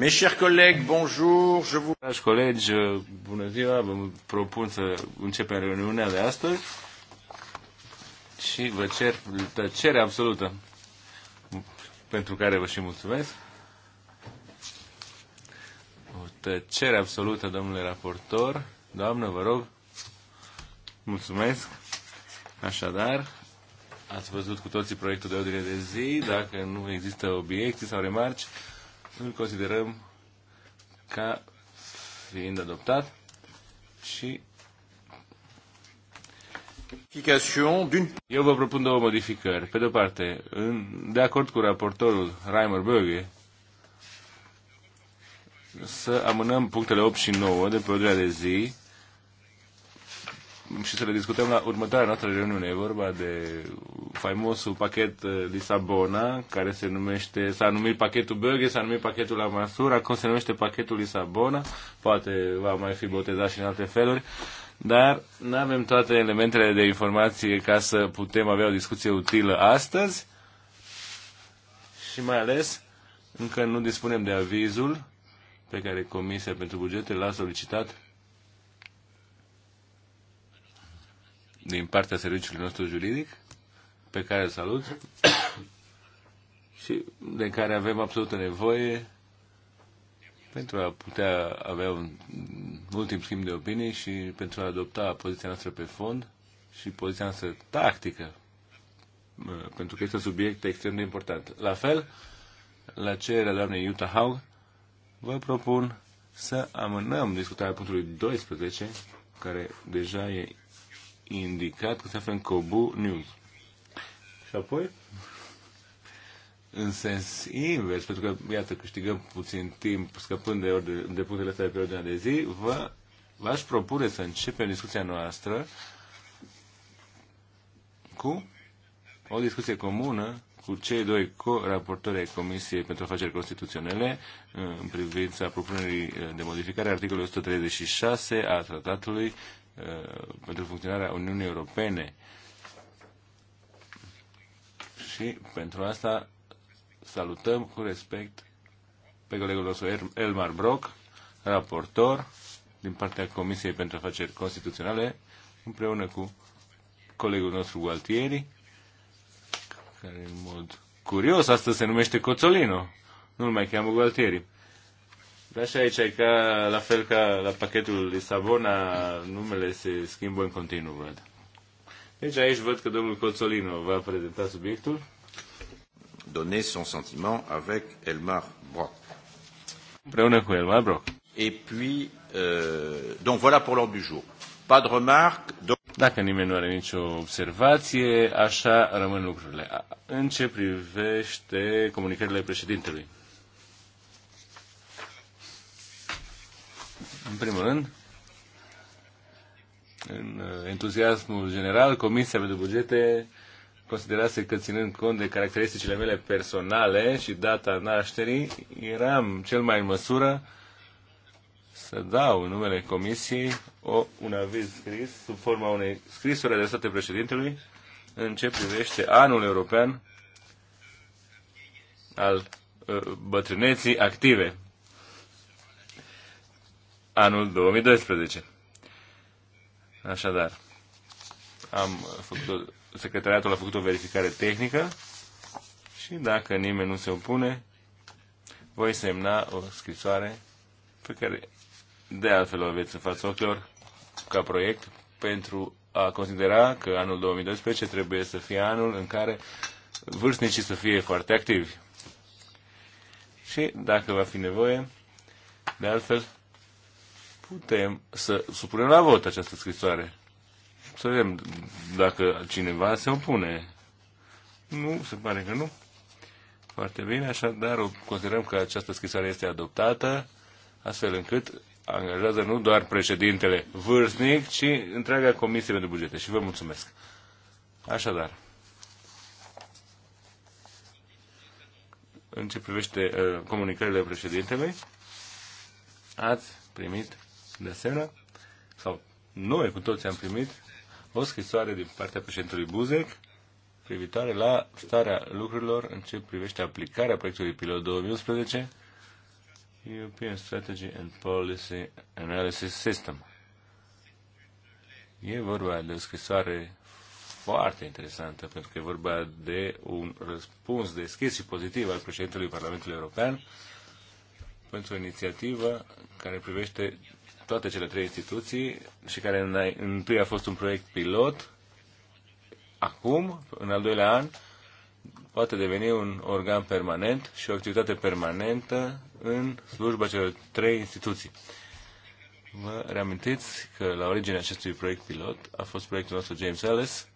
Mes chers collègues, bonjour. Je vous... Dragi colegi, bună ziua. Vă propun să începem reuniunea de astăzi și vă cer tăcere absolută pentru care vă și mulțumesc. O tăcere absolută, domnule raportor. Doamnă, vă rog. Mulțumesc. Așadar, ați văzut cu toții proiectul de ordine de zi. Dacă nu există obiecții sau remarci, îl considerăm ca fiind adoptat și eu vă propun două modificări. Pe de o parte, în, de acord cu raportorul Reimer Böge, să amânăm punctele 8 și 9 de pe ordinea de zi și să le discutăm la următoarea noastră reuniune. E vorba de faimosul pachet uh, Lisabona, care se numește, s-a numit pachetul Böge, s-a numit pachetul la Masura, acum se numește pachetul Lisabona, poate va mai fi botezat și în alte feluri, dar nu avem toate elementele de informație ca să putem avea o discuție utilă astăzi și mai ales încă nu dispunem de avizul pe care Comisia pentru Bugete l-a solicitat din partea serviciului nostru juridic, pe care îl salut și de care avem absolută nevoie pentru a putea avea un ultim schimb de opinii și pentru a adopta poziția noastră pe fond și poziția noastră tactică, pentru că este un subiect extrem de important. La fel, la cererea doamnei Utah Haug, vă propun să amânăm discutarea punctului 12, care deja e indicat că se află în Cobu News. Și apoi, în sens invers, pentru că, iată, câștigăm puțin timp scăpând de, ori de punctele astea de pe ordinea de zi, vă, aș propune să începem discuția noastră cu o discuție comună cu cei doi co-raportori ai Comisiei pentru Afaceri Constituționale în privința propunerii de modificare a articolului 136 a tratatului Uh, pentru funcționarea Uniunii Europene. Și pentru asta salutăm cu respect pe colegul nostru Elmar Brock, raportor din partea Comisiei pentru Afaceri Constituționale, împreună cu colegul nostru Gualtieri, care în mod curios astăzi se numește Coțolino, nu-l mai cheamă Gualtieri. Dar și aici e ca, la fel ca la pachetul Lisabona, numele se schimbă în continuu, văd. Deci aici văd că domnul Cozzolino va prezenta subiectul. Donner son sentiment avec Elmar Brock. Împreună cu Elmar Brock. Et puis, euh, donc voilà pour l'ordre du jour. Pas de remarque. Donc... Dacă nimeni nu are nicio observație, așa rămân lucrurile. În ce privește comunicările președintelui? În primul rând, în uh, entuziasmul general, Comisia pentru Bugete considerase că, ținând cont de caracteristicile mele personale și data nașterii, eram cel mai în măsură să dau în numele Comisiei o, un aviz scris sub forma unei scrisuri adresate președintelui în ce privește anul european al uh, bătrâneții active anul 2012. Așadar, am făcut o, secretariatul a făcut o verificare tehnică și dacă nimeni nu se opune, voi semna o scrisoare pe care de altfel o aveți în fața ochilor ca proiect pentru a considera că anul 2012 trebuie să fie anul în care vârstnicii să fie foarte activi. Și dacă va fi nevoie, de altfel, putem să supunem la vot această scrisoare. Să vedem dacă cineva se opune. Nu, se pare că nu. Foarte bine, așadar considerăm că această scrisoare este adoptată, astfel încât angajează nu doar președintele vârstnic, ci întreaga comisie pentru bugete. Și vă mulțumesc. Așadar, în ce privește uh, comunicările președintelui, ați primit de asemenea, sau noi cu toți am primit o scrisoare din partea președintelui Buzek privitoare la starea lucrurilor în ce privește aplicarea proiectului pilot 2011 European Strategy and Policy Analysis System. E vorba de o scrisoare foarte interesantă, pentru că e vorba de un răspuns deschis și pozitiv al președintelui Parlamentului European pentru o inițiativă care privește toate cele trei instituții și care în, întâi a fost un proiect pilot, acum, în al doilea an, poate deveni un organ permanent și o activitate permanentă în slujba celor trei instituții. Vă reamintiți că la originea acestui proiect pilot a fost proiectul nostru James Ellis,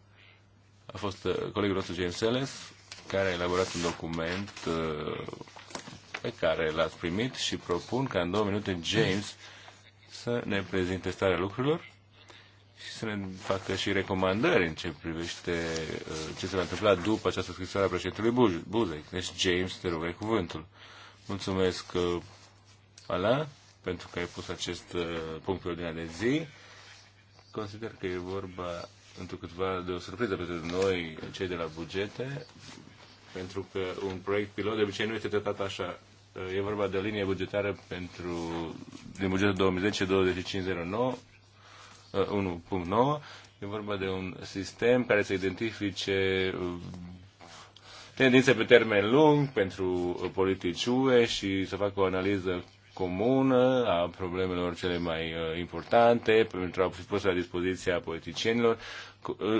a fost uh, colegul nostru James Ellis, care a elaborat un document uh, pe care l-ați primit și propun ca în două minute James să ne prezinte starea lucrurilor și să ne facă și recomandări în ce privește uh, ce se va întâmpla după această scrisoare a președintelui Buzek. Deci, James, te rog, ai cuvântul. Mulțumesc, uh, Ala, pentru că ai pus acest uh, punct pe ordinea de zi. Consider că e vorba câtva de o surpriză pentru noi, cei de la bugete, pentru că un proiect pilot de obicei nu este tratat așa E vorba de o linie bugetară pentru, din bugetul 2010-2509, 1.9. E vorba de un sistem care să identifice uh, tendințe pe termen lung pentru uh, politici UE și să facă o analiză comună a problemelor cele mai uh, importante pentru a fi pusă la dispoziția politicienilor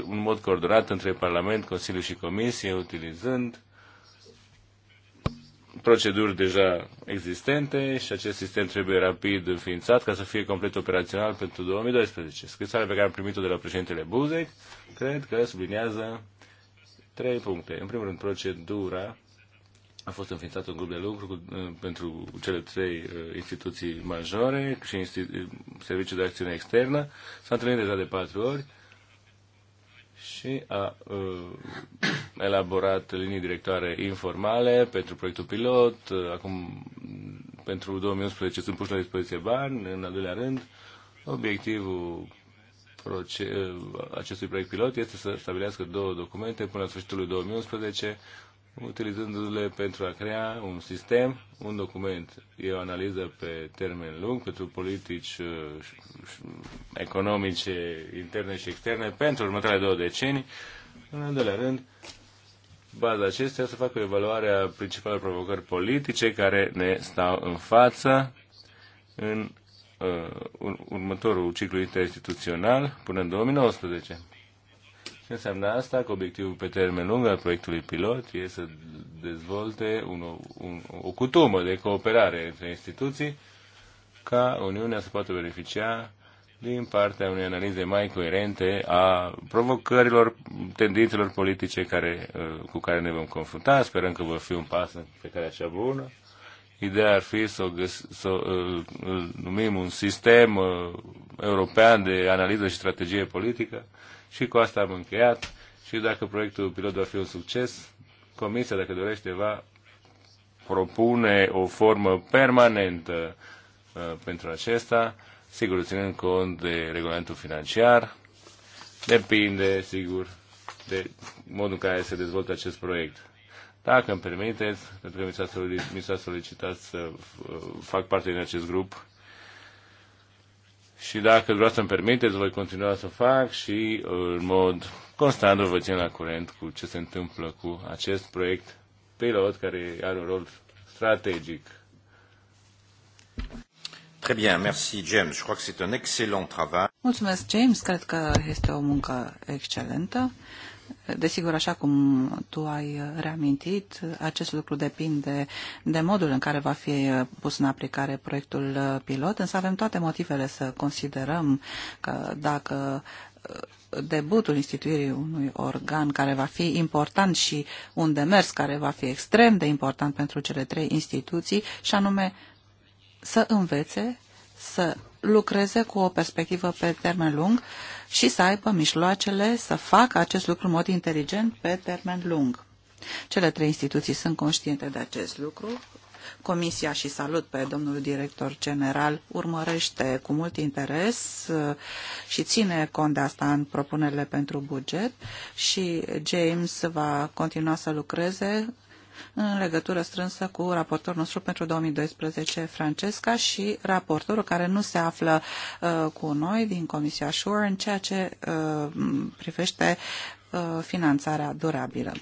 în mod coordonat între Parlament, Consiliu și Comisie, utilizând proceduri deja existente și acest sistem trebuie rapid înființat ca să fie complet operațional pentru 2012. Scrisoarea pe care am primit-o de la președintele Buzek cred că subliniază trei puncte. În primul rând, procedura a fost înființat un grup de lucru cu, uh, pentru cele trei uh, instituții majore și institu- uh, Serviciul de Acțiune Externă. S-a întâlnit deja de patru ori și a uh, elaborat linii directoare informale pentru proiectul pilot. Acum, pentru 2011 sunt puși la dispoziție bani, în al doilea rând. Obiectivul acestui proiect pilot este să stabilească două documente până la sfârșitul lui 2011 utilizându-le pentru a crea un sistem, un document. E o analiză pe termen lung pentru politici uh, economice interne și externe pentru următoarele două decenii. În al doilea rând, baza acestea să facă evaluarea principalelor provocări politice care ne stau în față în uh, următorul ciclu interinstituțional până în 2019. Ce înseamnă asta? Că obiectivul pe termen lung al proiectului pilot e să dezvolte un, un, o cutumă de cooperare între instituții ca Uniunea să poată beneficia din partea unei analize mai coerente a provocărilor, tendințelor politice care, uh, cu care ne vom confrunta. Sperăm că va fi un pas pe care așa bună. Ideea ar fi să, o găs- să îl, uh, îl numim un sistem uh, european de analiză și strategie politică și cu asta am încheiat și dacă proiectul pilot va fi un succes, Comisia, dacă dorește, va propune o formă permanentă uh, pentru acesta, sigur, ținând cont de regulamentul financiar, depinde, sigur, de modul în care se dezvoltă acest proiect. Dacă îmi permiteți, pentru că mi s-a solicitat, solicitat să uh, fac parte din acest grup și dacă vreau să-mi permiteți, voi continua să fac și în mod constant vă țin la curent cu ce se întâmplă cu acest proiect pilot care are un rol strategic. Très bien, merci James. Je crois que c'est un excellent travail. Mulțumesc James, cred că este o muncă excelentă. Desigur, așa cum tu ai reamintit, acest lucru depinde de modul în care va fi pus în aplicare proiectul pilot, însă avem toate motivele să considerăm că dacă uh, debutul instituirii unui organ care va fi important și un demers care va fi extrem de important pentru cele trei instituții, și anume să învețe, să lucreze cu o perspectivă pe termen lung, uh, și să aibă mijloacele să facă acest lucru în mod inteligent pe termen lung. Cele trei instituții sunt conștiente de acest lucru. Comisia și salut pe domnul director general urmărește cu mult interes uh, și ține cont de asta în propunerile pentru buget și James va continua să lucreze în legătură strânsă cu raportorul nostru pentru 2012, Francesca, și raportorul care nu se află uh, cu noi din Comisia SURE în ceea ce uh, privește uh, finanțarea durabilă,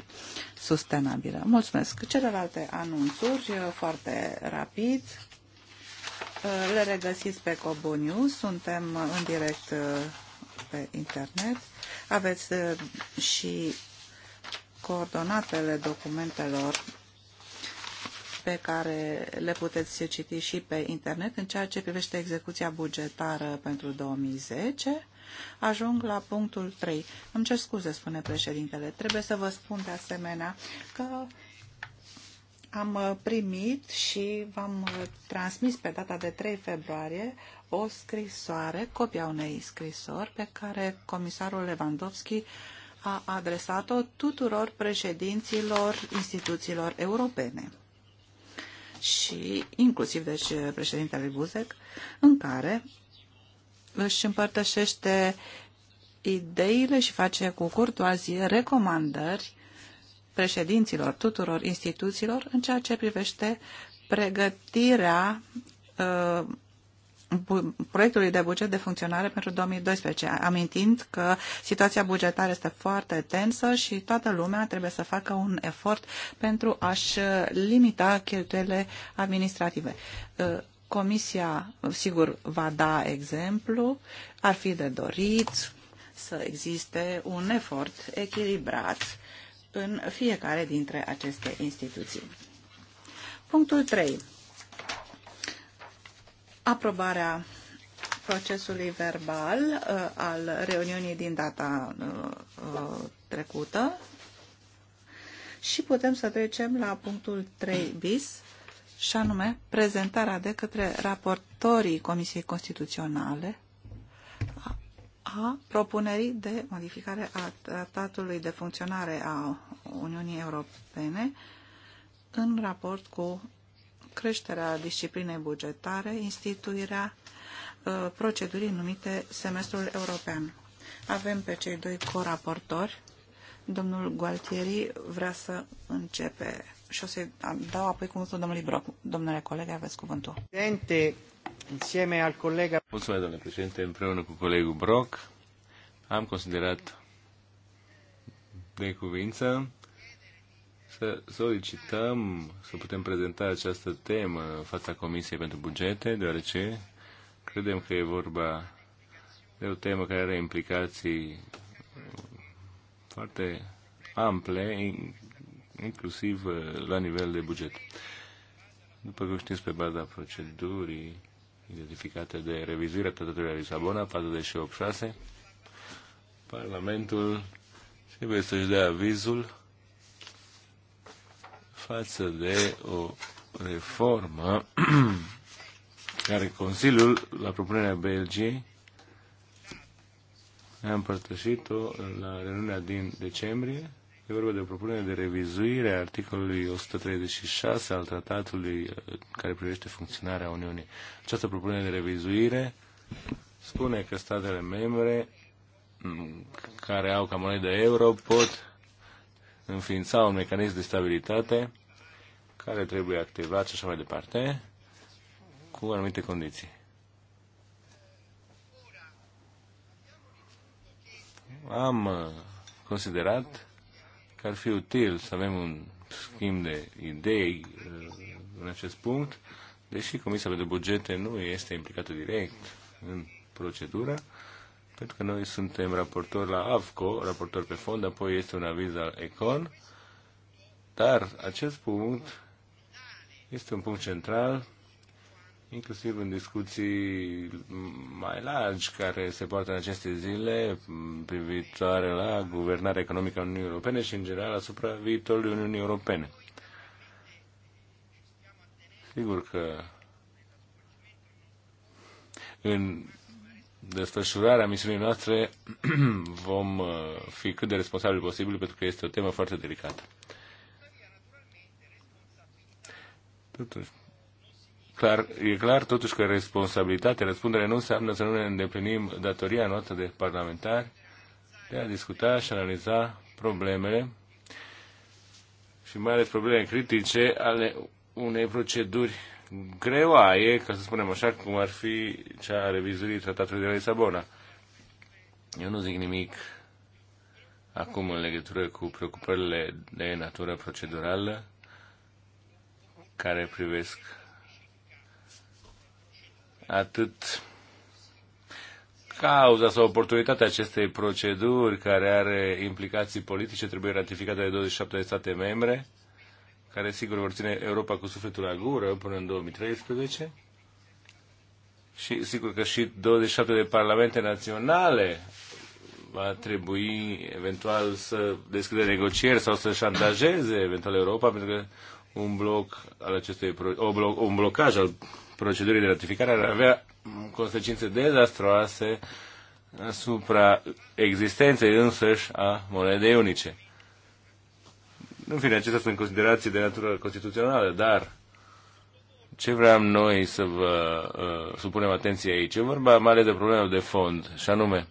sustenabilă. Mulțumesc. Celelalte anunțuri uh, foarte rapid. Uh, le regăsiți pe Cobuniu. News. Suntem în direct pe internet. Aveți și coordonatele documentelor pe care le puteți citi și pe internet în ceea ce privește execuția bugetară pentru 2010. Ajung la punctul 3. Îmi cer scuze, spune președintele. Trebuie să vă spun de asemenea că am uh, primit și v-am uh, transmis pe data de 3 februarie o scrisoare, copia unei scrisori pe care comisarul Lewandowski a adresat-o tuturor președinților instituțiilor europene și inclusiv deci președintele Buzek, în care își împărtășește ideile și face cu curtoazie recomandări președinților tuturor instituțiilor în ceea ce privește pregătirea uh, proiectului de buget de funcționare pentru 2012, amintind că situația bugetară este foarte tensă și toată lumea trebuie să facă un efort pentru a-și limita cheltuielile administrative. Uh, comisia, sigur, va da exemplu, ar fi de dorit să existe un efort echilibrat în fiecare dintre aceste instituții. Punctul 3 aprobarea procesului verbal uh, al reuniunii din data uh, trecută și putem să trecem la punctul 3 bis și anume prezentarea de către raportorii Comisiei Constituționale a, a propunerii de modificare a tratatului de funcționare a Uniunii Europene în raport cu creșterea disciplinei bugetare, instituirea uh, procedurii numite semestrul european. Avem pe cei doi coraportori. Domnul Gualtieri vrea să începe și o să-i dau apoi cuvântul domnului Broc. Domnule coleg, aveți cuvântul. Presidente, insieme al colega... Mulțumesc, domnule președinte, împreună cu colegul Broc am considerat de cuvință să solicităm să putem prezenta această temă în fața Comisiei pentru Bugete, deoarece credem că e vorba de o temă care are implicații foarte ample, inclusiv uh, la nivel de buget. După cum știți, pe baza procedurii identificate de revizuirea Tratatului de Lisabona 486, Parlamentul trebuie să-și dea avizul față de o reformă care Consiliul, la propunerea Belgiei, a împărtășit-o la reuniunea din decembrie. E vorba de o propunere de revizuire a articolului 136 al tratatului uh, care privește funcționarea Uniunii. Această propunere de revizuire spune că statele membre mm, care au ca monedă euro pot înființa un mecanism de stabilitate care trebuie activat și așa mai departe, cu anumite condiții. Am uh, considerat că ar fi util să avem un schimb de idei uh, în acest punct, deși Comisia de Bugete nu este implicată direct în procedură, pentru că noi suntem raportori la AVCO, raportor pe fond, apoi este un aviz al ECON, dar acest punct este un punct central, inclusiv în discuții mai largi care se poartă în aceste zile privitoare la guvernarea economică a Uniunii Europene și, în general, asupra viitorului Uniunii Europene. Sigur că în desfășurarea misiunii noastre vom uh, fi cât de responsabili posibil, pentru că este o temă foarte delicată. Totuși, clar, e clar totuși că responsabilitatea, răspundere nu înseamnă să nu ne îndeplinim datoria noastră de parlamentari de a discuta și analiza problemele și mai ales probleme critice ale unei proceduri greoaie, ca să spunem așa, cum ar fi cea a revizuirii tratatului de la Lisabona. Eu nu zic nimic acum în legătură cu preocupările de natură procedurală care privesc atât cauza sau oportunitatea acestei proceduri care are implicații politice trebuie ratificată de 27 de state membre care sigur vor ține Europa cu sufletul la gură până în 2013. Și sigur că și 27 de parlamente naționale va trebui eventual să deschide negocieri sau să șantajeze eventual Europa, pentru că un bloc al acestui, o bloc, un blocaj al procedurii de ratificare ar avea consecințe dezastroase asupra existenței însăși a monedei unice. În fine, acestea sunt considerații de natură constituțională, dar ce vreau noi să vă uh, supunem atenție aici? E vorba mai ales de problemă de fond, și anume,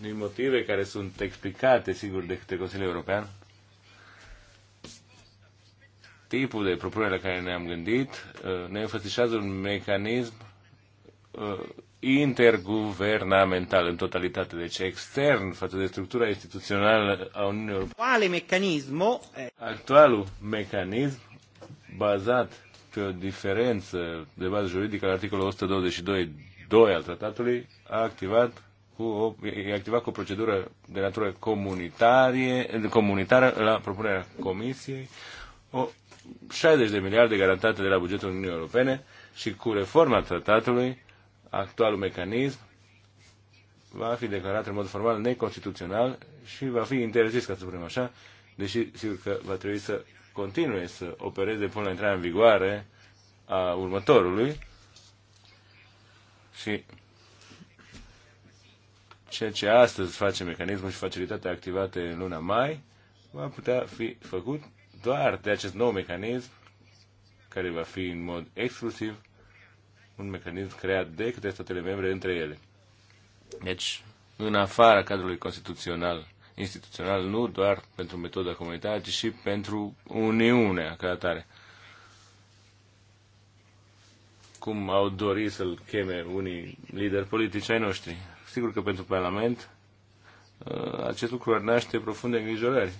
din motive care sunt explicate, sigur, de către Consiliul European, tipul de propunere la care ne-am gândit uh, ne înfățișează un mecanism uh, interguvernamental în totalitate, deci extern față de structura instituțională a Uniunii Europene. mecanismo? Actualul mecanism bazat pe o diferență de bază juridică al articolul 122.2 al tratatului a activat cu o, e activat cu o procedură de natură comunitarie, comunitară la propunerea Comisiei, o 60 de miliarde garantate de la bugetul Uniunii Europene și cu reforma tratatului actualul mecanism va fi declarat în mod formal neconstituțional și va fi interzis, ca să spunem așa, deși sigur că va trebui să continue să opereze până la intrarea în vigoare a următorului și ceea ce astăzi face mecanismul și facilitatea activate în luna mai va putea fi făcut doar de acest nou mecanism care va fi în mod exclusiv un mecanism creat de către statele membre între ele. Deci, în afara cadrului constituțional, instituțional, nu doar pentru metoda comunitară, ci și pentru Uniunea ca atare. Cum au dorit să-l cheme unii lideri politici ai noștri. Sigur că pentru Parlament uh, acest lucru ar naște profunde îngrijorări.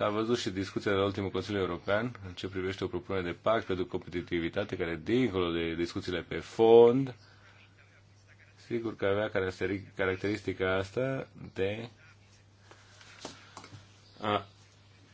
S-a văzut și discuția de la ultimul Consiliu European în ce privește o propunere de pact pentru competitivitate care, dincolo de discuțiile pe fond, sigur că avea caracteristica asta de a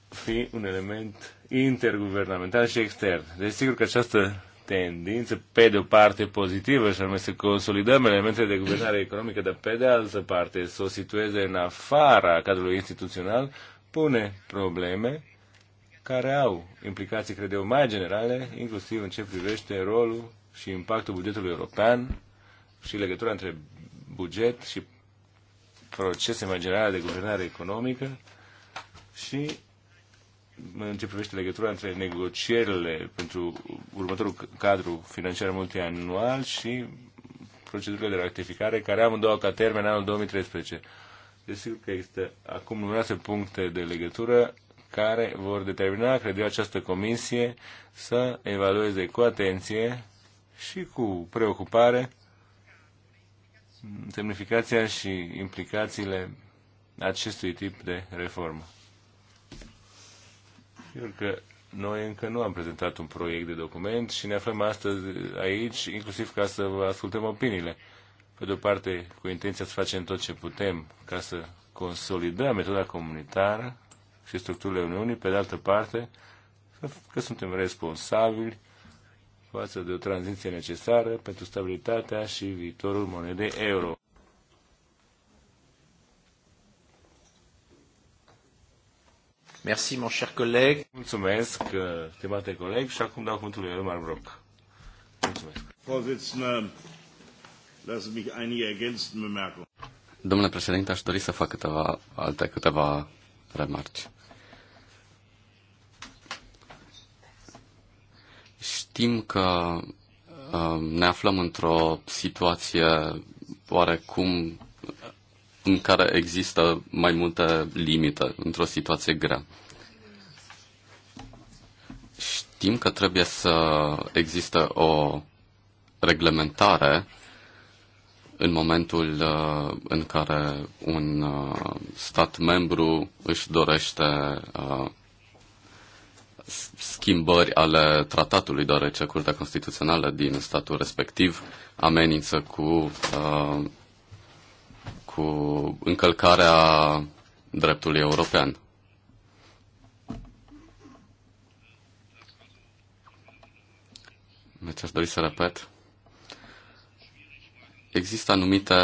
fi un element interguvernamental și extern. Deci sigur că această tendință, pe de o parte pozitivă, și anume să consolidăm elementele de guvernare economică, dar pe de altă parte să o situeze în afara cadrului instituțional, pune probleme care au implicații, cred eu, mai generale, inclusiv în ce privește rolul și impactul bugetului european și legătura între buget și procese mai generale de guvernare economică și în ce privește legătura între negocierile pentru următorul cadru financiar multianual și procedurile de rectificare, care amândouă ca termen anul 2013. Desigur că există acum numeroase puncte de legătură care vor determina, cred eu, această comisie să evalueze cu atenție și cu preocupare semnificația și implicațiile acestui tip de reformă. Sigur că noi încă nu am prezentat un proiect de document și ne aflăm astăzi aici, inclusiv ca să vă ascultăm opiniile pe de o parte, cu intenția să facem tot ce putem ca să consolidăm metoda comunitară și structurile Uniunii, pe de altă parte, că suntem responsabili față de o tranziție necesară pentru stabilitatea și viitorul monedei euro. Merci, mon cher coleg. Mulțumesc, uh, stimate coleg, și acum dau cuvântul lui Elmar Brock. Mulțumesc. Domnule președinte, aș dori să fac câteva alte câteva remarci. Știm că uh, ne aflăm într-o situație oarecum în care există mai multe limite, într-o situație grea. Știm că trebuie să există o reglementare în momentul uh, în care un uh, stat membru își dorește uh, schimbări ale tratatului, deoarece Curtea Constituțională din statul respectiv amenință cu, cu încălcarea dreptului european. Deci aș dori să repet există anumite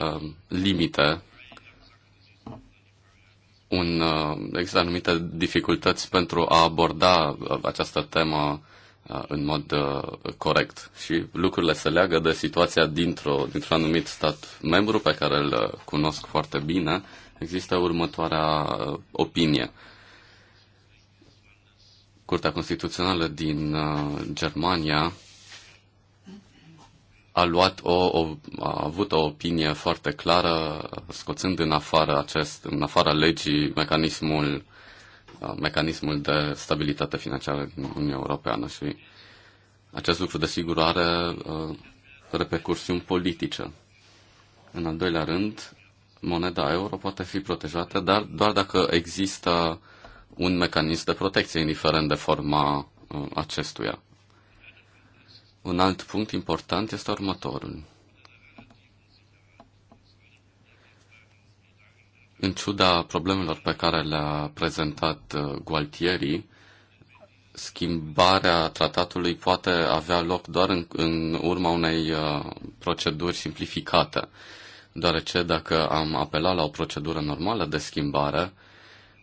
uh, limite, un, uh, există anumite dificultăți pentru a aborda uh, această temă uh, în mod uh, corect și lucrurile se leagă de situația dintr-o, dintr-un anumit stat membru pe care îl uh, cunosc foarte bine. Există următoarea uh, opinie. Curtea Constituțională din uh, Germania a, luat o, o, a avut o opinie foarte clară, scoțând în afară, acest, în afară legii mecanismul, mecanismul de stabilitate financiară din Uniunea Europeană și acest lucru, desigur, are repercursiuni politice. În al doilea rând, moneda euro poate fi protejată, dar doar dacă există un mecanism de protecție, indiferent de forma acestuia. Un alt punct important este următorul. În ciuda problemelor pe care le-a prezentat uh, Gualtieri, schimbarea tratatului poate avea loc doar în, în urma unei uh, proceduri simplificate, deoarece dacă am apelat la o procedură normală de schimbare,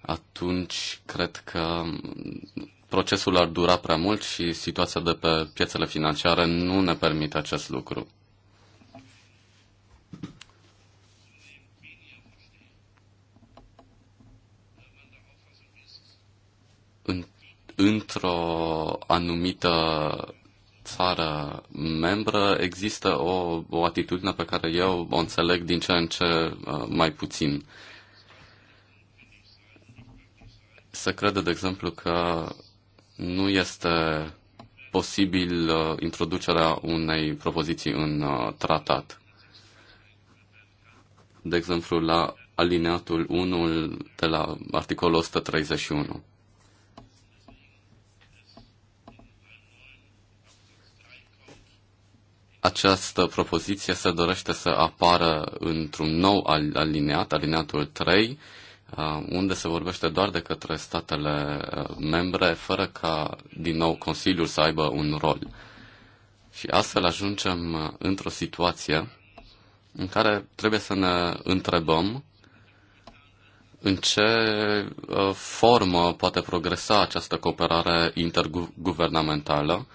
atunci cred că procesul ar dura prea mult și situația de pe piețele financiare nu ne permite acest lucru. într-o anumită țară membră există o, o atitudine pe care eu o înțeleg din ce în ce uh, mai puțin. Se crede, de exemplu, că nu este posibil uh, introducerea unei propoziții în uh, tratat. De exemplu, la alineatul 1 de la articolul 131. Această propoziție se dorește să apară într-un nou alineat, alineatul 3, Uh, unde se vorbește doar de către statele uh, membre, fără ca, din nou, Consiliul să aibă un rol. Și astfel ajungem uh, într-o situație în care trebuie să ne întrebăm în ce formă poate progresa această cooperare interguvernamentală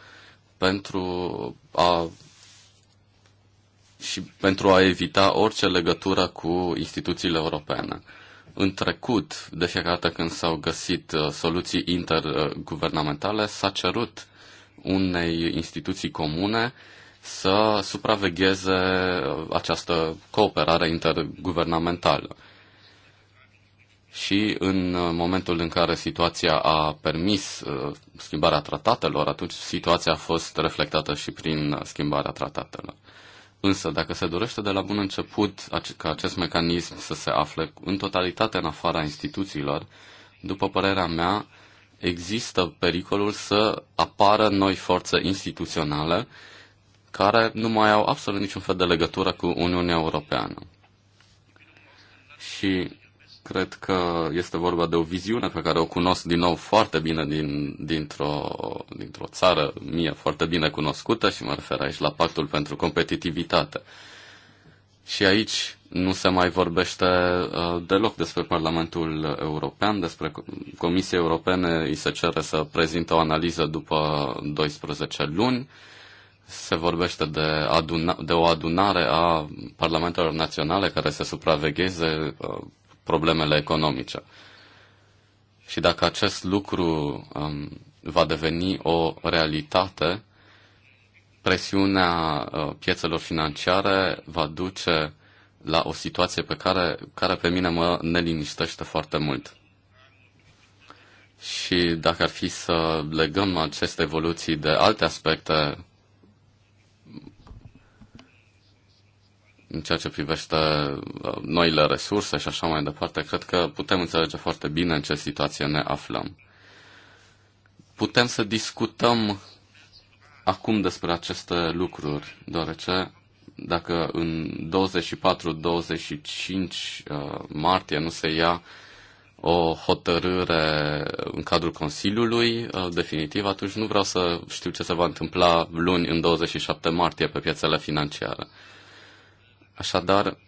pentru a și pentru a evita orice legătură cu instituțiile europene. În trecut, de fiecare dată când s-au găsit uh, soluții interguvernamentale, s-a cerut unei instituții comune să supravegheze uh, această cooperare interguvernamentală. Și în uh, momentul în care situația a permis schimbarea tratatelor, atunci situația a fost reflectată și prin schimbarea tratatelor. Însă, dacă se dorește de la bun început ca acest mecanism să se afle în totalitate în afara instituțiilor, după părerea mea, există pericolul să apară noi forțe instituționale care nu mai au absolut niciun fel de legătură cu Uniunea Europeană. Și Cred că este vorba de o viziune pe care o cunosc din nou foarte bine din, dintr-o, dintr-o țară mie foarte bine cunoscută și mă refer aici la Pactul pentru Competitivitate. Și aici nu se mai vorbește uh, deloc despre Parlamentul European, despre Comisia Europene îi se cere să prezintă o analiză după 12 luni, se vorbește de, aduna, de o adunare a Parlamentelor Naționale care să supravegheze uh, problemele economice. Și dacă acest lucru um, va deveni o realitate, presiunea uh, piețelor financiare va duce la o situație pe care, care pe mine mă neliniștește foarte mult. Și dacă ar fi să legăm aceste evoluții de alte aspecte în ceea ce privește uh, noile resurse și așa mai departe, cred că putem înțelege foarte bine în ce situație ne aflăm. Putem să discutăm acum despre aceste lucruri, deoarece dacă în 24-25 uh, martie nu se ia o hotărâre în cadrul Consiliului uh, definitiv, atunci nu vreau să știu ce se va întâmpla luni în 27 martie pe piețele financiare. Așadar,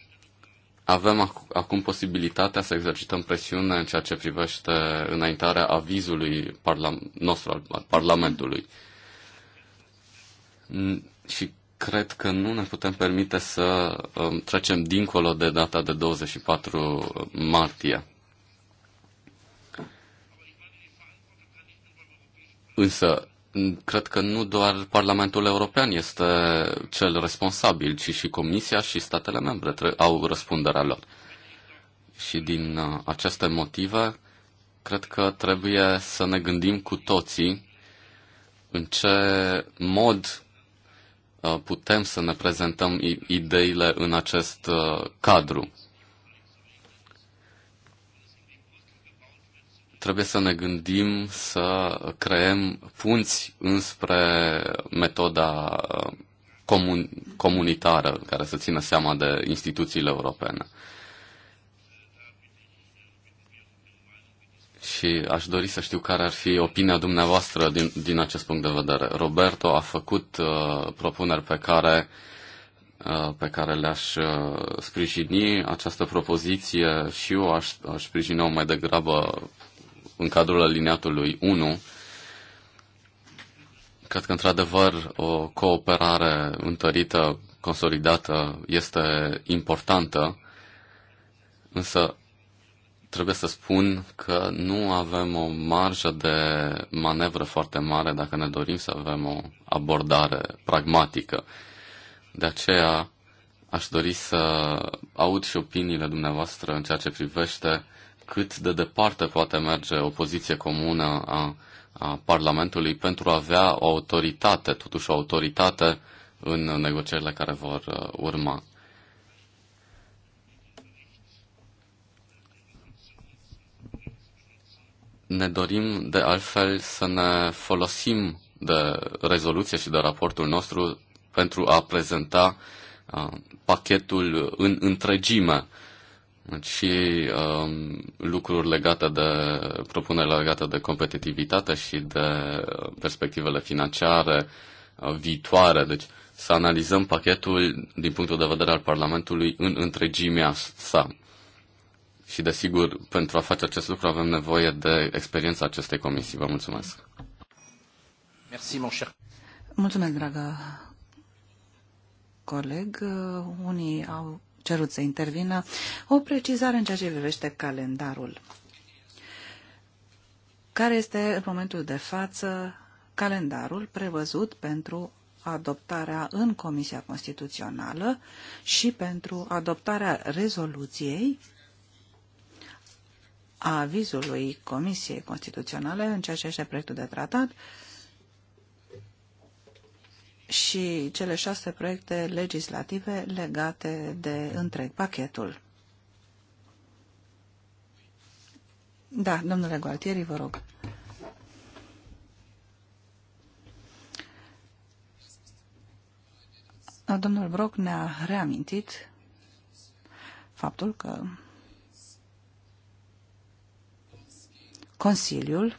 avem acum posibilitatea să exercităm presiune în ceea ce privește înaintarea avizului parlam- nostru, al Parlamentului. Și cred că nu ne putem permite să um, trecem dincolo de data de 24 martie. Însă, cred că nu doar Parlamentul European este cel responsabil, ci și Comisia și statele membre au răspunderea lor. Și din uh, aceste motive, cred că trebuie să ne gândim cu toții în ce mod uh, putem să ne prezentăm ideile în acest uh, cadru. trebuie să ne gândim să creăm punți înspre metoda uh, comun- comunitară care să țină seama de instituțiile europene. Și aș dori să știu care ar fi opinia dumneavoastră din, din acest punct de vedere. Roberto a făcut uh, propuneri pe care, uh, pe care le-aș uh, sprijini. Această propoziție și eu aș, aș sprijini-o mai degrabă în cadrul aliniatului 1, cred că într-adevăr o cooperare întărită, consolidată este importantă, însă trebuie să spun că nu avem o marjă de manevră foarte mare dacă ne dorim să avem o abordare pragmatică. De aceea aș dori să aud și opiniile dumneavoastră în ceea ce privește cât de departe poate merge o poziție comună a, a Parlamentului pentru a avea o autoritate, totuși o autoritate în negocierile care vor uh, urma. Ne dorim, de altfel, să ne folosim de rezoluție și de raportul nostru pentru a prezenta uh, pachetul în întregime și um, lucruri legate de propuneri legate de competitivitate și de perspectivele financiare uh, viitoare. Deci să analizăm pachetul din punctul de vedere al Parlamentului în întregimea sa. Și desigur, pentru a face acest lucru avem nevoie de experiența acestei comisii. Vă mulțumesc. Merci, mon cher. Mulțumesc, dragă coleg. Unii au cerut să intervină, o precizare în ceea ce privește calendarul. Care este în momentul de față calendarul prevăzut pentru adoptarea în Comisia Constituțională și pentru adoptarea rezoluției a avizului Comisiei Constituționale în ceea ce este proiectul de tratat și cele șase proiecte legislative legate de întreg pachetul. Da, domnule Gualtieri, vă rog. Da, domnul Broc ne-a reamintit faptul că Consiliul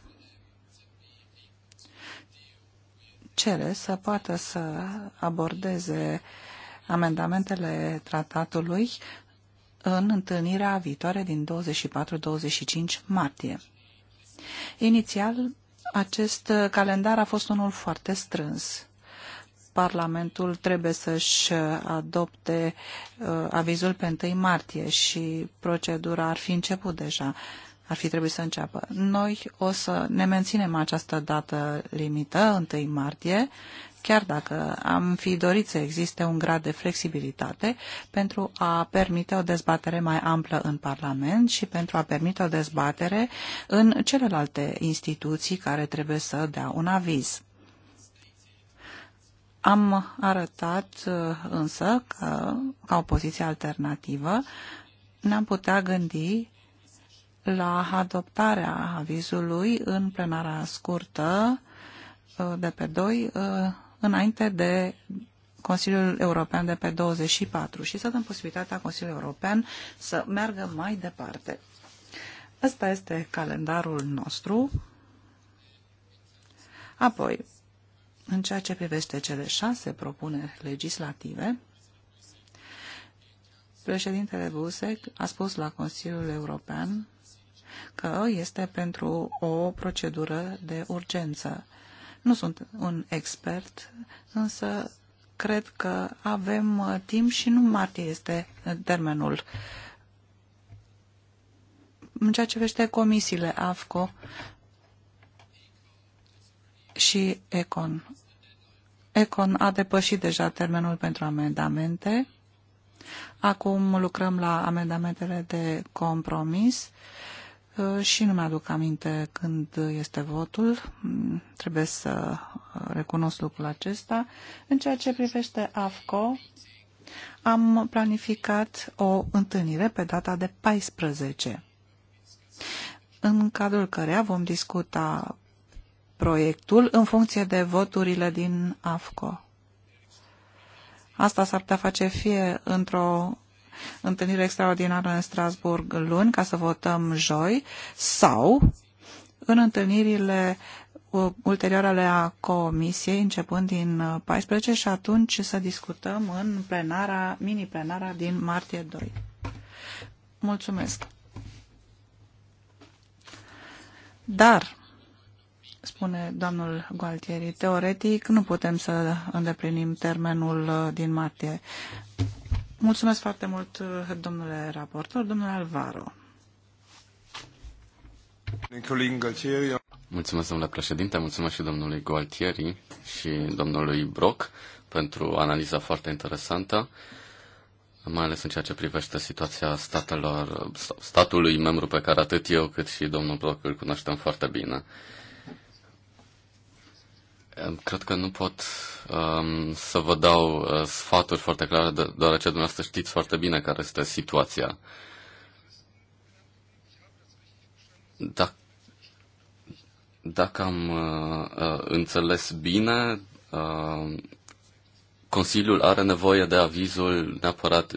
cere să poată să abordeze amendamentele tratatului în întâlnirea viitoare din 24-25 martie. Inițial, acest calendar a fost unul foarte strâns. Parlamentul trebuie să-și adopte uh, avizul pe 1 martie și procedura ar fi început deja. Uh, ar fi trebuit să înceapă. Noi o să ne menținem această dată limită, 1 martie, chiar dacă am fi dorit să existe un grad de flexibilitate pentru a permite o dezbatere mai amplă în Parlament și pentru a permite o dezbatere în celelalte instituții care trebuie să dea un aviz. Am arătat uh, însă că, ca o poziție alternativă, ne-am putea gândi la adoptarea avizului în plenara scurtă uh, de pe 2 uh, înainte de Consiliul European de pe 24 și să dăm posibilitatea Consiliului European să meargă mai departe. Ăsta este calendarul nostru. Apoi, în ceea ce privește cele șase propuneri legislative, președintele Busec a spus la Consiliul European că este pentru o procedură de urgență. Nu sunt un expert, însă cred că avem uh, timp și nu martie este uh, termenul. În ceea ce vește comisiile AFCO și ECON. ECON a depășit deja termenul pentru amendamente. Acum lucrăm la amendamentele de compromis Uh, și nu mi-aduc aminte când este votul, mm, trebuie să uh, recunosc lucrul acesta. În ceea ce privește AFCO, am planificat o întâlnire pe data de 14, în cadrul căreia vom discuta proiectul în funcție de voturile din AFCO. Asta s-ar putea face fie într-o întâlnire extraordinară în Strasburg luni ca să votăm joi sau în întâlnirile uh, ulterioare ale comisiei începând din 14 uh, și atunci să discutăm în plenara, mini-plenara din martie 2. Mulțumesc! Dar, spune domnul Gualtieri, teoretic nu putem să îndeplinim termenul uh, din martie. Mulțumesc foarte mult, eh, domnule raportor, domnule Alvaro. Mulțumesc, domnule președinte, mulțumesc și domnului Gualtieri și domnului Brock pentru analiza foarte interesantă, mai ales în ceea ce privește situația statelor, statului membru pe care atât eu cât și domnul Brock îl cunoaștem foarte bine. Ehm, cred că nu pot um, să vă dau uh, sfaturi foarte clare, deoarece dumneavoastră știți foarte bine care este situația. Dacă, dacă am uh, înțeles bine, uh, Consiliul are nevoie de avizul neapărat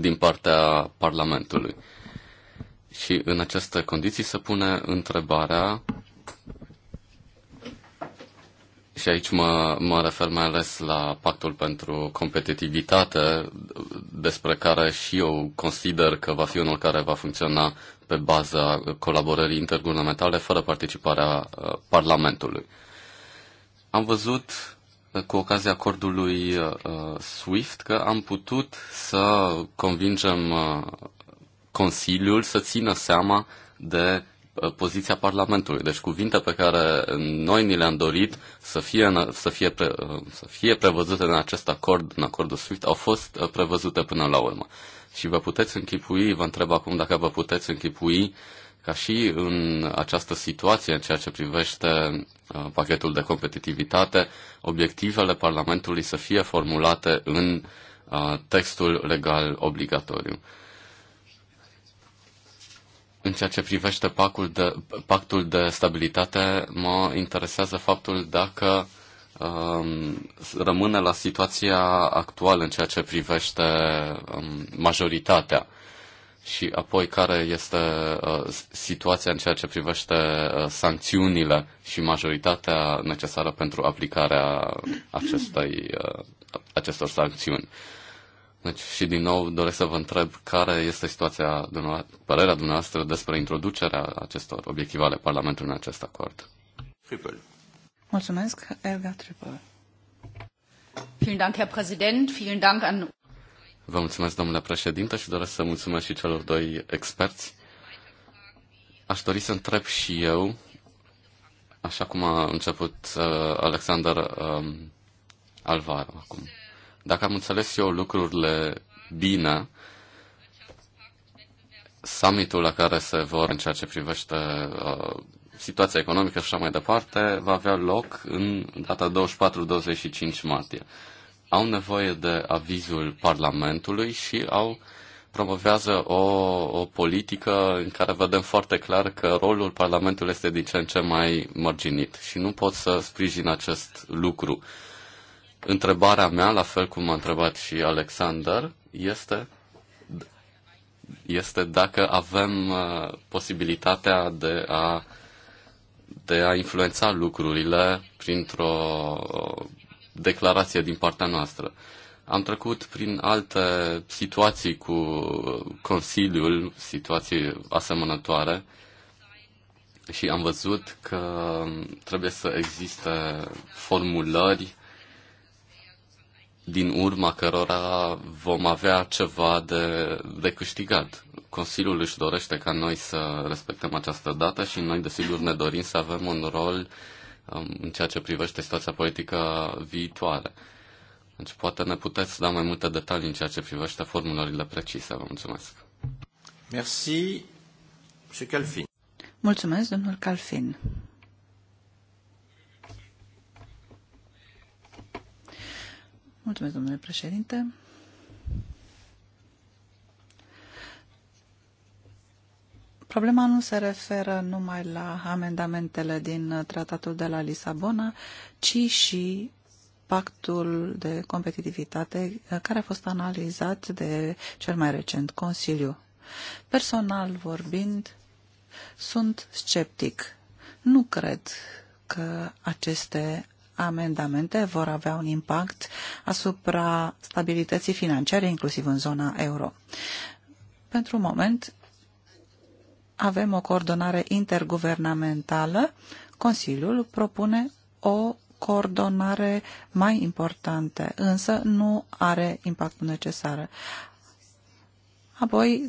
din partea Parlamentului. Și în aceste condiții se pune întrebarea și aici mă, mă refer mai ales la pactul pentru competitivitate, despre care și eu consider că va fi unul care va funcționa pe baza colaborării interguvernamentale fără participarea uh, Parlamentului. Am văzut uh, cu ocazia acordului uh, SWIFT că am putut să convingem Consiliul să țină seama de Uh, poziția Parlamentului. Deci cuvinte pe care noi ni le-am dorit să fie, în, să fie, pre, uh, să fie prevăzute în acest acord, în acordul SWIFT, au fost uh, prevăzute până la urmă. Și vă puteți închipui, vă întreb acum dacă vă puteți închipui ca și în această situație, în ceea ce privește pachetul de competitivitate, obiectivele Parlamentului să fie formulate în textul legal obligatoriu. În ceea ce privește pactul de, pactul de stabilitate, mă interesează faptul dacă um, rămâne la situația actuală în ceea ce privește um, majoritatea și apoi care este uh, situația în ceea ce privește uh, sancțiunile și majoritatea necesară pentru aplicarea acestei, uh, acestor sancțiuni. Uh, deci și din nou doresc să vă întreb care este situația, părerea dumneavoastră despre introducerea acestor obiective ale Parlamentului în acest acord. Triple. Mulțumesc, Elga Triple. Vielen Dank, Herr Präsident. Vielen Dank an... Vă mulțumesc, domnule președinte, și doresc să mulțumesc și celor doi experți. Aș dori să întreb și eu, așa cum a început uh, Alexander uh, Alvaro acum. Dacă am înțeles eu lucrurile bine, summitul la care se vor în ceea ce privește uh, situația economică și așa mai departe va avea loc în data 24-25 martie. Au nevoie de avizul Parlamentului și au promovează o, o politică în care vedem foarte clar că rolul Parlamentului este din ce în ce mai mărginit și nu pot să sprijin acest lucru. Uh, Întrebarea mea, la fel cum a întrebat și Alexander, este, este dacă avem uh, posibilitatea de a, de a influența lucrurile printr-o uh, declarație din partea noastră. Am trecut prin alte situații cu Consiliul, situații asemănătoare, și am văzut că trebuie să existe formulări din urma cărora vom avea ceva de, de câștigat. Consiliul își dorește ca noi să respectăm această dată și noi, desigur, ne dorim să avem un rol um, în ceea ce privește situația politică viitoare. Deci poate ne puteți da mai multe detalii în ceea ce privește formulările precise. Vă mulțumesc. Merci, Calfin. Mulțumesc, domnul Calfin. Mulțumesc, domnule președinte. Problema nu se referă numai la amendamentele din tratatul de la Lisabona, ci și pactul de competitivitate uh, care a fost analizat de cel mai recent Consiliu. Personal vorbind, sunt sceptic. Nu cred că aceste amendamente vor avea un impact asupra stabilității financiare, inclusiv în zona euro. Pentru moment, avem o coordonare interguvernamentală. Consiliul propune o coordonare mai importantă, însă nu are impactul necesar. Apoi,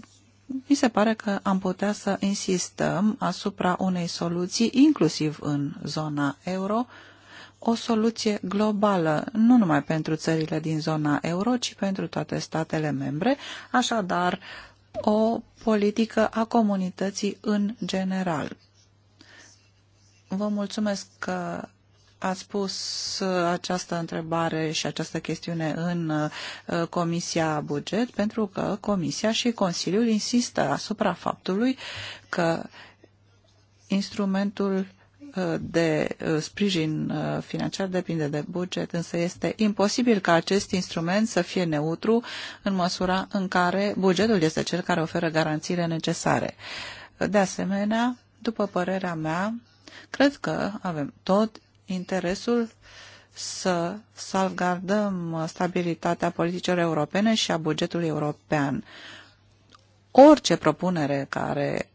mi se pare că am putea să insistăm asupra unei soluții, inclusiv în zona euro, o soluție globală, nu numai pentru țările din zona euro, ci pentru toate statele membre, așadar o politică a comunității în general. Vă mulțumesc că ați pus această întrebare și această chestiune în uh, Comisia Buget, pentru că Comisia și Consiliul insistă asupra faptului că instrumentul de uh, sprijin uh, financiar depinde de buget, însă este imposibil ca acest instrument să fie neutru în măsura în care bugetul este cel care oferă garanțiile necesare. De asemenea, după părerea mea, cred că avem tot interesul să salvgardăm stabilitatea politicilor europene și a bugetului european. Orice propunere care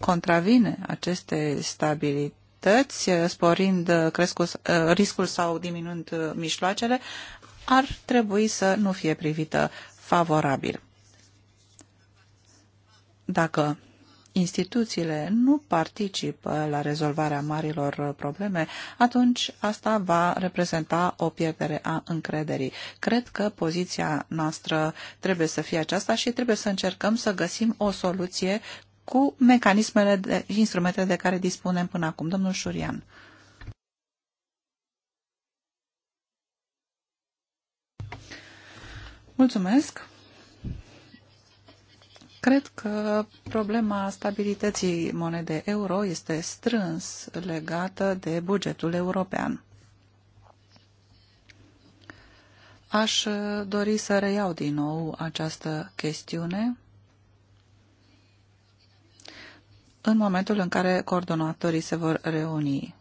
contravine aceste stabilități, eh, sporind eh, crescul, eh, riscul sau diminuând mijloacele, ar trebui să nu fie privită favorabil. Dacă instituțiile nu participă la rezolvarea marilor probleme, atunci asta va reprezenta o pierdere a încrederii. Cred că poziția noastră trebuie să fie aceasta și trebuie să încercăm să găsim o soluție cu mecanismele de, și instrumentele de care dispunem până acum. Domnul Șurian. Mulțumesc. Cred că problema stabilității monedei euro este strâns legată de bugetul european. Aș dori să reiau din nou această chestiune în momentul în care coordonatorii se vor reuni.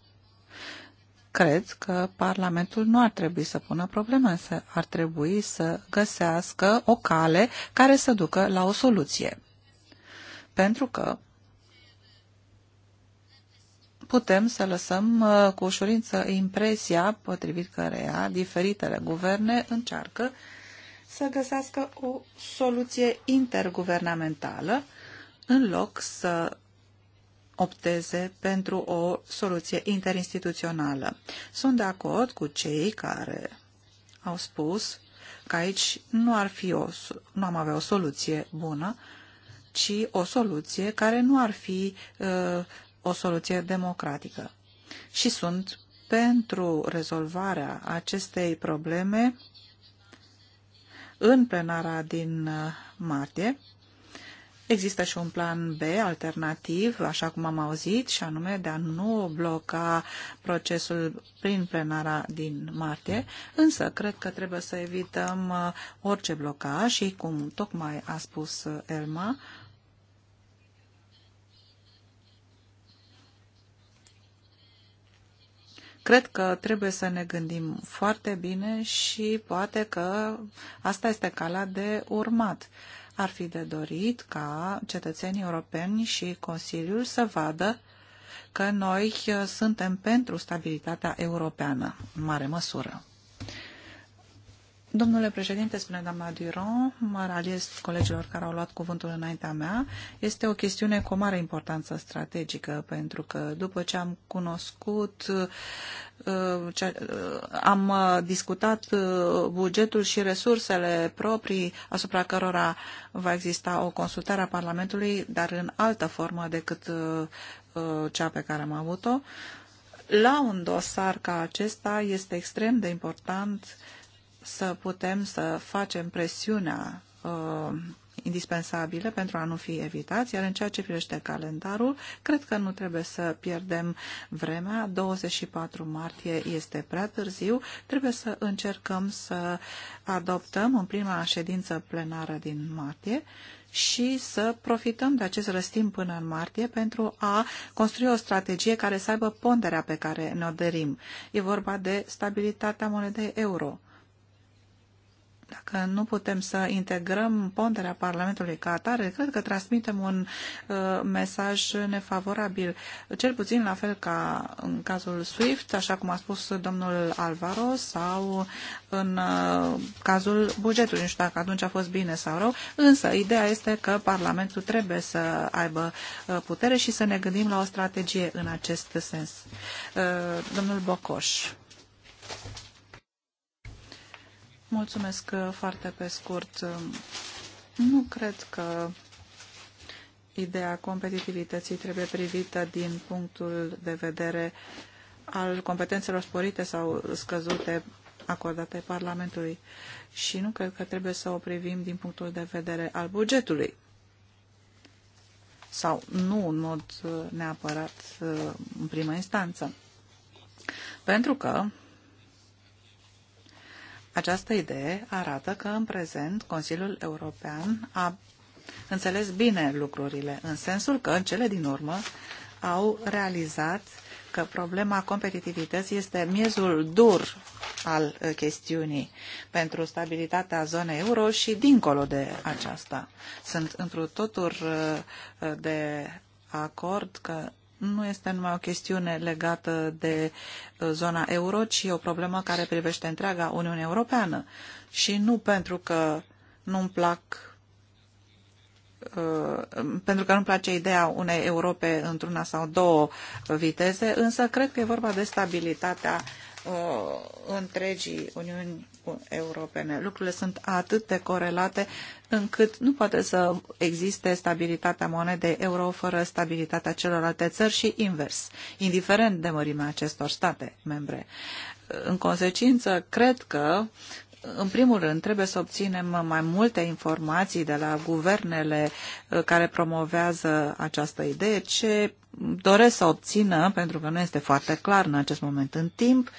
Cred că Parlamentul nu ar trebui să pună probleme, însă ar trebui să găsească o cale care să ducă la o soluție. Pentru că putem să lăsăm uh, cu ușurință impresia potrivit căreia diferitele guverne încearcă să găsească o soluție interguvernamentală în loc să opteze pentru o soluție interinstituțională. Sunt de acord cu cei care au spus că aici nu ar fi o, nu am avea o soluție bună, ci o soluție care nu ar fi uh, o soluție democratică. Și sunt pentru rezolvarea acestei probleme în plenara din ă, martie, Există și un plan B alternativ, așa cum am auzit, și anume de a nu bloca procesul prin plenara din martie, însă cred că trebuie să evităm uh, orice blocaj și, cum tocmai a spus uh, Elma, Cred că trebuie să ne gândim foarte bine și poate că asta este calea de urmat. Uh, ar fi de dorit ca cetățenii europeni și Consiliul să vadă că noi uh, suntem pentru stabilitatea europeană, în mare măsură. Domnule președinte, spune doamna Duron, mă raliez colegilor care au luat cuvântul înaintea mea. Este o chestiune cu o mare importanță strategică, pentru că după ce am cunoscut, uh, uh, am uh, discutat bugetul și resursele proprii asupra cărora va exista o consultare a Parlamentului, dar în altă formă decât cea pe care am avut-o, la un dosar ca acesta este extrem de important uh, să putem să facem presiunea uh, indispensabilă pentru a nu fi evitați, iar în ceea ce privește calendarul, cred că nu trebuie să pierdem vremea. 24 martie este prea târziu, trebuie să încercăm să adoptăm în prima ședință plenară din martie și să profităm de acest răstim până în martie pentru a construi o strategie care să aibă ponderea pe care ne-o dărim. E vorba de stabilitatea monedei euro dacă nu putem să integrăm ponderea Parlamentului ca atare, cred că transmitem un uh, mesaj nefavorabil. Cel puțin la fel ca în cazul SWIFT, așa cum a spus domnul Alvaro, sau în uh, cazul bugetului. Nu știu dacă atunci a fost bine sau rău, însă ideea este că Parlamentul trebuie să aibă uh, putere și să ne gândim la o strategie în acest sens. Uh, domnul Bocoș. Mulțumesc uh, foarte pe scurt. Um, nu cred că ideea competitivității trebuie privită din punctul de vedere al competențelor sporite sau scăzute acordate Parlamentului și nu cred că trebuie să o privim din punctul de vedere al bugetului sau nu în mod uh, neapărat uh, în primă instanță. Pentru că această idee arată că în prezent Consiliul European a înțeles bine lucrurile, în sensul că, în cele din urmă, au realizat că problema competitivității este miezul dur al uh, chestiunii pentru stabilitatea zonei euro și dincolo de aceasta. Sunt întru totul uh, uh, de acord că nu este numai o chestiune legată de uh, zona euro, ci o problemă care privește întreaga Uniune Europeană. Și nu pentru că nu-mi plac uh, pentru că nu-mi place ideea unei Europe într-una sau două uh, viteze, însă cred că e vorba de stabilitatea întregii Uniuni Europene. Lucrurile sunt atât de corelate încât nu poate să existe stabilitatea monedei euro fără stabilitatea celorlalte țări și invers, indiferent de mărimea acestor state membre. În consecință, cred că în primul rând, trebuie să obținem mai multe informații de la guvernele uh, care promovează această idee, ce doresc să obțină, pentru că nu este foarte clar în acest moment în timp,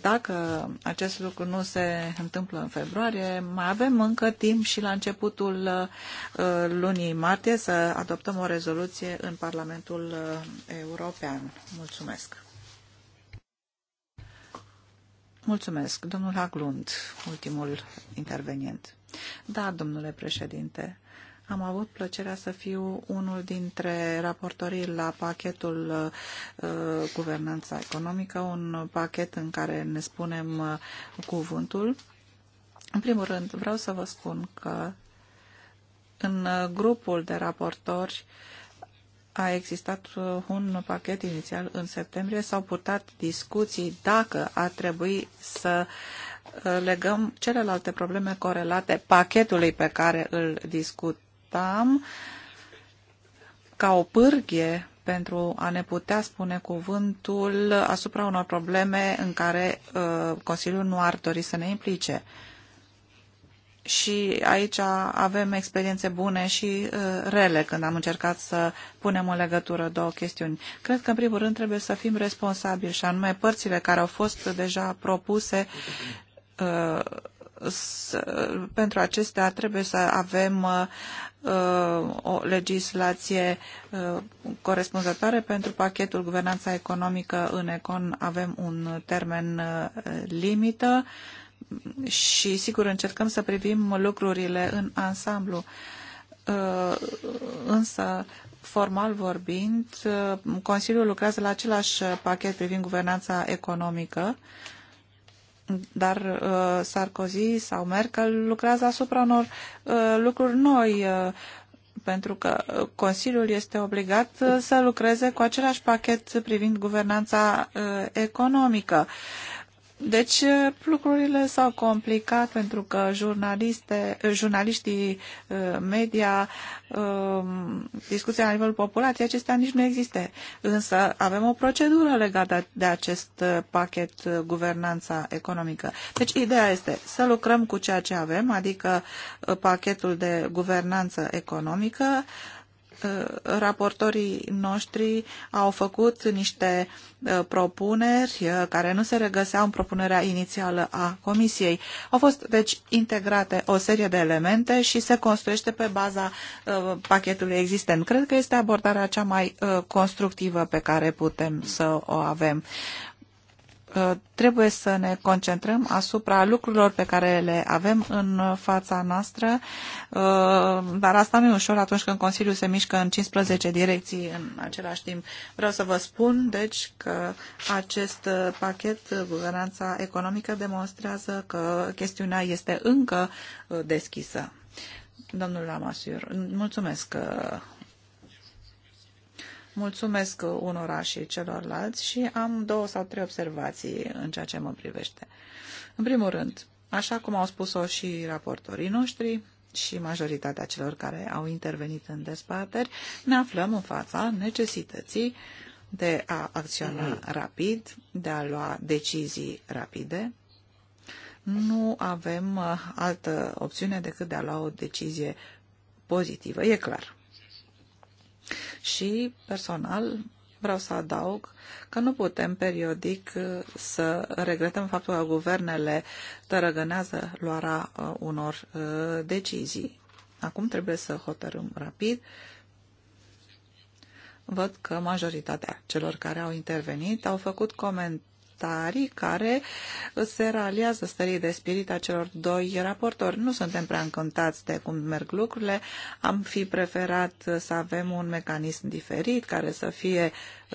dacă acest lucru nu se întâmplă în februarie, mai avem încă timp și la începutul uh, lunii martie să adoptăm o rezoluție în Parlamentul uh, European. Mulțumesc! Mulțumesc. Domnul Haglund, ultimul intervenient. Da, domnule președinte, am avut plăcerea să fiu unul dintre raportorii la pachetul uh, Guvernanța Economică, un pachet în care ne spunem uh, cuvântul. În primul rând, vreau să vă spun că în uh, grupul de raportori a existat uh, un pachet inițial în septembrie, s-au purtat discuții dacă ar trebui să uh, legăm celelalte probleme corelate pachetului pe care îl discut așteptam ca o pârghie pentru a ne putea spune cuvântul asupra unor probleme în care uh, Consiliul nu ar dori să ne implice. Și aici avem experiențe bune și uh, rele când am încercat să punem în legătură două chestiuni. Cred că, în primul rând, trebuie să fim responsabili și anume părțile care au fost deja propuse uh, pentru acestea trebuie să avem uh, o legislație uh, corespunzătoare. Pentru pachetul guvernanța economică în Econ avem un termen uh, limită și sigur încercăm să privim lucrurile în ansamblu. Însă formal vorbind, Consiliul lucrează la același pachet privind guvernanța economică dar uh, Sarkozy sau Merkel lucrează asupra unor uh, lucruri noi, uh, pentru că uh, Consiliul este obligat uh, să lucreze cu același pachet privind guvernanța uh, economică. Uh, deci lucrurile s-au complicat pentru că jurnaliste, jurnaliștii media, discuția la nivelul populației, acestea nici nu există. Însă avem o procedură legată de acest pachet guvernanța economică. Deci ideea este să lucrăm cu ceea ce avem, adică pachetul de guvernanță economică, Uh, raportorii noștri au făcut niște uh, propuneri uh, care nu se regăseau în propunerea inițială a Comisiei. Au fost, deci, integrate o serie de elemente și se construiește pe baza pachetului existent. Cred că este abordarea cea mai constructivă pe care putem să o avem. Uh, trebuie să ne concentrăm asupra lucrurilor pe care le avem în fața noastră, uh, dar asta nu e ușor atunci când Consiliul se mișcă în 15 direcții în același timp. Vreau să vă spun, deci, că acest pachet, guvernanța economică, demonstrează că chestiunea este încă uh, deschisă. Domnul Lamasiur, mulțumesc, Mulțumesc unora și celorlalți și am două sau trei observații în ceea ce mă privește. În primul rând, așa cum au spus-o și raportorii noștri și majoritatea celor care au intervenit în dezbateri, ne aflăm în fața necesității de a acționa rapid, de a lua decizii rapide. Nu avem uh, altă opțiune decât de a lua o decizie pozitivă, e clar. Și, personal, vreau să adaug că nu putem periodic uh, să regretăm faptul că guvernele tărăgânează luarea uh, unor uh, decizii. Acum trebuie să hotărâm rapid. Văd că majoritatea celor care au intervenit au făcut comentarii parlamentari care se raliază stării de spirit a celor doi raportori. Nu suntem prea încântați de cum merg lucrurile. Am fi preferat să avem un mecanism diferit care să fie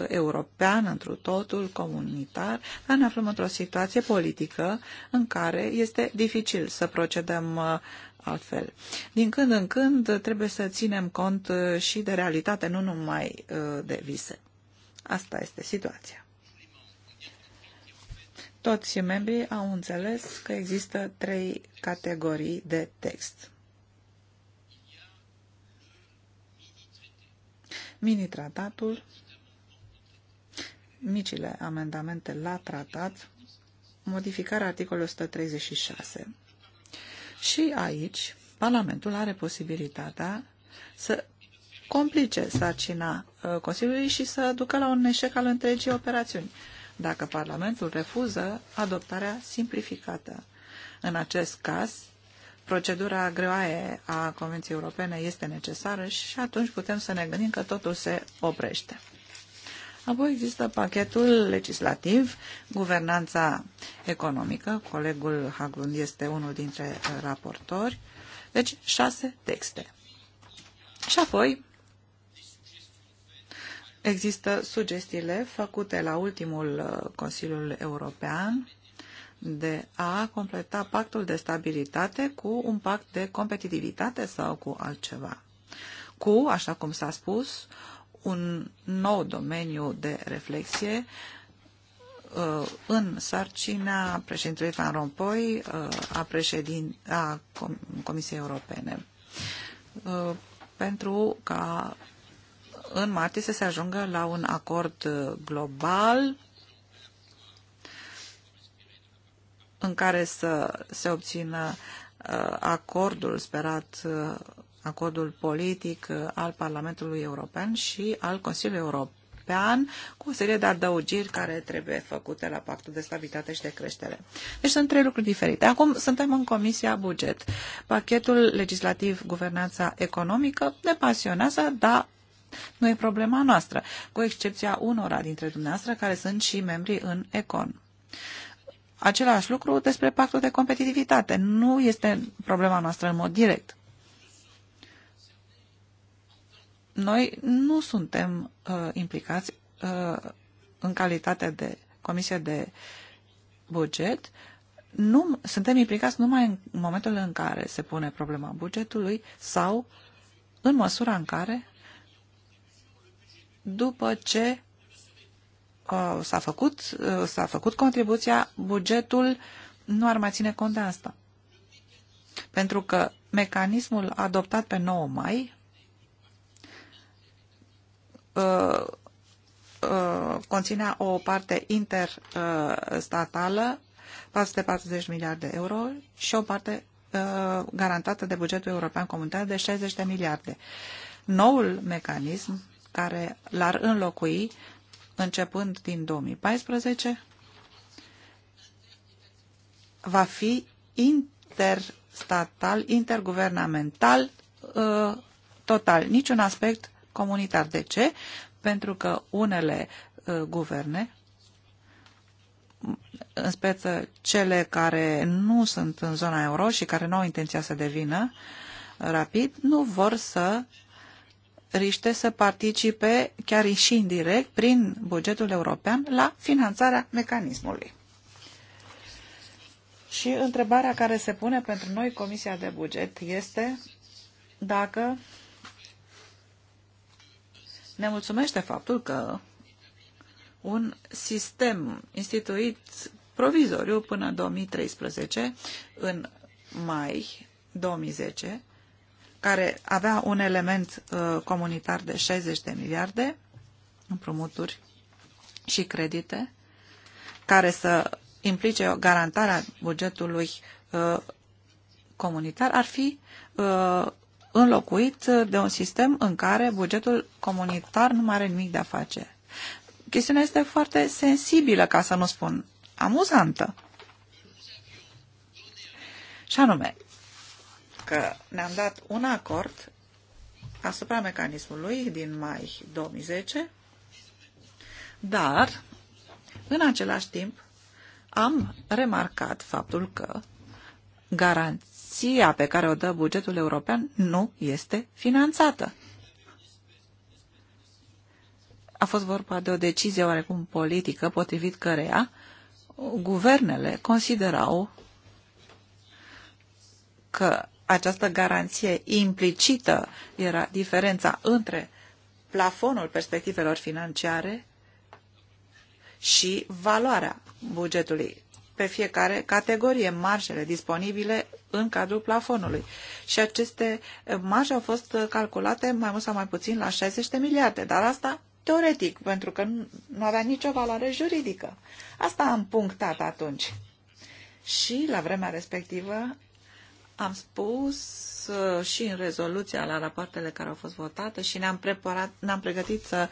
european, întru totul, comunitar, dar ne aflăm într-o situație politică în care este dificil să procedăm uh, altfel. Din când în când trebuie să ținem cont uh, și de realitate, nu numai uh, de vise. Asta este situația. Toți membrii au înțeles că există trei categorii de text. Mini-tratatul, micile amendamente la tratat, modificarea articolului 136. Și aici, Parlamentul are posibilitatea să complice sarcina uh, Consiliului și să ducă la un eșec al întregii operațiuni dacă Parlamentul refuză adoptarea simplificată. În acest caz, procedura greoaie a Convenției Europene este necesară și atunci putem să ne gândim că totul se oprește. Apoi există pachetul legislativ, guvernanța economică, colegul Haglund este unul dintre raportori, deci șase texte. Și apoi Există sugestiile făcute la ultimul uh, Consiliul European de a completa pactul de stabilitate cu un pact de competitivitate sau cu altceva. Cu, așa cum s-a spus, un nou domeniu de reflexie uh, în sarcina președintelui Van Rompuy uh, a, președin, a Comisiei Europene pentru ca în martie să se ajungă la un acord uh, global în care să se obțină uh, acordul sperat, uh, acordul politic al Parlamentului European și al Consiliului European cu o serie de adăugiri care trebuie făcute la Pactul de Stabilitate și de Creștere. Deci sunt trei lucruri diferite. Acum suntem în Comisia Buget. Pachetul legislativ Guvernanța Economică ne pasionează, dar nu e problema noastră, cu excepția unora dintre dumneavoastră care sunt și membri în Econ. Același lucru despre pactul de competitivitate. Nu este problema noastră în mod direct. Noi nu suntem uh, implicați uh, în calitate de comisie de buget, nu, suntem implicați numai în momentul în care se pune problema bugetului sau în măsura în care după ce uh, s-a făcut, uh, s-a făcut contribuția, bugetul nu ar mai ține cont de asta. Pentru că mecanismul adoptat pe 9 mai uh, uh, conținea o parte interstatală, 440 miliarde de euro și o parte uh, garantată de bugetul european comunitar de 60 de miliarde. Noul mecanism care l-ar înlocui începând din 2014 va fi interstatal, interguvernamental uh, total, niciun aspect comunitar. De ce? Pentru că unele uh, guverne, în speță cele care nu sunt în zona euro și care nu au intenția să devină rapid, nu vor să riște să participe chiar și indirect prin bugetul european la finanțarea mecanismului. Și întrebarea care se pune pentru noi Comisia de Buget este dacă ne mulțumește faptul că un sistem instituit provizoriu până 2013 în mai 2010 care avea un element uh, comunitar de 60 de miliarde împrumuturi și credite care să implice garantarea bugetului uh, comunitar ar fi uh, înlocuit de un sistem în care bugetul comunitar nu mai are nimic de a face. Chestiunea este foarte sensibilă, ca să nu spun amuzantă. Și anume, că ne-am dat un acord asupra mecanismului din mai 2010, dar în același timp am remarcat faptul că garanția pe care o dă bugetul european nu este finanțată. A fost vorba de o decizie oarecum politică, potrivit căreia guvernele considerau că această garanție implicită era diferența între plafonul perspectivelor financiare și valoarea bugetului pe fiecare categorie, marjele disponibile în cadrul plafonului. Și aceste marje au fost calculate mai mult sau mai puțin la 60 de miliarde, dar asta teoretic, pentru că nu avea nicio valoare juridică. Asta am punctat atunci. Și la vremea respectivă am spus uh, și în rezoluția la rapoartele care au fost votate și ne-am, preparat, ne-am pregătit să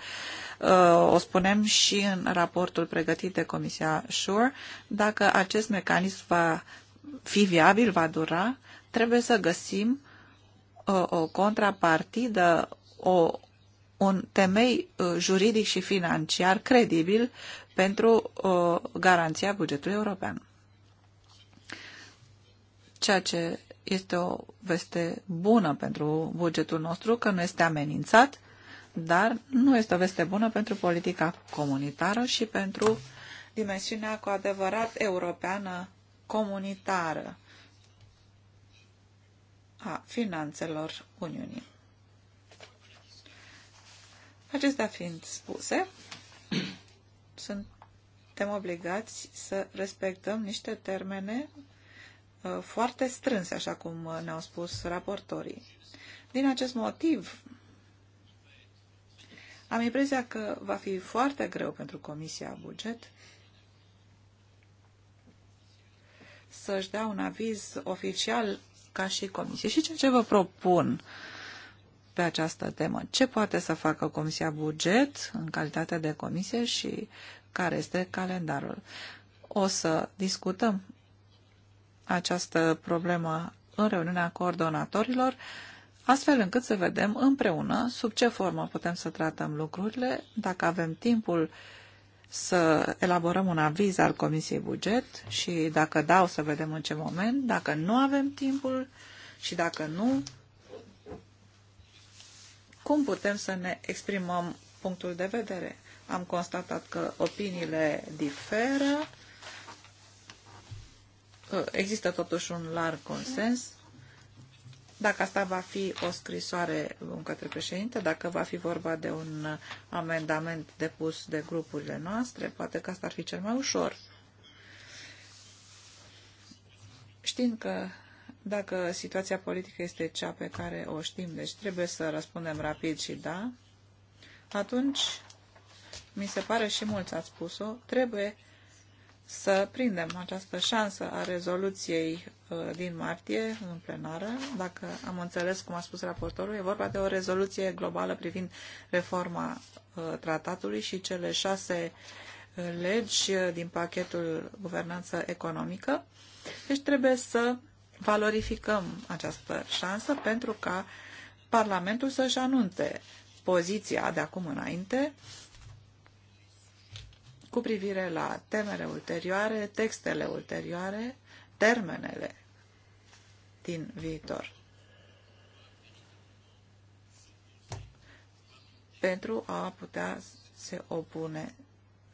uh, o spunem și în raportul pregătit de Comisia SURE, dacă acest mecanism va fi viabil, va dura, trebuie să găsim uh, o contrapartidă, o, un temei juridic și financiar credibil pentru garanția bugetului european. Ceea ce este o veste bună pentru bugetul nostru că nu este amenințat, dar nu este o veste bună pentru politica comunitară și pentru dimensiunea cu adevărat europeană comunitară a finanțelor Uniunii. Acestea fiind spuse, suntem obligați să respectăm niște termene Uh, foarte strânse, așa cum uh, ne-au spus raportorii. Din acest motiv, am impresia că va fi foarte greu pentru Comisia Buget să-și dea un aviz oficial ca și Comisie. Și ceea ce vă propun pe această temă, ce poate să facă Comisia Buget în calitate de Comisie și care este calendarul. O să discutăm această problemă în reuniunea coordonatorilor, astfel încât să vedem împreună sub ce formă putem să tratăm lucrurile, dacă avem timpul să elaborăm un aviz al Comisiei Buget și dacă da, o să vedem în ce moment, dacă nu avem timpul și dacă nu, cum putem să ne exprimăm punctul de vedere. Am constatat că opiniile diferă există totuși un larg consens. Dacă asta va fi o scrisoare către președinte, dacă va fi vorba de un amendament depus de grupurile noastre, poate că asta ar fi cel mai ușor. Știind că dacă situația politică este cea pe care o știm, deci trebuie să răspundem rapid și da, atunci, mi se pare și mulți ați spus-o, trebuie să prindem această șansă a rezoluției uh, din martie în plenară. Dacă am înțeles cum a spus raportorul, e vorba de o rezoluție globală privind reforma uh, tratatului și cele șase uh, legi din pachetul guvernanță economică. Deci trebuie să valorificăm această șansă pentru ca Parlamentul să-și anunțe poziția de acum înainte cu privire la temele ulterioare, textele ulterioare, termenele din viitor. Pentru a putea se opune,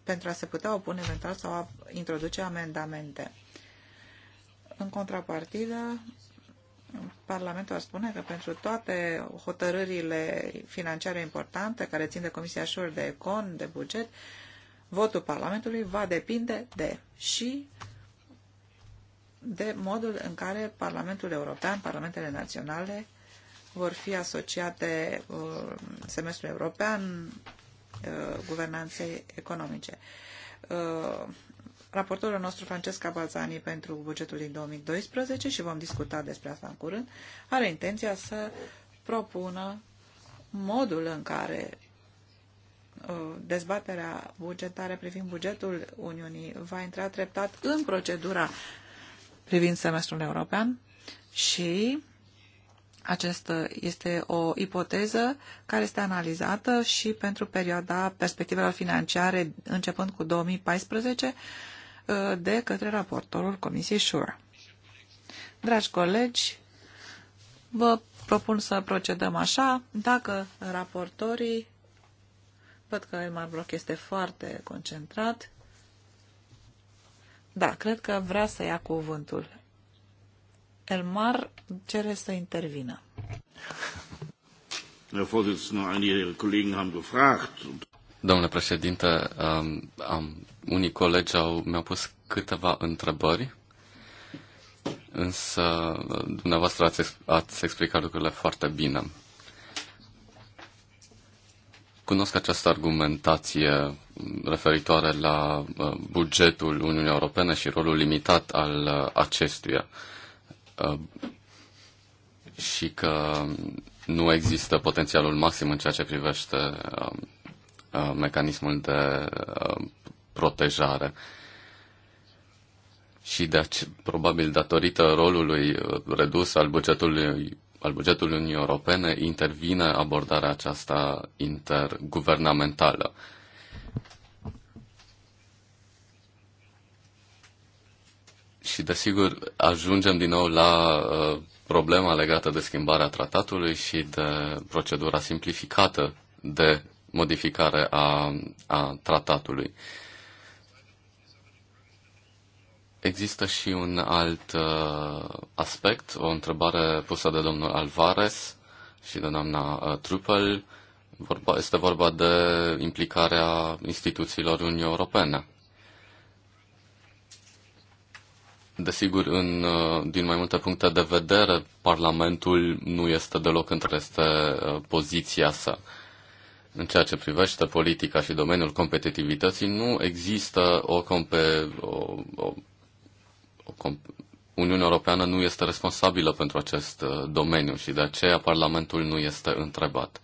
pentru a se putea opune eventual sau a introduce amendamente. În contrapartidă, Parlamentul ar spune că pentru toate hotărârile financiare importante care țin de Comisia Șur, de Econ, de buget, uh, votul Parlamentului va depinde de și de modul în care Parlamentul European, Parlamentele Naționale vor fi asociate uh, semestrul european, uh, guvernanței economice. Uh, raportorul nostru, Francesca Balzani, pentru bugetul din 2012, și vom discuta despre asta în curând, are intenția să propună modul în care Uh, dezbaterea bugetară privind bugetul Uniunii va intra treptat în procedura privind semestrul european și aceasta uh, este o ipoteză care este analizată și pentru perioada perspectivelor financiare începând cu 2014 uh, de către raportorul Comisiei SURE. Dragi colegi, vă propun să procedăm așa. Dacă raportorii Văd că Elmar Brock este foarte concentrat. Da, cred că vrea să ia cuvântul. Elmar cere să intervină. Domnule președinte, um, um, unii colegi au, mi-au pus câteva întrebări, însă dumneavoastră ați, ați explicat lucrurile foarte bine. Cunosc această argumentație referitoare la uh, bugetul Uniunii Europene și rolul limitat al uh, acestuia uh, și că nu există potențialul maxim în ceea ce privește um, mecanismul de protejare. Și de ace- probabil datorită rolului redus al bugetului al bugetului Uniunii Europene intervine abordarea aceasta interguvernamentală. Și desigur ajungem din nou la uh, problema legată de schimbarea tratatului și de procedura simplificată de modificare a, a tratatului. Uh, Există și un alt uh, aspect, o întrebare pusă de domnul Alvarez și de doamna uh, Truppel. Vorba, este vorba de implicarea instituțiilor Uniunii Europene. Desigur, în, uh, din mai multe puncte de vedere, Parlamentul nu este deloc între este uh, poziția sa. În ceea ce privește politica și domeniul competitivității, nu există o, compe, o, o Uniunea Europeană nu este responsabilă pentru acest uh, domeniu și de aceea Parlamentul nu este întrebat.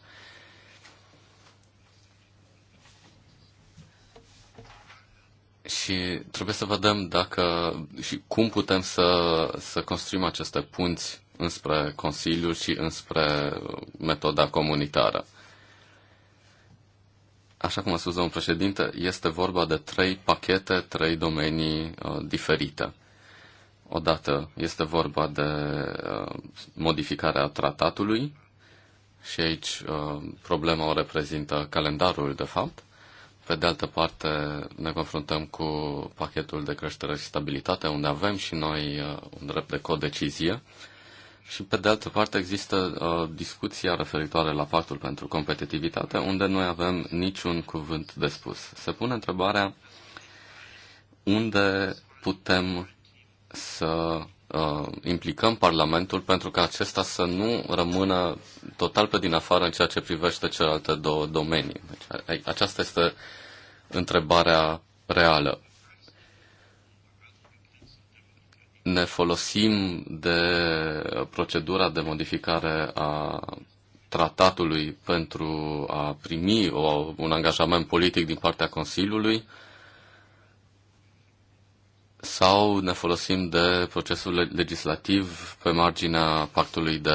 Și trebuie să vedem dacă și cum putem să, să construim aceste punți înspre Consiliu și înspre uh, metoda comunitară. Așa cum a spus domnul președinte, este vorba de trei pachete, trei domenii uh, diferite. Odată este vorba de uh, modificarea tratatului și aici uh, problema o reprezintă calendarul, de fapt. Pe de altă parte, ne confruntăm cu pachetul de creștere și stabilitate, unde avem și noi uh, un drept de codecizie. Și pe de altă parte există uh, discuția referitoare la pactul pentru competitivitate, unde noi avem niciun cuvânt de spus. Se pune întrebarea unde putem să uh, implicăm Parlamentul pentru ca acesta să nu rămână total pe din afară în ceea ce privește celelalte două domenii. Deci, aceasta este întrebarea reală. Ne folosim de procedura de modificare a tratatului pentru a primi o, un angajament politic din partea Consiliului. Uh, sau ne folosim de procesul legislativ pe marginea pactului de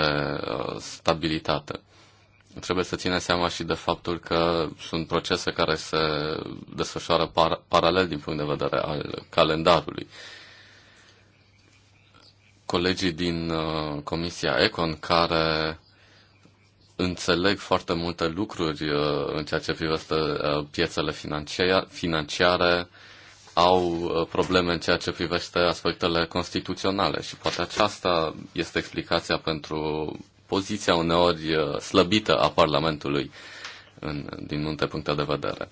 uh, stabilitate. Trebuie să ținem seama și de faptul că sunt procese care se desfășoară par- paralel din punct de vedere al calendarului. Colegii din uh, Comisia Econ care înțeleg foarte multe lucruri uh, în ceea ce privește piețele financiare, financiare au uh, probleme în ceea ce privește aspectele constituționale și poate aceasta este explicația pentru poziția uneori uh, slăbită a Parlamentului în, din multe puncte de vedere.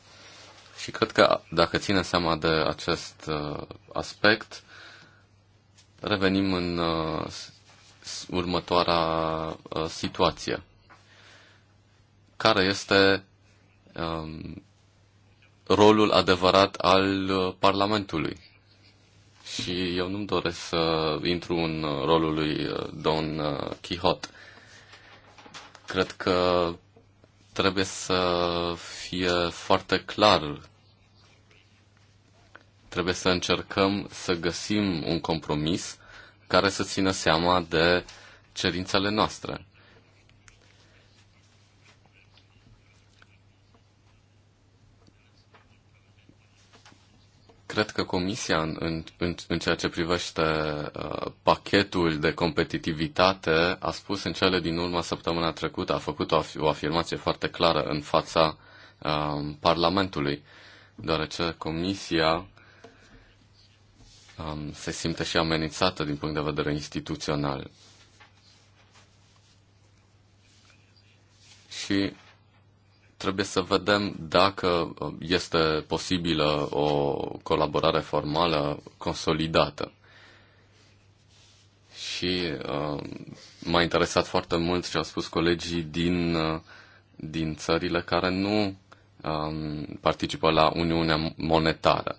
Și cred că dacă ține seama de acest uh, aspect, revenim în următoarea situație, care este um, rolul adevărat al uh, Parlamentului. Și eu nu-mi doresc să intru în uh, rolul lui uh, Don Quixote. Cred că trebuie să fie foarte clar. Trebuie să încercăm să găsim un compromis care să țină seama de cerințele noastre. Cred că Comisia, în, în, în ceea ce privește uh, pachetul de competitivitate, a spus în cele din urmă săptămâna trecută, a făcut o, o afirmație foarte clară în fața uh, Parlamentului, deoarece Comisia um, se simte și amenințată din punct de vedere instituțional. Și trebuie să vedem dacă uh, este posibilă o colaborare formală consolidată. Și uh, m-a interesat foarte mult ce au spus colegii din, uh, din țările care nu um, participă la Uniunea Monetară.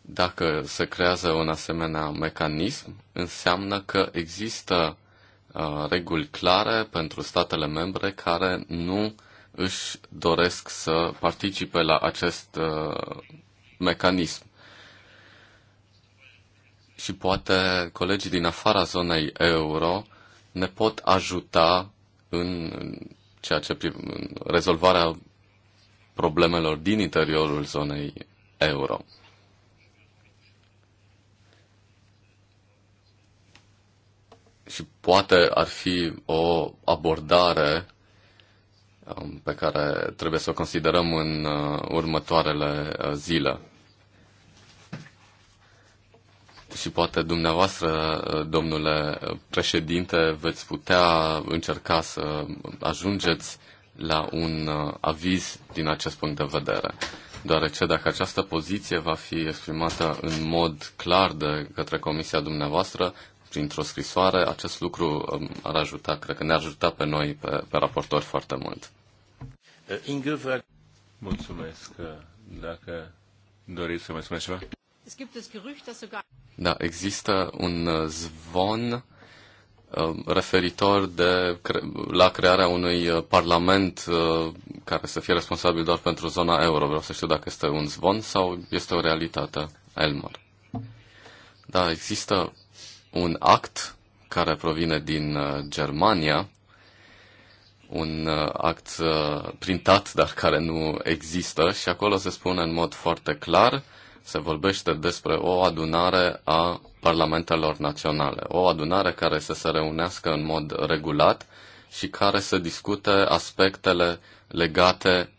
Dacă se creează un asemenea mecanism, înseamnă că există Uh, reguli clare pentru statele membre care nu își doresc să participe la acest uh, mecanism. Și poate colegii din afara zonei euro ne pot ajuta în ceea ce în rezolvarea problemelor din interiorul zonei euro. și poate ar fi o abordare um, pe care trebuie să o considerăm în uh, următoarele uh, zile. Și poate dumneavoastră, uh, domnule președinte, veți putea încerca să ajungeți la un aviz din acest punct de vedere. Deoarece dacă această poziție va fi exprimată în mod clar de către comisia dumneavoastră, printr-o scrisoare, acest lucru um, ar ajuta, cred că ne-ar ajuta pe noi, pe, pe raportori, foarte mult. Uh, Inge, Mulțumesc. Uh, dacă doriți să mai spuneți ceva? Da, există un uh, zvon um, referitor de, la crearea unui parlament care să fie responsabil doar pentru zona euro. Vreau să știu dacă este un zvon sau este o realitate, Elmar. Da, există un act care provine din uh, Germania, un uh, act uh, printat, dar care nu există și acolo se spune în mod foarte clar, se vorbește despre o adunare a parlamentelor naționale, o adunare care să se reunească în mod regulat și care să discute aspectele legate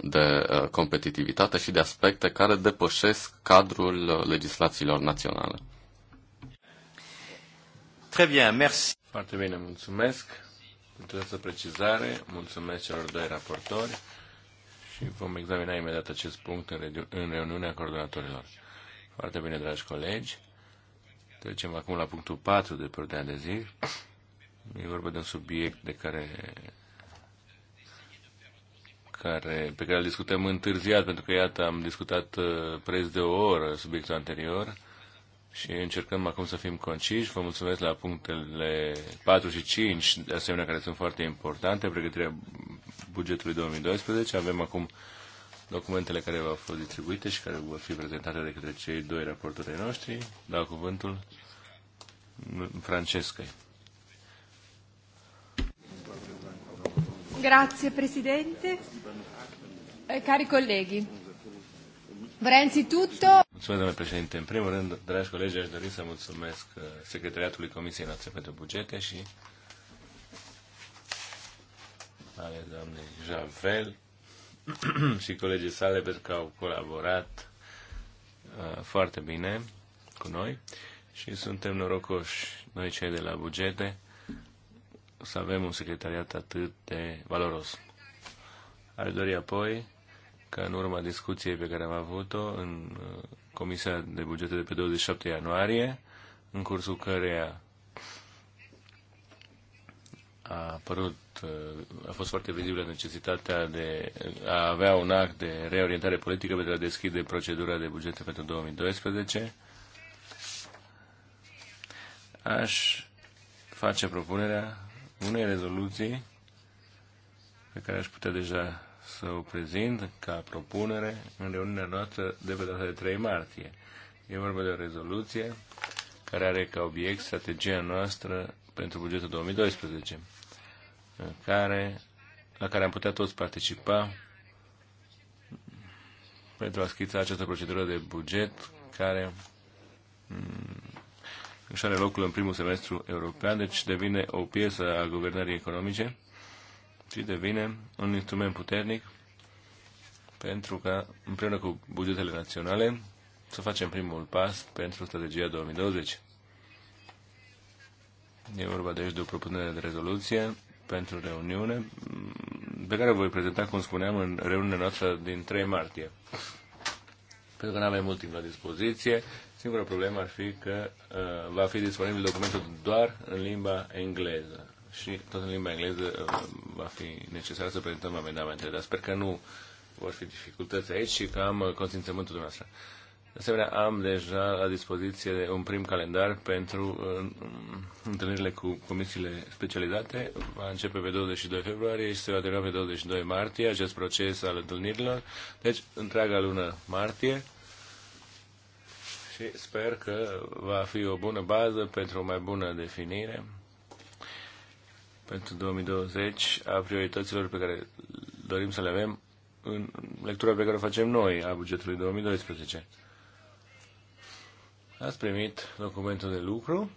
de competitivitate și de aspecte care depășesc cadrul legislațiilor naționale. Très bien, merci. Foarte bine, mulțumesc pentru această precizare. Mulțumesc celor doi raportori și vom examina imediat acest punct în, în reuniunea coordonatorilor. Foarte bine, dragi colegi. Trecem acum la punctul 4 de pe de zi. E vorba de un subiect de care, care, pe care îl discutăm întârziat, pentru că, iată, am discutat uh, preț de o oră subiectul anterior și încercăm acum să fim conciși. Vă mulțumesc la punctele 4 și 5, de asemenea, care sunt foarte importante, pregătirea bugetului 2012. Avem acum documentele care v-au fost distribuite și care vor fi prezentate de către cei doi raportori noștri. Dau cuvântul Francescăi. Grazie Presidente, eh, cari colleghi. Vorrei anzitutto Mulțumesc, domnule președinte. În primul rând, dragi colegi, aș dori să mulțumesc uh, Secretariatului Comisiei noastre pentru bugete și ale doamnei Javel și colegii sale pentru că au colaborat uh, foarte bine cu noi și suntem norocoși noi cei de la bugete să avem un secretariat atât de valoros. Aș dori apoi ca în urma discuției pe care am avut-o în uh, Comisia de Bugete de pe 27 ianuarie, în cursul căreia a apărut, uh, a fost foarte vizibilă necesitatea de a avea un act de reorientare politică pentru a deschide procedura de bugete pentru 2012. Aș face propunerea unei rezoluții pe care aș putea deja să o prezint ca propunere în reuniunea noastră de pe data de 3 martie. E vorba de o rezoluție care are ca obiect strategia noastră pentru bugetul 2012, în care, la care am putea toți participa pentru a schița această procedură de buget care mm, își are locul în primul semestru european, deci devine o piesă a guvernării economice și devine un instrument puternic pentru ca, împreună cu bugetele naționale, să facem primul pas pentru strategia 2020. E vorba deci de o propunere de rezoluție pentru reuniune, pe care o voi prezenta, cum spuneam, în reuniunea noastră din 3 martie. Pentru că nu avem mult timp la dispoziție, singura problemă ar fi că uh, va fi disponibil documentul doar în limba engleză și tot în limba engleză uh, va fi necesar să prezentăm amendamente, dar sper că nu vor fi dificultăți aici și că am uh, consimțământul dumneavoastră. De asemenea, am deja la dispoziție un prim calendar pentru uh, întâlnirile cu comisiile specializate. Va începe pe 22 februarie și se va termina pe 22 martie acest proces al întâlnirilor. Deci, întreaga lună martie și sper că va fi o bună bază pentru o mai bună definire pentru 2020 a priorităților pe care dorim să le avem în lectura pe care o facem noi a bugetului 2012. Ați primit documentul de lucru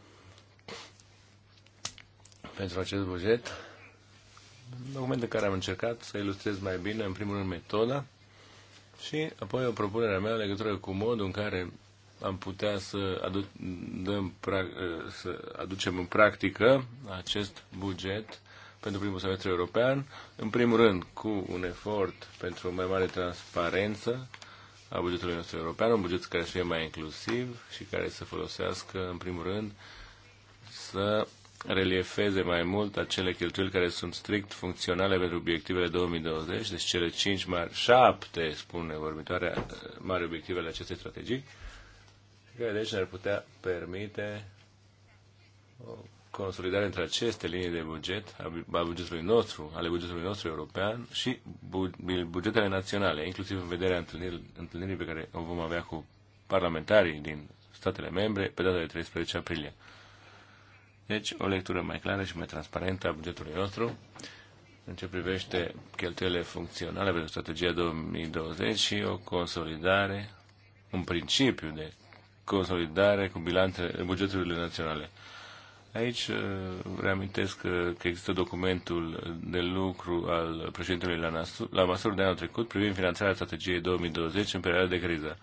pentru acest buget, document în care am încercat să ilustrez mai bine, în primul rând, metoda și apoi o propunere a mea în legătură cu modul în care am putea să, adu- dăm să aducem în practică acest buget pentru primul semestru european, în primul rând cu un efort pentru o mai mare transparență a bugetului nostru european, un buget care să fie mai inclusiv și care să folosească, în primul rând, să reliefeze mai mult acele cheltuieli care sunt strict funcționale pentru obiectivele 2020, deci cele 5 mari, 7, spune vorbitoarea, mari obiectivele acestei strategii, care deci ne-ar putea permite o consolidare între aceste linii de buget, a bugetului nostru, ale bugetului nostru european și bugetele naționale, inclusiv în vederea întâlnirii, întâlnirii pe care o vom avea cu parlamentarii din statele membre pe data de 13 aprilie. Deci, o lectură mai clară și mai transparentă a bugetului nostru în ce privește cheltuielile funcționale pentru strategia 2020 și o consolidare, un principiu de consolidare cu bilanțele, bugeturile naționale. Aici uh, reamintesc uh, că există documentul de lucru al președintelui la, la măsură de anul trecut privind finanțarea strategiei 2020 în perioada de criză.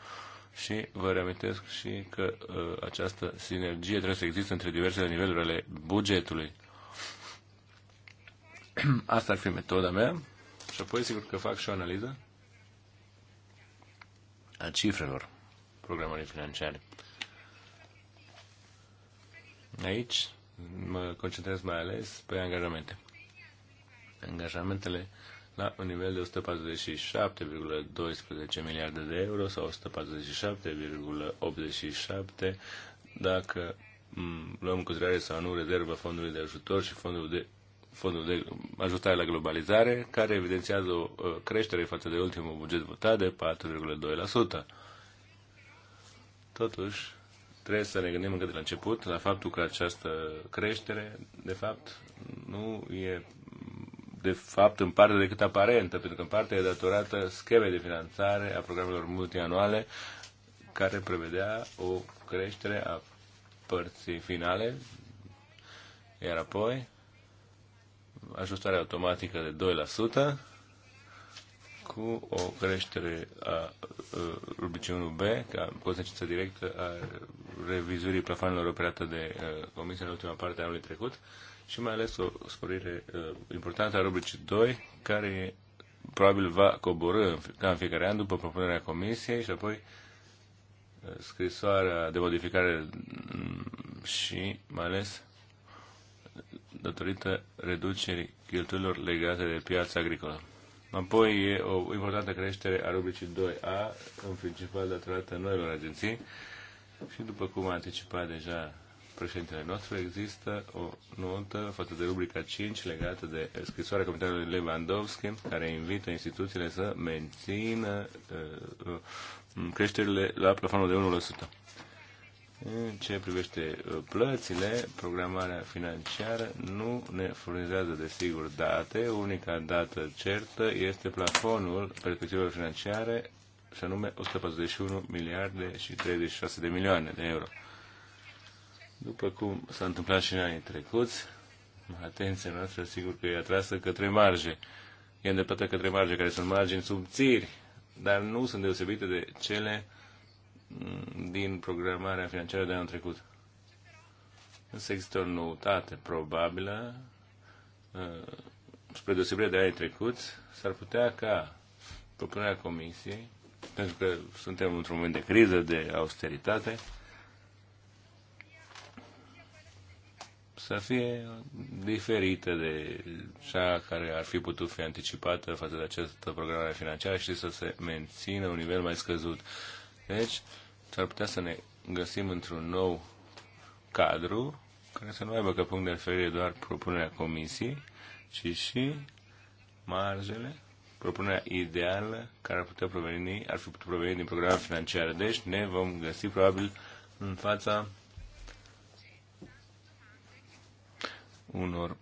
Și vă reamintesc și că uh, această sinergie trebuie să existe între diversele niveluri ale bugetului. Asta ar fi metoda mea. Și apoi sigur că fac și o analiză a cifrelor programării financiare. Aici mă concentrez mai ales pe angajamente. Angajamentele la un nivel de 147,12 miliarde de euro sau 147,87 dacă mm, luăm în considerare sau nu rezervă fondului de ajutor și fondul de, fondul de ajutare la globalizare, care evidențiază o uh, creștere față de ultimul buget votat de 4,2%. Totuși, trebuie să ne gândim încă de la început la faptul că această creștere, de fapt, nu e de fapt în parte decât aparentă, pentru că în parte e datorată schemei de finanțare a programelor multianuale care prevedea o creștere a părții finale, iar apoi ajustarea automatică de 2%, cu o creștere a rubiciunul B, ca consecință directă a revizuirii plafanelor operate de Comisia în ultima parte a anului trecut și mai ales o sporire importantă a rubricii 2, care probabil va coborâ ca în fiecare an după propunerea Comisiei și apoi scrisoarea de modificare și mai ales datorită reducerii cheltuielor legate de piața agricolă. Apoi e o importantă creștere a rubricii 2A, în principal datorată noilor agenții. Și după cum a anticipat deja președintele nostru, există o notă față de rubrica 5 legată de scrisoarea comitetului Lewandowski, care invită instituțiile să mențină uh, uh creșterile la plafonul de 1%. În ce privește uh, plățile, programarea financiară nu ne furnizează sigur date. Unica dată certă este plafonul perspectivelor financiare, și anume 141 miliarde și 36 de milioane de euro. După cum s-a întâmplat și în anii trecuți, atenția noastră sigur că e atrasă către marge. E îndepărtată către marge, care sunt margini subțiri, dar nu sunt deosebite de cele din programarea financiară de anul trecut. Însă există o noutate probabilă, uh, spre deosebire de anii trecut, s-ar putea ca propunerea Comisiei, pentru că suntem într-un moment de criză, de austeritate, să fie diferită de cea care ar fi putut fi anticipată față de această programare financiară și să se mențină un nivel mai scăzut. Deci, S-ar putea să ne găsim într-un nou cadru care să nu aibă ca punct de referire doar propunerea comisiei, ci și marjele, propunerea ideală care ar putea proveni, ar fi putut proveni din programul financiar. Deci ne vom găsi probabil în fața unor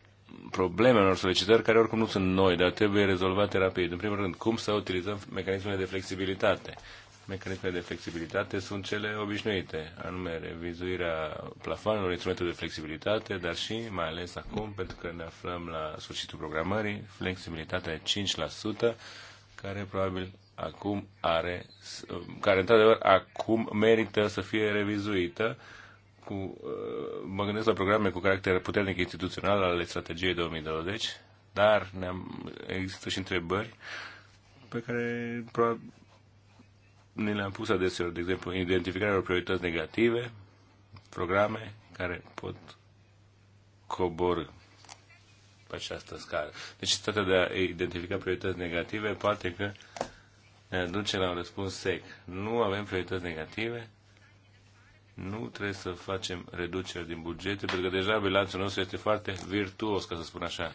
probleme, unor solicitări care oricum nu sunt noi, dar trebuie rezolvate rapid. În primul rând, cum să utilizăm mecanismele de flexibilitate mecanismele de flexibilitate sunt cele obișnuite, anume revizuirea plafonului instrumentului de flexibilitate, dar și, mai ales acum, pentru că ne aflăm la sfârșitul programării, flexibilitatea de 5%, care probabil acum are, care într-adevăr acum merită să fie revizuită, cu, uh, mă gândesc la programe cu caracter puternic instituțional ale strategiei 2020, dar ne există și întrebări pe care probabil ne le-am pus adeseori, de exemplu, identificarea unor priorități negative, programe care pot coborâ pe această scară. Deci, statea de a identifica priorități negative poate că ne aduce la un răspuns sec. Nu avem priorități negative, nu trebuie să facem reduceri din bugete, pentru că deja bilanțul nostru este foarte virtuos, ca să spun așa.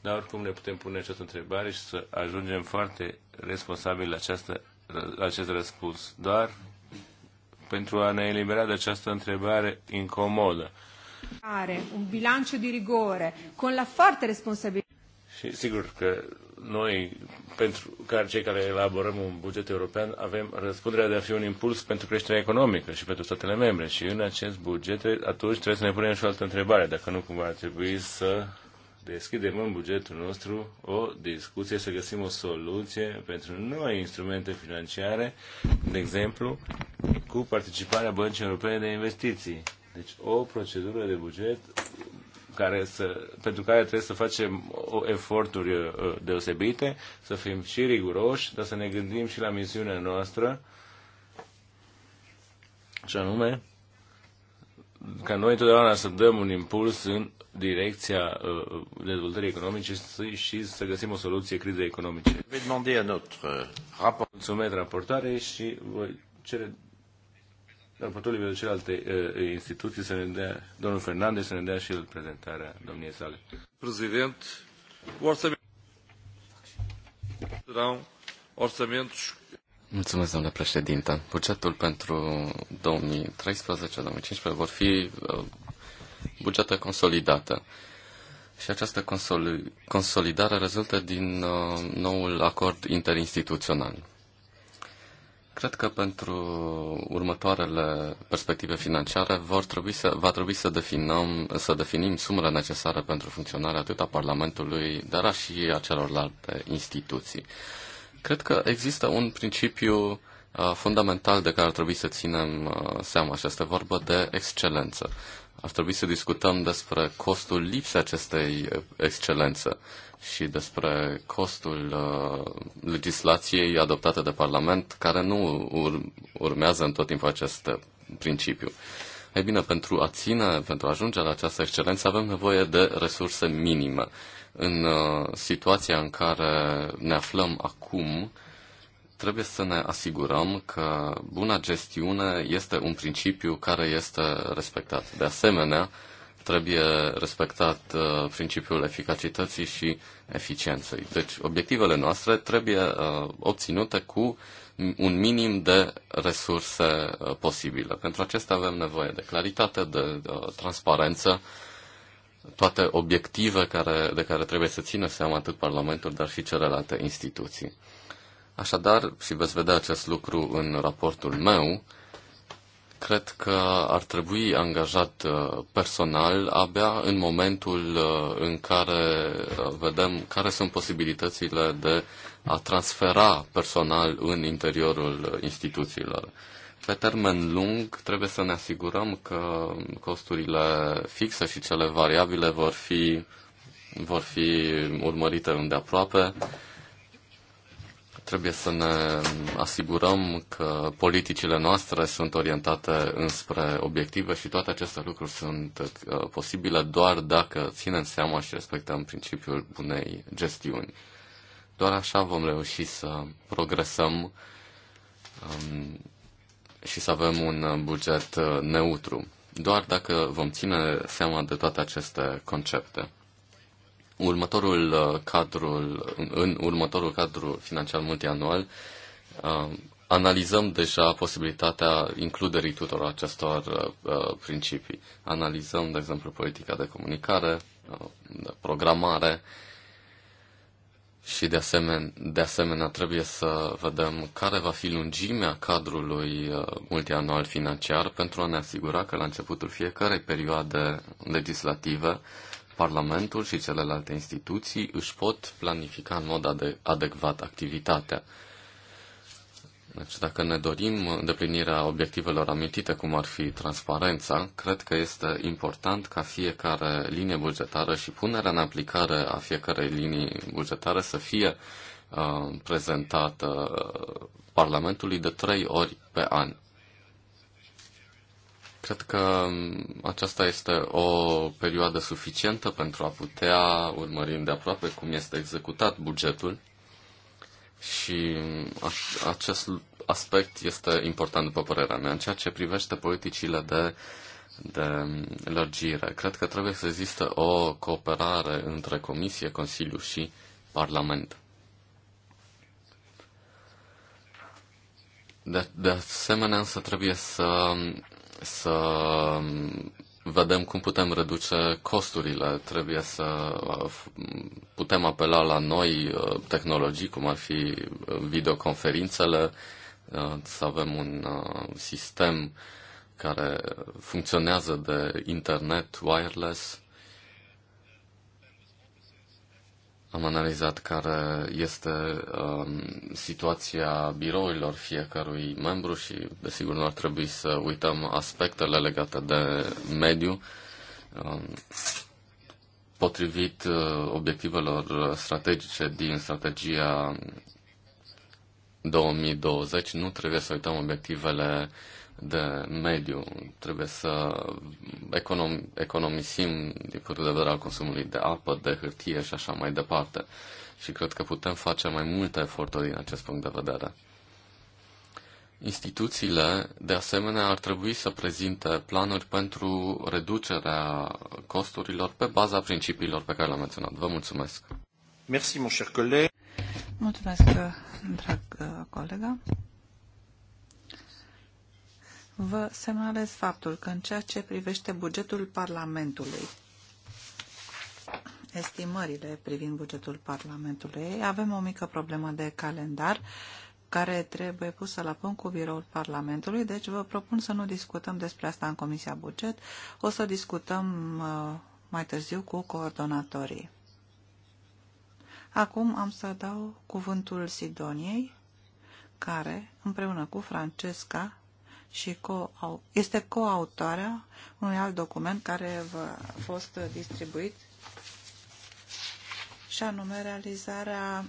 Dar oricum ne putem pune această întrebare și să ajungem foarte responsabili la această acest răspuns, doar pentru a ne elibera de această întrebare incomodă. Are un bilanț de rigore con la foarte responsabilitate. Și sigur că noi, pentru ca cei care elaborăm un buget european, avem răspunderea de a fi un impuls pentru creșterea economică și pentru statele membre. Și în acest buget, atunci trebuie să ne punem și o altă întrebare, dacă nu cumva ar trebui să deschidem în bugetul nostru o discuție, să găsim o soluție pentru noi instrumente financiare, de exemplu, cu participarea Băncii Europene de Investiții. Deci o procedură de buget care să, pentru care trebuie să facem o, eforturi uh, deosebite, să fim și riguroși, dar să ne gândim și la misiunea noastră, și anume ca noi întotdeauna să dăm un impuls în direcția uh, dezvoltării economice și să găsim o soluție crizei economice. Euh, Mulțumesc raportare și voi cere raportului de celelalte uh, instituții să ne dea, domnul Fernandez să ne dea și el prezentarea domniei sale. Prezident, orçamentos serão Mulțumesc, domnule președinte. Bugetul pentru 2013-2015 vor fi uh, bugete consolidate. Și această consolidare rezultă din uh, noul acord interinstituțional. Cred că pentru următoarele perspective financiare vor trebui să, va trebui să, definăm, să definim sumele necesare pentru funcționarea atât a Parlamentului, dar și a celorlalte instituții. Cred că există un principiu uh, fundamental de care ar trebui să ținem uh, seama și este vorba de excelență. Ar trebui să discutăm despre costul lipsei acestei excelențe și despre costul uh, legislației adoptate de Parlament, care nu ur- urmează în tot timpul acest principiu. Ei bine, pentru a ține, pentru a ajunge la această excelență, avem nevoie de resurse minime. În uh, situația în care ne aflăm acum, trebuie să ne asigurăm că buna gestiune este un principiu care este respectat. De asemenea, trebuie respectat uh, principiul eficacității și eficienței. Deci, obiectivele noastre trebuie uh, obținute cu un minim de resurse posibile. Pentru acestea avem nevoie de claritate, de transparență, uh, toate obiective care, de care trebuie să țină seama atât Parlamentul, dar și celelalte instituții. Așadar, și veți vedea acest lucru în raportul meu, cred că ar trebui angajat uh, personal abia în momentul uh, în care uh, vedem care sunt posibilitățile de a transfera personal în interiorul instituțiilor. Pe termen lung, trebuie să ne asigurăm că costurile fixe și cele variabile vor fi, vor fi urmărite îndeaproape. Trebuie să ne asigurăm că politicile noastre sunt orientate înspre obiective și toate aceste lucruri sunt uh, posibile doar dacă ținem seama și respectăm principiul bunei gestiuni. Doar așa vom reuși să progresăm um, și să avem un uh, buget uh, neutru, doar dacă vom ține seama de toate aceste concepte. Următorul uh, cadru, în următorul cadru financiar multianual analizăm deja posibilitatea includerii tuturor acestor principii. Analizăm, de exemplu, politica de comunicare, de programare, și de asemenea, de asemenea trebuie să vedem care va fi lungimea cadrului uh, multianual financiar pentru a ne asigura că la începutul fiecarei perioade legislative Parlamentul și celelalte instituții își pot planifica în mod adecvat activitatea. Deci dacă ne dorim îndeplinirea obiectivelor amintite, cum ar fi transparența, cred că este important ca fiecare linie bugetară și punerea în aplicare a fiecarei linii bugetare să fie uh, prezentată Parlamentului de trei ori pe an. Cred că um, aceasta este o perioadă suficientă pentru a putea urmări de aproape cum este executat bugetul și acest aspect este important, după părerea mea, în ceea ce privește politicile de, de lărgire. Cred că trebuie să există o cooperare între Comisie, Consiliu și Parlament. De, de asemenea, însă trebuie să, să vedem cum putem reduce costurile. Trebuie să uh, putem apela la noi uh, tehnologii, cum ar fi uh, videoconferințele, să avem un sistem care funcționează de internet wireless Am analizat care este um, situația birourilor fiecărui membru și, desigur, nu ar trebui să uităm aspectele legate de mediu. Um, potrivit uh, obiectivelor strategice din strategia 2020, nu trebuie să uităm obiectivele de mediu. Trebuie să econom- economisim din punct de vedere al consumului de apă, de hârtie și așa mai departe. Și cred că putem face mai multe eforturi din acest punct de vedere. Instituțiile, de asemenea, ar trebui să prezinte planuri pentru reducerea costurilor pe baza principiilor pe care le-am menționat. Vă mulțumesc! Merci, mon cher coleg. Mulțumesc, drag uh, colega. Vă semnalez faptul că în ceea ce privește bugetul Parlamentului, estimările privind bugetul Parlamentului, avem o mică problemă de calendar care trebuie pusă la punct cu biroul Parlamentului, deci vă propun să nu discutăm despre asta în Comisia Buget, o să discutăm uh, mai târziu cu coordonatorii. Acum am să dau cuvântul Sidoniei, care, împreună cu Francesca, și co este coautoarea unui alt document care a fost distribuit și anume realizarea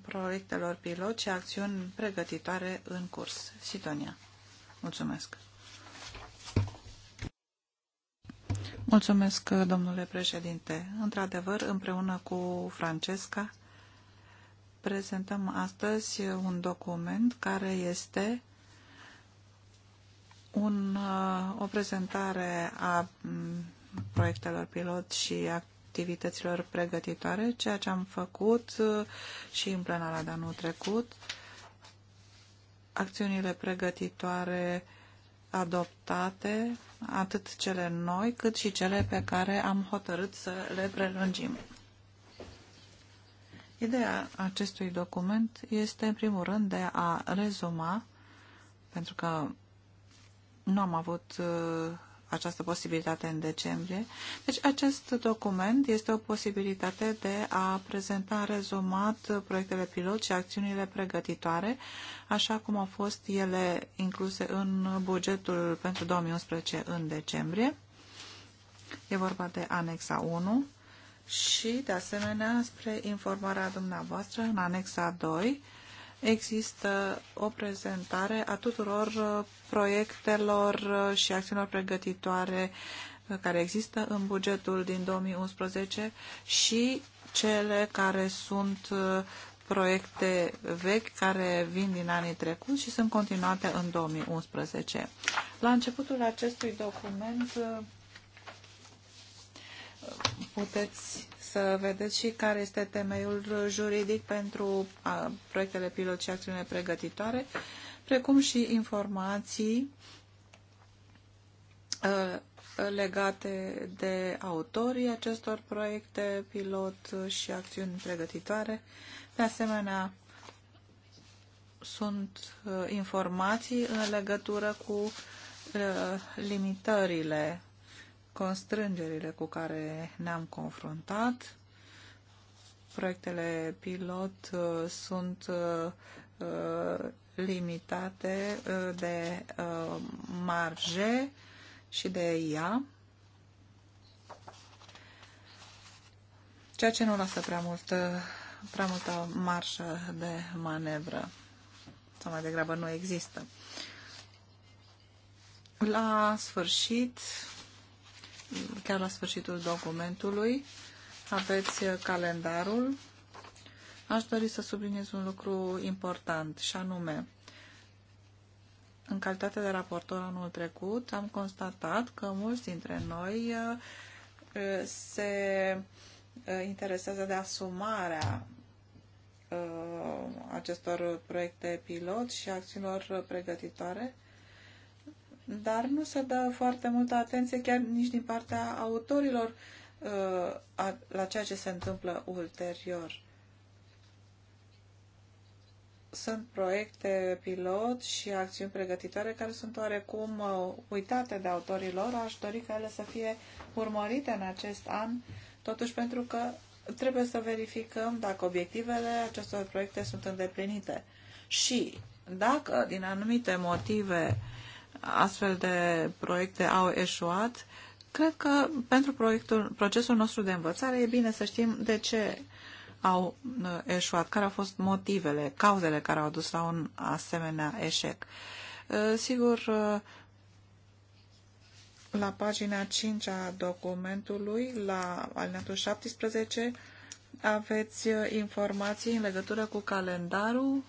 proiectelor pilot și acțiuni pregătitoare în curs. Sidonia. Mulțumesc. Mulțumesc, domnule președinte. Într-adevăr, împreună cu Francesca, prezentăm astăzi un document care este un, uh, o prezentare a mm, proiectelor pilot și activităților pregătitoare, ceea ce am făcut uh, și în plenara de anul trecut. Acțiunile pregătitoare adoptate, atât cele noi, cât și cele pe care am hotărât să le prelungim. Ideea acestui document este, în primul rând, de a rezuma, pentru că nu am avut uh, această posibilitate în decembrie. Deci acest document este o posibilitate de a prezenta rezumat proiectele pilot și acțiunile pregătitoare, așa cum au fost ele incluse în bugetul pentru 2011 în decembrie. E vorba de anexa 1 și, de asemenea, spre informarea dumneavoastră în anexa 2, există o prezentare a tuturor uh, proiectelor uh, și acțiunilor pregătitoare uh, care există în bugetul din 2011 și cele care sunt proiecte vechi care vin din anii trecuți și sunt continuate în 2011. La începutul acestui document puteți să vedeți și care este temeiul juridic pentru proiectele pilot și acțiune pregătitoare, precum și informații legate de autorii acestor proiecte pilot și acțiuni pregătitoare. De asemenea, sunt informații în legătură cu limitările constrângerile cu care ne-am confruntat. Proiectele pilot uh, sunt uh, uh, limitate de marge și de ea, ceea ce nu lasă prea multă, prea multă marșă de manevră, sau mai degrabă nu există. La sfârșit, chiar la sfârșitul documentului. Aveți uh, calendarul. Aș dori să subliniez un lucru important și anume, în calitate de raportor anul trecut, am constatat că mulți dintre noi uh, se uh, interesează de asumarea acestor proiecte pilot și acțiunilor pregătitoare dar nu se dă foarte multă atenție chiar nici din partea autorilor uh, la ceea ce se întâmplă ulterior. Sunt proiecte pilot și acțiuni pregătitoare care sunt oarecum uh, uitate de autorii lor. Aș dori ca ele să fie urmărite în acest an, totuși pentru că trebuie să verificăm dacă obiectivele acestor proiecte sunt îndeplinite. Și dacă din anumite motive uh, astfel de proiecte au eșuat, cred că pentru proiectul, procesul nostru de învățare e bine să știm de ce au uh, eșuat, care au fost motivele, cauzele care au dus la un asemenea eșec. Uh, sigur, uh, la pagina 5 a documentului, la alineatul 17, aveți informații în legătură cu calendarul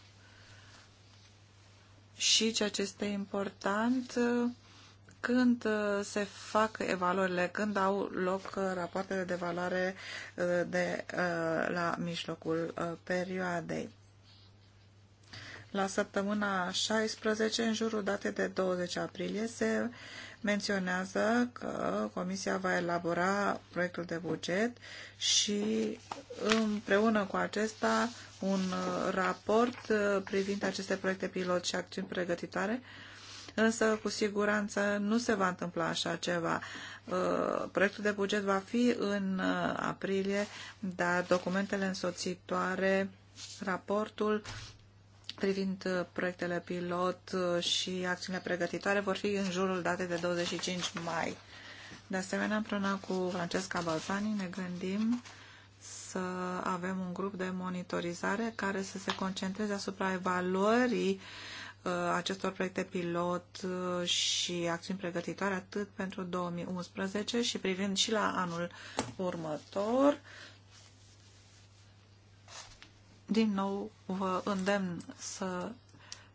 și ceea ce este important când uh, se fac evaluările, când au loc uh, rapoartele de valoare uh, de, la mijlocul perioadei. La săptămâna 16, în jurul datei de 20 aprilie, se menționează că Comisia va elabora proiectul de buget și împreună cu acesta un raport privind aceste proiecte pilot și acțiuni pregătitoare însă cu siguranță nu se va întâmpla așa ceva. Uh, proiectul de buget va fi în aprilie, dar documentele însoțitoare, raportul privind uh, proiectele pilot uh, și acțiunile pregătitoare vor fi în jurul datei de 25 mai. De asemenea, împreună cu Francesca Balzani ne gândim să avem un grup de monitorizare care să se concentreze asupra evaluării uh, acestor proiecte pilot și acțiuni pregătitoare atât pentru 2011 și privind și la anul următor din nou, vă îndemn să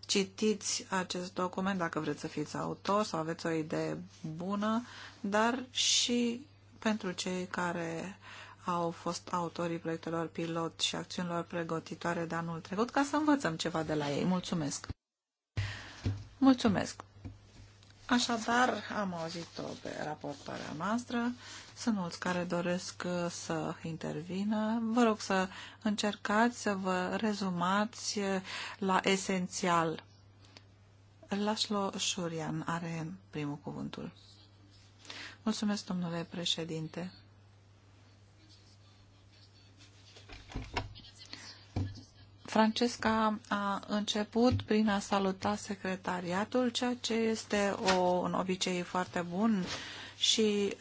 citiți acest document dacă vreți să fiți autor sau aveți o idee bună, dar și pentru cei care au fost autorii proiectelor pilot și acțiunilor pregătitoare de anul trecut, ca să învățăm ceva de la ei. Mulțumesc! Mulțumesc! Așadar, am auzit-o pe raportarea noastră. Sunt mulți care doresc uh, să intervină. Vă rog să încercați să vă rezumați uh, la esențial. Laslo Șurian are primul cuvântul. Mulțumesc, domnule președinte. Francesca a început prin a saluta secretariatul, ceea ce este o, un obicei foarte bun uh, și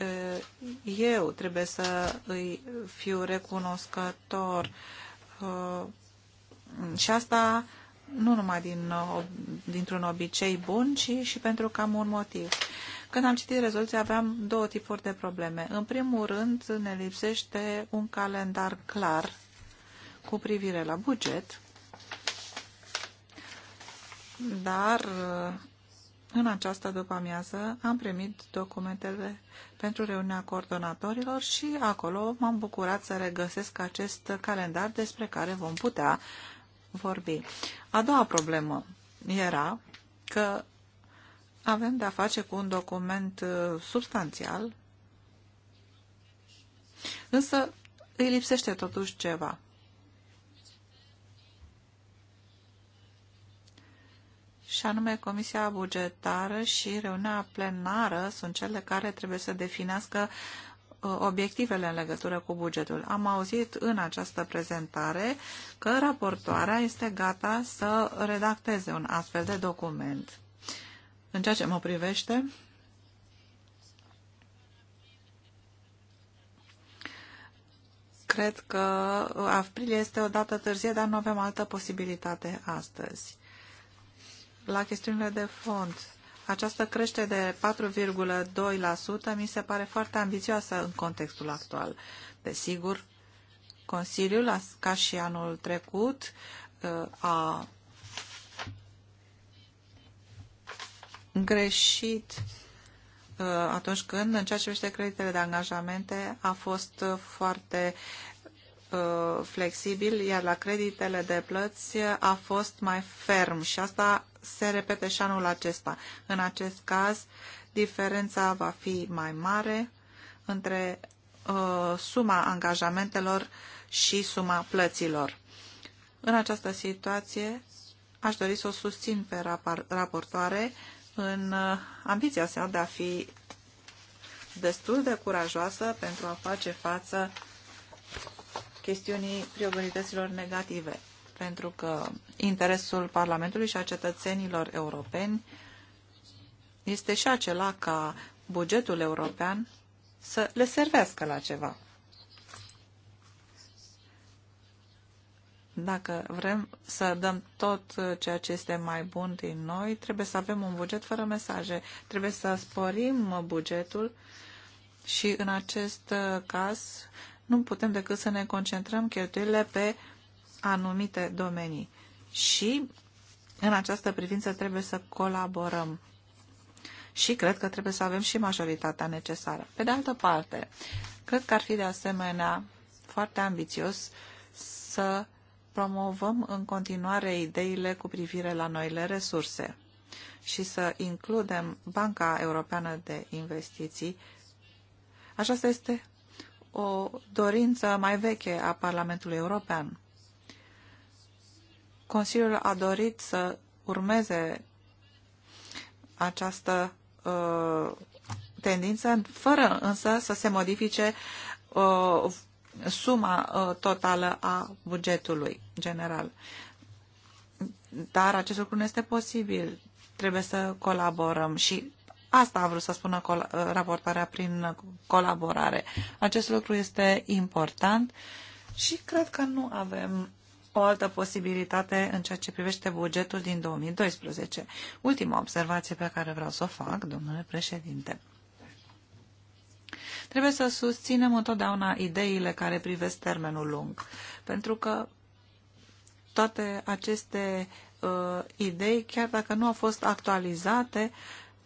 eu trebuie să îi fiu recunoscător și asta nu numai din, dintr-un obicei bun, ci și pentru că am un motiv. Când am citit rezoluția, aveam două tipuri de probleme. În primul rând, ne lipsește un calendar clar cu privire la buget, dar în această după-amiază am primit documentele pentru reuniunea coordonatorilor și acolo m-am bucurat să regăsesc acest calendar despre care vom putea vorbi. A doua problemă era că avem de-a face cu un document uh, substanțial, însă îi lipsește totuși ceva. și anume Comisia Bugetară și reuniunea plenară sunt cele care trebuie să definească uh, obiectivele în legătură cu bugetul. Am auzit în această prezentare că raportoarea este gata să redacteze un astfel de document. În ceea ce mă privește, cred că aprilie este o dată târzie, dar nu avem altă posibilitate astăzi la chestiunile de fond. Această crește de 4,2% mi se pare foarte ambițioasă în contextul actual. Desigur, Consiliul, ca și anul trecut, ă, a greșit ă, atunci când, în ceea ce privește creditele de angajamente, a fost foarte ă, flexibil, iar la creditele de plăți a fost mai ferm și asta se repete și anul acesta. În acest caz, diferența va fi mai mare între uh, suma angajamentelor și suma plăților. În această situație, aș dori să o susțin pe raportoare în uh, ambiția sa de a fi destul de curajoasă pentru a face față chestiunii priorităților negative pentru că interesul Parlamentului și a cetățenilor europeni este și acela ca bugetul european să le servească la ceva. Dacă vrem să dăm tot ceea ce este mai bun din noi, trebuie să avem un buget fără mesaje. Trebuie să sporim bugetul și în acest caz nu putem decât să ne concentrăm cheltuielile pe uh, anumite domenii și în această privință trebuie să colaborăm și cred că trebuie să avem și majoritatea necesară. Pe de altă parte, cred că ar fi de asemenea foarte ambițios să promovăm în continuare ideile cu privire la noile resurse și să includem Banca Europeană de Investiții. Aceasta este o dorință mai veche a Parlamentului European. Consiliul a dorit să urmeze această uh, tendință, fără însă să se modifice uh, suma uh, totală a bugetului general. Dar acest lucru nu este posibil. Trebuie să colaborăm și asta a vrut să spună col uh, raportarea prin colaborare. Acest lucru este important și cred că nu avem o altă posibilitate în ceea ce privește bugetul din 2012. Ultima observație pe care vreau să o fac, domnule președinte. Trebuie să susținem întotdeauna ideile care privesc termenul lung, pentru că toate aceste uh, idei, chiar dacă nu au fost actualizate,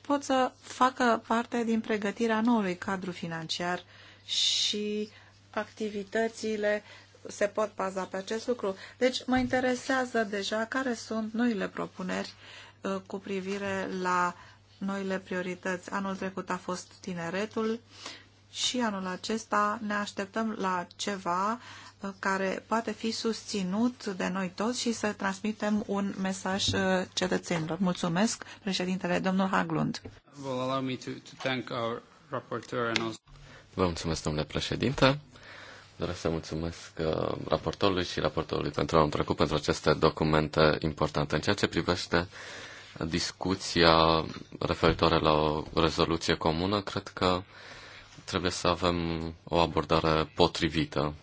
pot să facă parte din pregătirea noului cadru financiar și activitățile se pot baza pe acest lucru. Deci mă interesează deja care sunt noile propuneri uh, cu privire la noile priorități. Anul trecut a fost tineretul și anul acesta ne așteptăm la ceva uh, care poate fi susținut de noi toți și să transmitem un mesaj uh, cetățenilor. Mulțumesc, președintele, domnul Haglund. Vă mulțumesc, domnule președinte. Doresc să mulțumesc uh, raportorului și raportorului pentru anul trecut pentru aceste documente importante. În ceea ce privește discuția referitoare la o rezoluție comună, cred că trebuie să avem o abordare potrivită.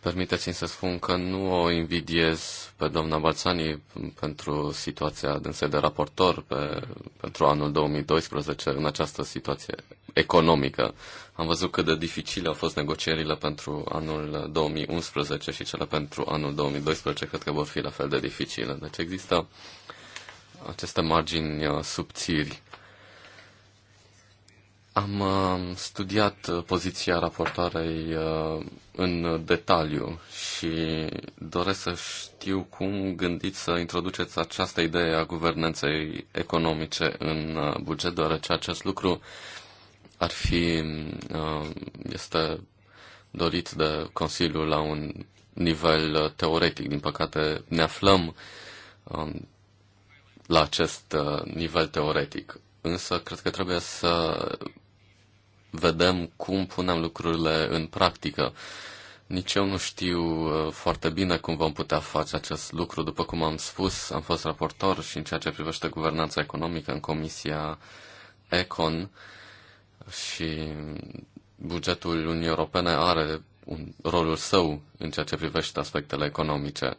Permiteți-mi să spun că nu o invidiez pe doamna Balțani pentru situația dânsei de raportor pe, pentru anul 2012 în această situație economică. Am văzut cât de dificile au fost negocierile pentru anul 2011 și cele pentru anul 2012 cred că vor fi la fel de dificile. Deci există aceste margini uh, subțiri. Am uh, studiat uh, poziția raportarei în detaliu și doresc să știu cum gândiți să introduceți această idee a guvernanței economice în buget, deoarece acest lucru ar fi, uh, este dorit de Consiliu la un nivel uh, teoretic. Din păcate, ne aflăm um, la acest uh, nivel teoretic. Însă, cred că trebuie să vedem cum punem lucrurile în practică. Nici eu nu știu foarte bine cum vom putea face acest lucru. După cum am spus, am fost raportor și în ceea ce privește guvernanța economică în Comisia Econ și bugetul Uniunii Europene are un, rolul său în ceea ce privește aspectele economice.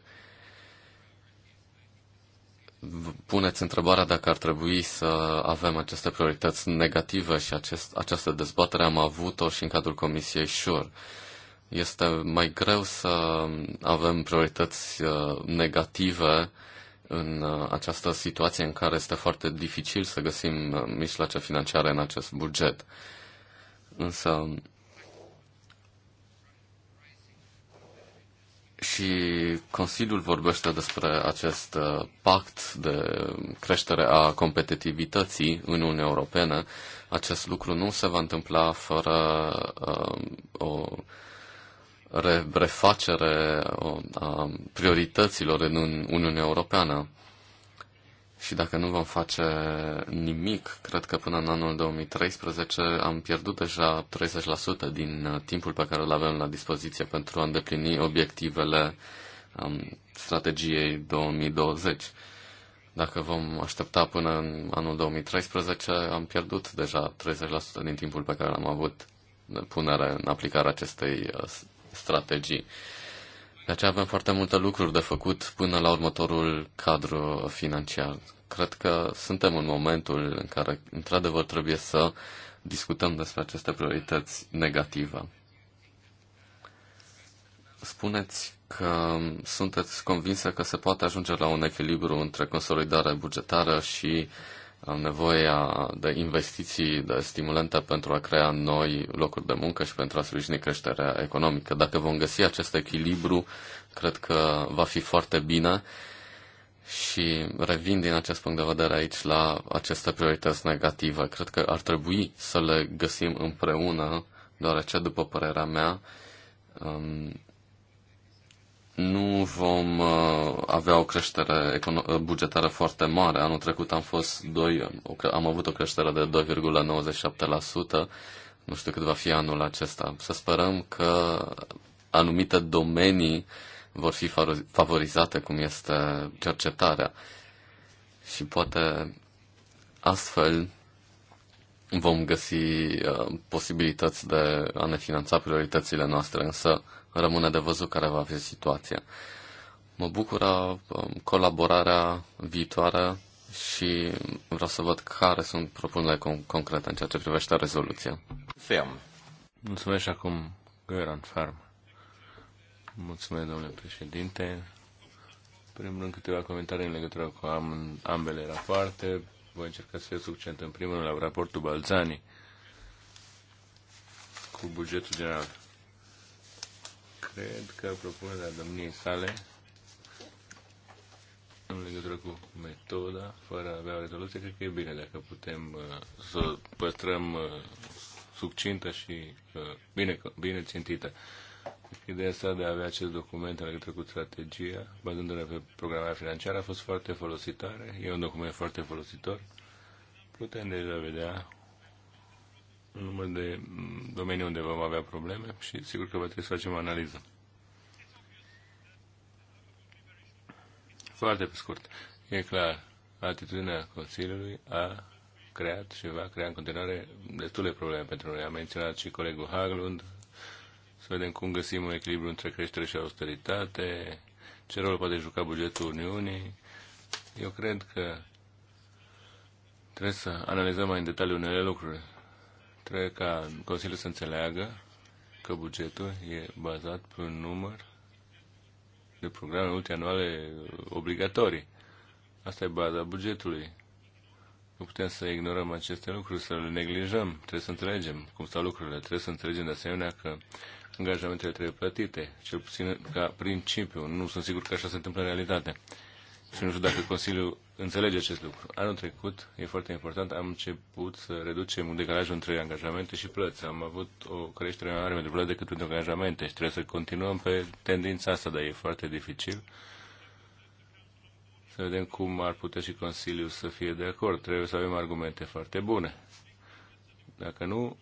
Puneți întrebarea dacă ar trebui să avem aceste priorități negative și acest, această dezbatere am avut-o și în cadrul Comisiei SURE. Este mai greu să avem priorități uh, negative uh, în uh, această situație în care este foarte dificil să găsim uh, mijloace financiare în acest buget. Însă și Consiliul vorbește despre acest uh, pact de creștere a competitivității în Uniunea Europeană. Acest lucru nu se va întâmpla fără uh, o refacere a priorităților în Uniunea Europeană. Și dacă nu vom face nimic, cred că până în anul 2013 am pierdut deja 30% din uh, timpul pe care îl avem la dispoziție pentru a îndeplini obiectivele um, strategiei 2020. Dacă vom aștepta până în anul 2013, am pierdut deja 30% din timpul pe care l-am avut de punere în aplicarea acestei uh, strategii. Deci avem foarte multe lucruri de făcut până la următorul cadru financiar. Cred că suntem în momentul în care, într-adevăr, trebuie să discutăm despre aceste priorități negative. Spuneți că sunteți convinsă că se poate ajunge la un echilibru între consolidarea bugetară și uh, nevoia de investiții, de stimulente pentru a crea noi locuri de muncă și pentru a sprijini creșterea economică. Dacă vom găsi acest echilibru, cred că va fi foarte bine și revin din acest punct de vedere aici la aceste priorități negative. Cred că ar trebui să le găsim împreună, deoarece, după părerea mea, um, nu vom uh, avea o creștere uh, bugetară foarte mare. Anul trecut am fost 2, am avut o creștere de 2,97%. Nu știu cât va fi anul acesta. Să sperăm că anumite domenii vor fi favorizate, cum este cercetarea. Și poate astfel vom găsi uh, posibilități de a ne finanța prioritățile noastre, însă rămâne de văzut care va fi situația. Mă bucură um, colaborarea viitoare și vreau să văd care sunt propunerile concrete în ceea ce privește rezoluția. Ferm. Mulțumesc acum, Gheran Farm. Mulțumesc, domnule președinte. Primul rând, câteva comentarii în legătură cu am, ambele rapoarte. Voi încerca să fie succent în primul la raportul Balzani cu bugetul general cred că propunerea domniei sale în legătură cu metoda, fără a avea o rezoluție, cred că e bine dacă putem uh, să păstrăm uh, succintă și uh, bine, bine țintită. Ideea asta de a avea acest document în legătură cu strategia, bazându-ne pe programarea financiară, a fost foarte folositoare. E un document foarte folositor. Putem deja vedea număr de mm, domenii unde vom avea probleme și sigur că va trebui să facem o analiză. Foarte pe scurt. E clar, atitudinea Consiliului a creat și va crea în continuare destule probleme pentru noi. A menționat și colegul Haglund, să vedem cum găsim un echilibru între creștere și austeritate, ce rol poate juca bugetul Uniunii. Eu cred că trebuie să analizăm mai în detaliu unele lucruri. Trebuie ca Consiliul să înțeleagă că bugetul e bazat pe un număr de programe multianuale obligatorii. Asta e baza bugetului. Nu putem să ignorăm aceste lucruri, să le neglijăm. Trebuie să înțelegem cum stau lucrurile. Trebuie să înțelegem de asemenea că angajamentele trebuie plătite, cel puțin ca principiu. Nu sunt sigur că așa se întâmplă în realitate. Și nu știu dacă Consiliul înțelege acest lucru. Anul trecut, e foarte important, am început să reducem un decalaj între angajamente și plăți. Am avut o creștere mai mare pentru plăți decât pentru angajamente și trebuie să continuăm pe tendința asta, dar e foarte dificil. Să vedem cum ar putea și Consiliul să fie de acord. Trebuie să avem argumente foarte bune. Dacă nu,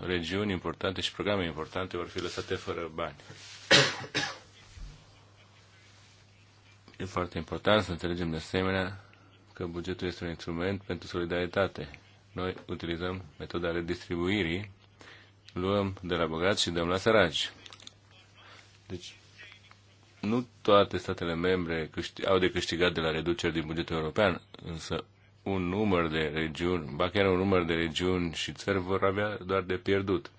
regiuni importante și programe importante vor fi lăsate fără bani. E foarte important să înțelegem de asemenea că bugetul este un instrument pentru solidaritate. Noi utilizăm metoda redistribuirii, luăm de la bogați și dăm la săraci. Deci, nu toate statele membre au de câștigat de la reduceri din bugetul european, însă un număr de regiuni, ba chiar un număr de regiuni și țări vor avea doar de pierdut.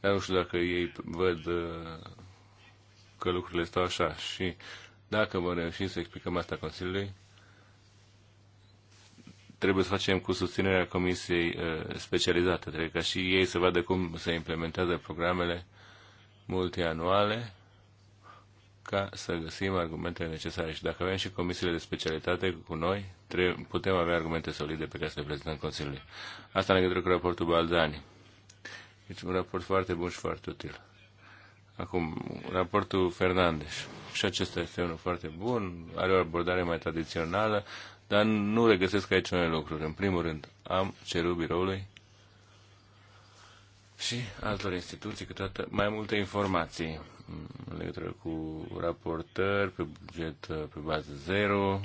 Dar nu știu dacă ei văd uh, că lucrurile stau așa și dacă vom reuși să explicăm asta Consiliului, trebuie să facem cu susținerea Comisiei uh, specializate. Trebuie ca și ei să vadă cum se implementează programele multianuale ca să găsim argumentele necesare. Și dacă avem și comisiile de specialitate cu noi, putem avea argumente solide pe care să le prezentăm Consiliului. Asta în legătură cu raportul Balzani. Deci un raport foarte bun și foarte util. Acum, raportul Fernandes. Și acesta este unul foarte bun, are o abordare mai tradițională, dar nu regăsesc aici unele lucruri. În primul rând, am cerut biroului și altor instituții câteodată mai multe informații în legătură cu raportări pe buget pe bază zero,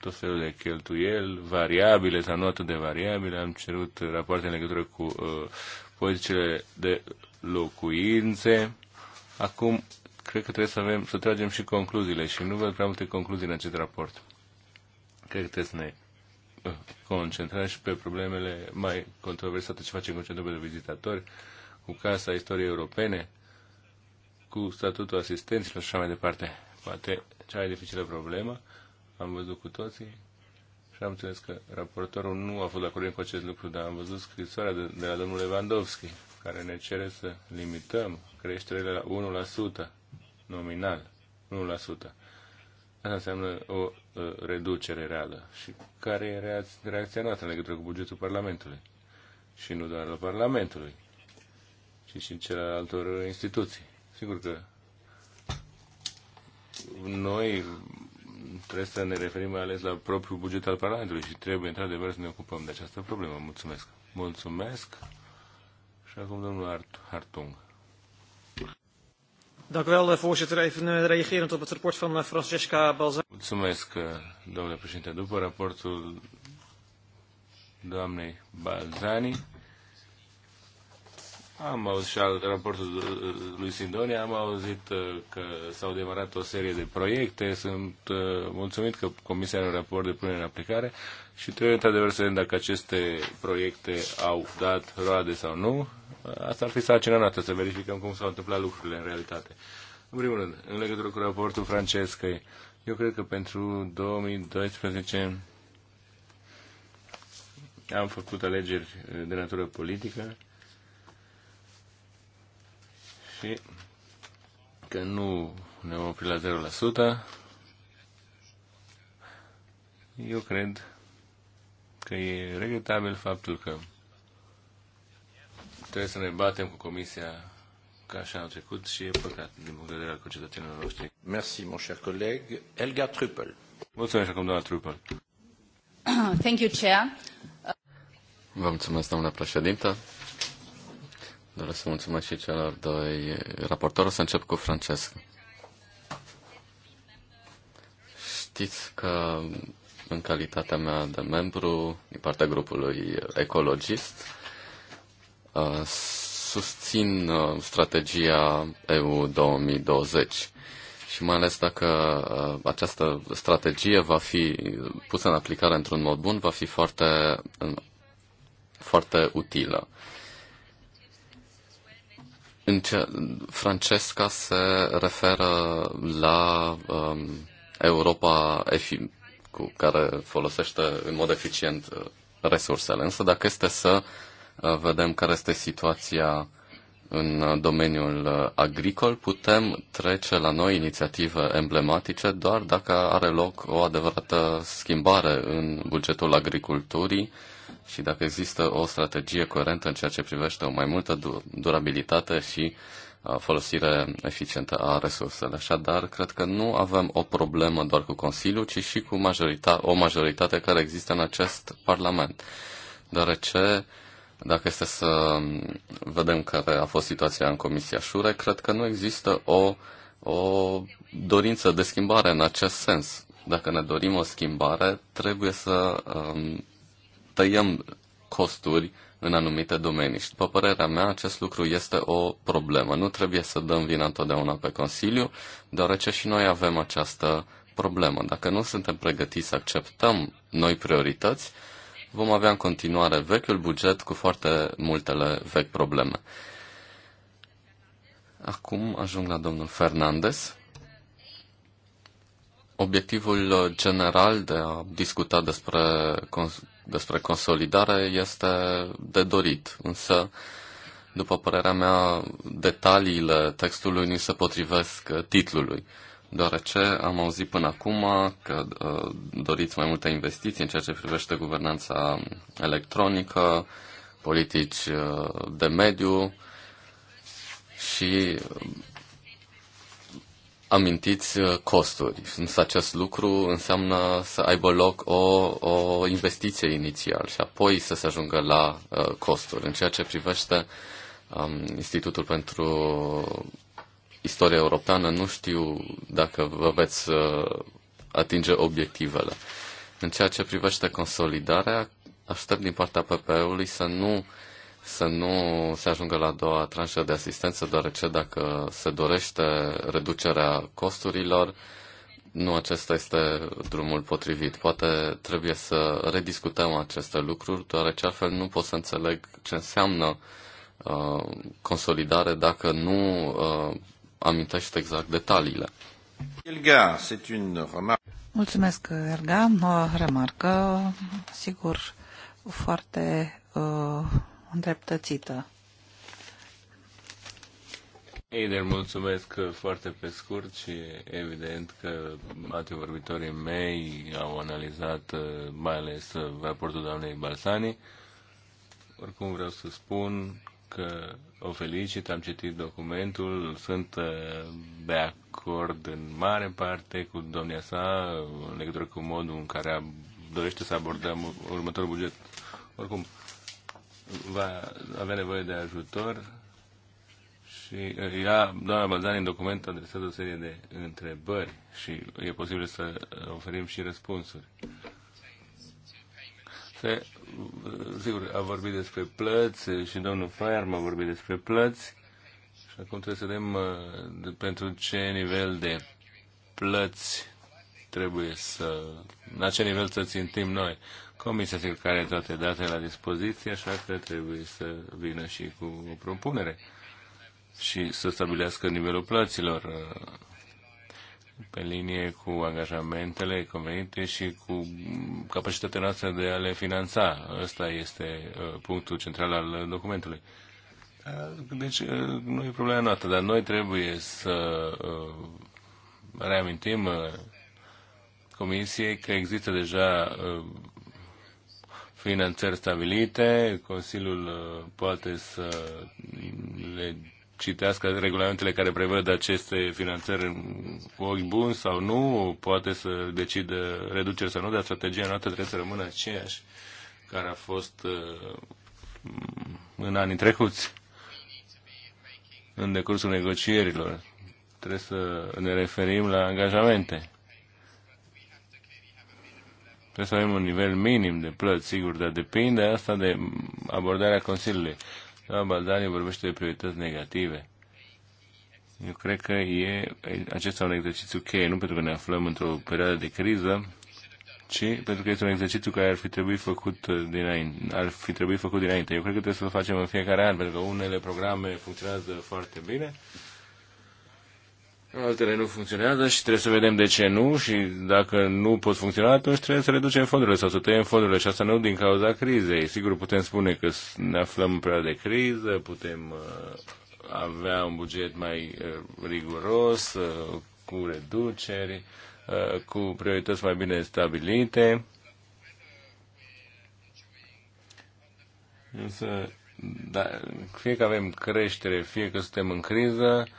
tot felul de cheltuieli, variabile sau nu atât de variabile. Am cerut rapoarte în legătură cu uh, politicile de locuințe. Acum, cred că trebuie să, avem, să tragem și concluziile și nu văd prea multe concluzii în acest raport cred că trebuie să ne uh, concentrăm și pe problemele mai controversate, ce facem cu centrul pentru vizitatori, cu Casa Istoriei Europene, cu statutul asistenților și așa mai departe. Poate cea mai dificilă problemă, am văzut cu toții și am înțeles că raportorul nu a fost la curent cu acest lucru, dar am văzut scrisoarea de, de la domnul Lewandowski, care ne cere să limităm creșterile la 1% nominal, 1%. Asta înseamnă o uh, reducere reală. Și care e reacția noastră în legătură cu bugetul Parlamentului? Și nu doar al Parlamentului, ci și celelalte instituții. Sigur că noi trebuie să ne referim mai ales la propriul buget al Parlamentului și trebuie într-adevăr să ne ocupăm de această problemă. Mulțumesc. Mulțumesc. Și acum domnul Art Hartung. Dank u wel, eh, voorzitter. Even eh, reagerend op het rapport van eh, Francesca Mulțumesc, domnule președinte. După raportul doamnei Balzani, am auzit și al raportul lui Sindonia, am auzit că s-au demarat o serie de proiecte, sunt mulțumit că Comisia are un raport de punere în aplicare și trebuie într-adevăr să vedem dacă aceste proiecte au dat roade sau nu Asta ar fi sarcina noastră, să verificăm cum s-au întâmplat lucrurile în realitate. În primul rând, în legătură cu raportul Francescăi, eu cred că pentru 2012 am făcut alegeri de natură politică și că nu ne vom opri la 0%. Eu cred că e regretabil faptul că trebuie să ne batem cu Comisia ca așa în trecut și e păcat din punct de vedere al concetățenilor noștri. Merci, mon cher coleg. Elga Trupel. Mulțumesc acum, doamna Trupel. Thank you, Chair. Vă mulțumesc, doamna președintă. Doresc să mulțumesc și celor doi raportori. O să încep cu Francesc. Știți că în calitatea mea de membru din partea grupului ecologist, Uh, susțin uh, strategia EU 2020 și mai ales dacă uh, această strategie va fi pusă în aplicare într-un mod bun, va fi foarte, foarte utilă. În ce, Francesca se referă la um, Europa efi, cu care folosește în mod eficient resursele, însă dacă este să uh, Uh, vedem care este situația în uh, domeniul uh, agricol, putem trece la noi inițiative emblematice doar dacă are loc o adevărată schimbare în bugetul agriculturii și dacă există o strategie coerentă în ceea ce privește o mai multă durabilitate și folosire eficientă a resurselor. Așadar, cred că nu avem o problemă doar cu Consiliul, ci și cu majorita- o majoritate care există în acest Parlament, deoarece dacă este să vedem care a fost situația în Comisia Șure, cred că nu există o, o dorință de schimbare în acest sens. Dacă ne dorim o schimbare, trebuie să um, tăiem costuri în anumite domenii. Și după părerea mea, acest lucru este o problemă. Nu trebuie să dăm vina întotdeauna pe Consiliu, deoarece și noi avem această problemă. Dacă nu suntem pregătiți să acceptăm noi priorități, vom avea în continuare vechiul buget cu foarte multele vechi probleme. Acum ajung la domnul Fernandez. Obiectivul general de a discuta despre, despre consolidare este de dorit, însă, după părerea mea, detaliile textului nu se potrivesc titlului deoarece am auzit până acum că uh, doriți mai multe investiții în ceea ce privește guvernanța electronică, politici uh, de mediu și uh, amintiți costuri. Însă acest lucru înseamnă să aibă loc o, o investiție inițial și apoi să se ajungă la costuri. În ceea ce privește um, Institutul pentru istoria europeană, nu știu dacă vă veți uh, atinge obiectivele. În ceea ce privește consolidarea, aștept din partea PPE-ului să nu să nu se ajungă la a doua tranșă de asistență, deoarece dacă se dorește reducerea costurilor, nu acesta este drumul potrivit. Poate trebuie să rediscutăm aceste lucruri, deoarece altfel nu pot să înțeleg ce înseamnă uh, consolidare dacă nu uh, amintește exact detaliile. Mulțumesc, Erga. O remarcă, sigur, foarte uh, îndreptățită. Ei, de mulțumesc foarte pe scurt și evident că vorbitorii mei au analizat uh, mai ales uh, raportul doamnei Balsani. Oricum vreau să spun că o felicit, am citit documentul, sunt uh, de acord în mare parte cu domnia sa în legătură cu modul în care dorește să abordăm următorul buget. Oricum, va avea nevoie de ajutor și uh, ea, doamna Balzani, în document adresează o serie de întrebări și e posibil să oferim și răspunsuri. Se sigur, a vorbit despre plăți și domnul m a vorbit despre plăți și acum trebuie să vedem uh, pentru ce nivel de plăți trebuie să, la ce nivel să țintim noi. Comisia sigur care are toate datele la dispoziție, așa că trebuie să vină și cu o propunere și să stabilească nivelul plăților uh, pe linie cu angajamentele convenite și cu capacitatea noastră de a le finanța. Ăsta este uh, punctul central al documentului. Uh, deci uh, nu e problema noastră, dar noi trebuie să reamintim Comisiei că există deja finanțări stabilite, Consiliul poate să le citească regulamentele care prevăd aceste finanțări cu ochi buni sau nu, poate să decidă reduceri sau nu, dar strategia noastră trebuie să rămână aceeași care a fost uh, în anii trecuți, în decursul negocierilor. Trebuie să ne referim la angajamente. Trebuie să avem un nivel minim de plăți, sigur, dar depinde asta de abordarea Consiliului. Doamna Baldani vorbește de priorități negative. Eu cred că e acesta un exercițiu cheie, nu pentru că ne aflăm într-o perioadă de criză, ci pentru că este un exercițiu care ar fi trebuit făcut dinainte. Ar fi trebuit făcut dinainte. Eu cred că trebuie să-l facem în fiecare an, pentru că unele programe funcționează foarte bine altele nu funcționează și trebuie să vedem de ce nu și dacă nu pot funcționa, atunci trebuie să reducem fondurile sau să tăiem fondurile și asta nu din cauza crizei. Sigur, putem spune că ne aflăm în perioada de criză, putem uh, avea un buget mai uh, riguros, uh, cu reduceri, cu priorități mai bine stabilite. Însă, da, fie că avem creștere, fie că suntem în criză, uh,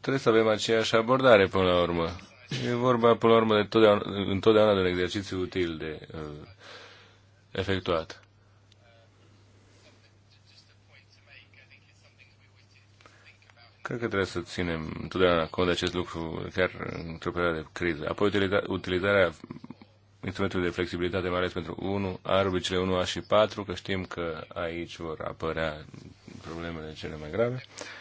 trebuie să avem aceeași abordare până la urmă. E vorba până la urmă de totdeauna, întotdeauna de un exercițiu util de uh, efectuat. Cred că trebuie să ținem întotdeauna cont de acest lucru, chiar într-o perioadă de criză. Apoi utiliza, utilizarea instrumentului de flexibilitate, mai ales pentru 1, arbicile 1A și 4, că știm că aici vor apărea problemele cele mai grave. Uh,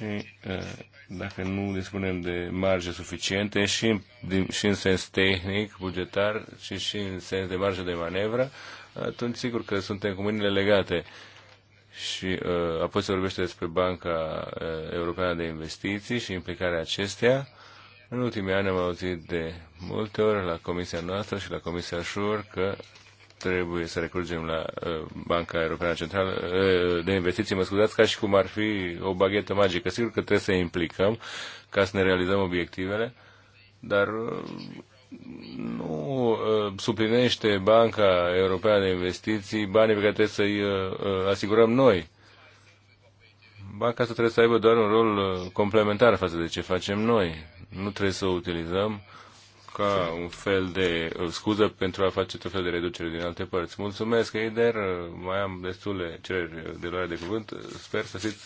și dacă nu dispunem de marge suficiente și, și în sens tehnic, bugetar, și și în sens de marge de manevră, atunci sigur că suntem cu mâinile legate. Și uh, apoi se vorbește despre Banca uh, Europeană de Investiții și implicarea acesteia. În ultimii ani am auzit de multe ori la comisia noastră și la comisia Șur că trebuie să recurgem la uh, Banca Europeană Centrală uh, de Investiții, mă scuzați, ca și cum ar fi o baghetă magică. Sigur că trebuie să implicăm ca să ne realizăm obiectivele, dar uh, nu suplinește Banca Europeană de Investiții banii pe care trebuie să-i asigurăm noi. Banca asta trebuie să aibă doar un rol complementar față de ce facem noi. Nu trebuie să o utilizăm uh, ca un fel de scuză pentru a face tot fel de reduceri din alte părți. Mulțumesc, Eider, mai am destule cereri de luare de cuvânt. Sper să fiți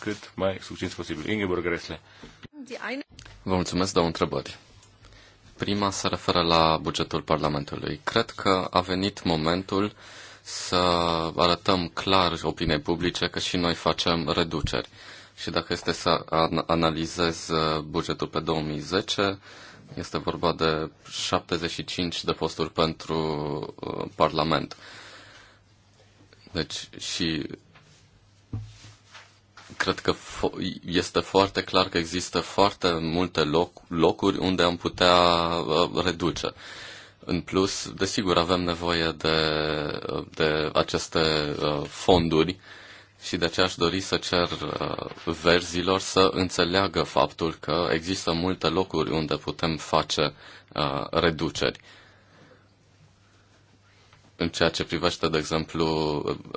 cât mai succinți posibil. Ingeborg Gresle. Vă mulțumesc, două întrebări. Prima se referă la bugetul Parlamentului. Cred că a venit momentul să arătăm clar opiniei publice că și noi facem reduceri. Și dacă este să analizez uh, bugetul pe 2010, este vorba de 75 de posturi pentru uh, Parlament. Deci și cred că fo- este foarte clar că există foarte multe loc- locuri unde am putea uh, reduce. În plus, desigur, avem nevoie de, de aceste uh, fonduri uh, și de aceea aș dori să cer uh, verzilor să înțeleagă faptul că există multe locuri unde putem face uh, reduceri. În ceea ce privește, de exemplu,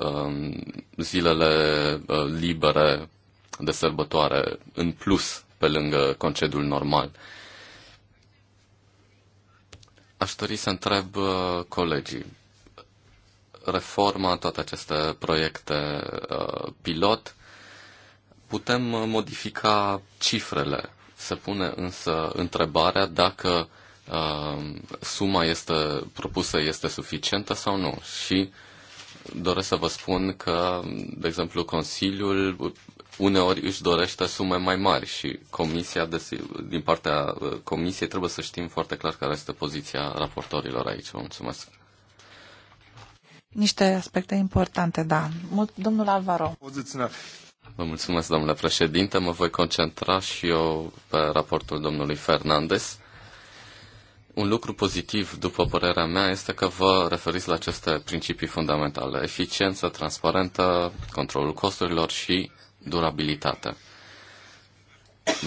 um, zilele uh, libere de sărbătoare în plus pe lângă concediul normal. Aș dori să întreb colegii reforma, toate aceste proiecte uh, pilot, putem uh, modifica cifrele. Se pune însă întrebarea dacă uh, suma este propusă este suficientă sau nu. Și doresc să vă spun că, de exemplu, Consiliul uneori își dorește sume mai mari și comisia, din partea comisiei, trebuie să știm foarte clar care este poziția raportorilor aici. Vă mulțumesc. Niște aspecte importante, da. Domnul Alvaro. Vă mulțumesc, domnule președinte. Mă voi concentra și eu pe raportul domnului Fernandez. Un lucru pozitiv, după părerea mea, este că vă referiți la aceste principii fundamentale. Eficiență, transparentă, controlul costurilor și durabilitate.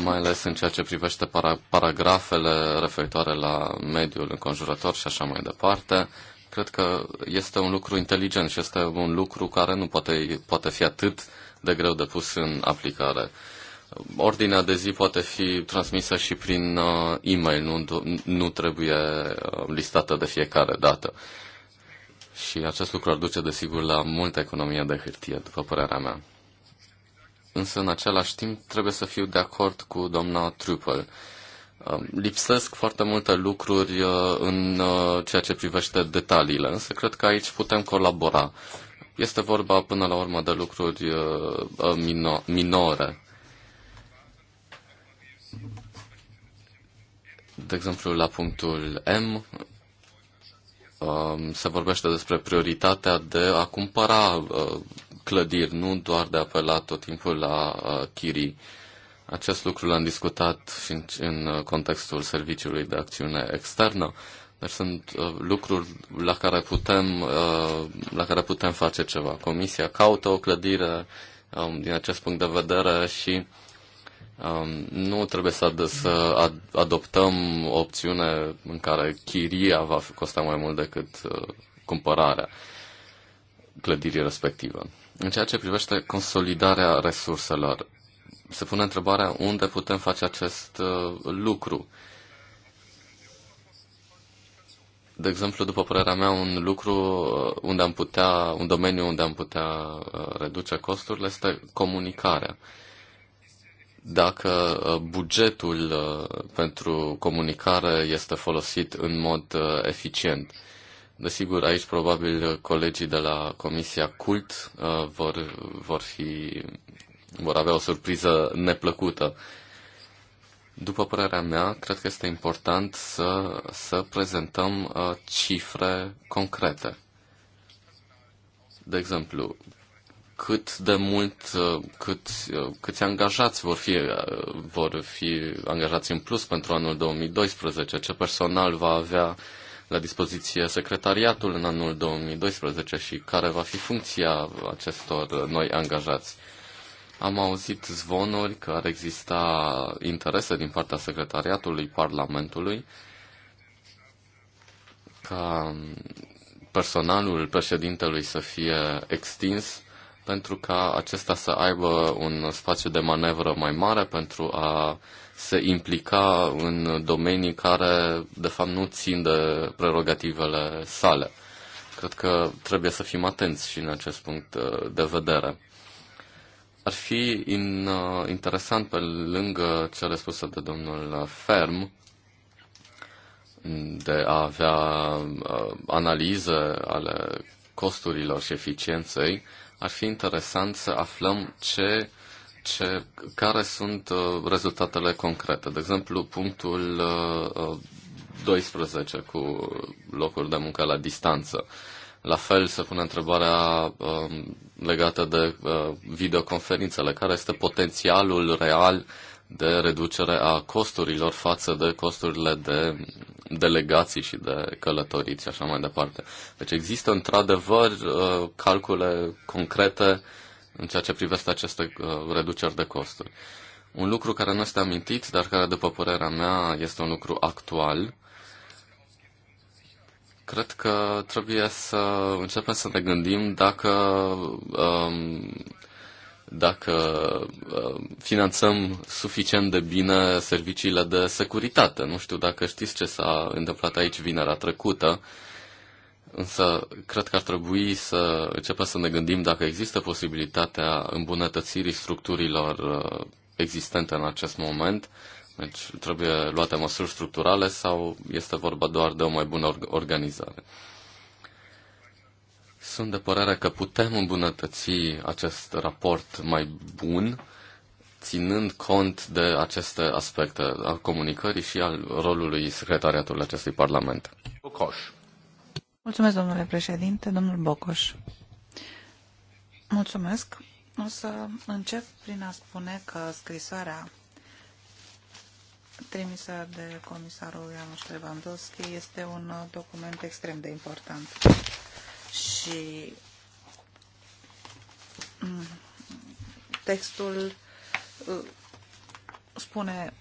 Mai ales în ceea ce privește para- paragrafele referitoare la mediul înconjurător și așa mai departe. Cred că este un lucru inteligent și este un lucru care nu poate, poate fi atât de greu de pus în aplicare. Ordinea de zi poate fi transmisă și prin uh, e-mail, nu, nu trebuie uh, listată de fiecare dată. Și acest lucru ar duce, desigur, la multă economie de hârtie, după părerea mea. Însă, în același timp, trebuie să fiu de acord cu doamna Truppel. Um, lipsesc foarte multe lucruri uh, în uh, ceea ce privește detaliile, însă cred că aici putem colabora. Este vorba până la urmă de lucruri uh, minore. De exemplu, la punctul M um, se vorbește despre prioritatea de a cumpăra clădiri, nu doar de a apela tot timpul la chirii acest lucru l-am discutat și în, în uh, contextul serviciului de acțiune externă. dar deci sunt uh, lucruri la care, putem, uh, la care putem face ceva. Comisia caută o clădire um, din acest punct de vedere și um, nu trebuie să, ad- să ad- adoptăm o opțiune în care chiria va costa mai mult decât uh, cumpărarea clădirii respective. În ceea ce privește consolidarea resurselor, se pune întrebarea unde putem face acest uh, lucru. De exemplu, după părerea mea, un lucru uh, unde am putea, un domeniu unde am putea uh, reduce costurile este comunicarea. Dacă bugetul pentru comunicare este folosit în mod eficient. Desigur, aici probabil colegii de la Comisia Cult vor, vor fi vor avea o surpriză neplăcută. După părerea mea, cred că este important să, să prezentăm uh, cifre concrete. De exemplu, cât de mult, uh, cât, uh, câți angajați vor fi, uh, vor fi angajați în plus pentru anul 2012, ce personal va avea la dispoziție secretariatul în anul 2012 și care va fi funcția acestor noi angajați. Am auzit zvonuri că ar exista interese din partea secretariatului Parlamentului ca um, personalul președintelui să fie extins pentru ca acesta să aibă un spațiu de manevră mai mare pentru a se implica în domenii care, de fapt, nu țin de prerogativele sale. Cred că trebuie să fim atenți și în acest punct uh, de vedere. Ar fi in, uh, interesant, pe lângă cele spuse de domnul Ferm, de a avea uh, analize ale costurilor și eficienței, ar fi interesant să aflăm ce, ce, care sunt uh, rezultatele concrete. De exemplu, punctul uh, 12 uh, cu locuri de muncă la distanță. La fel se pune întrebarea Uh, legată de uh, videoconferințele. Care este potențialul real de reducere a costurilor față de costurile de delegații și de călătorii și așa mai departe. Deci există într-adevăr uh, calcule concrete în ceea ce privește aceste uh, reduceri de costuri. Un lucru care nu este amintit, dar care, după părerea mea, este un lucru actual, Cred că trebuie să începem să ne gândim dacă, um, dacă um, finanțăm suficient de bine serviciile de securitate. Nu știu dacă știți ce s-a întâmplat aici vinerea trecută, însă cred că ar trebui să începem să ne gândim dacă există posibilitatea îmbunătățirii structurilor uh, existente în acest moment deci trebuie luate măsuri structurale sau este vorba doar de o mai bună organizare? Sunt de părere că putem îmbunătăți acest raport mai bun, ținând cont de aceste aspecte al comunicării și al rolului secretariatului acestui parlament. Bocoș. Mulțumesc, domnule președinte, domnul Bocoș. Mulțumesc. O să încep prin a spune că scrisoarea trimisă de comisarul Ianuș Lewandowski este un document extrem de important și mm, textul uh, spune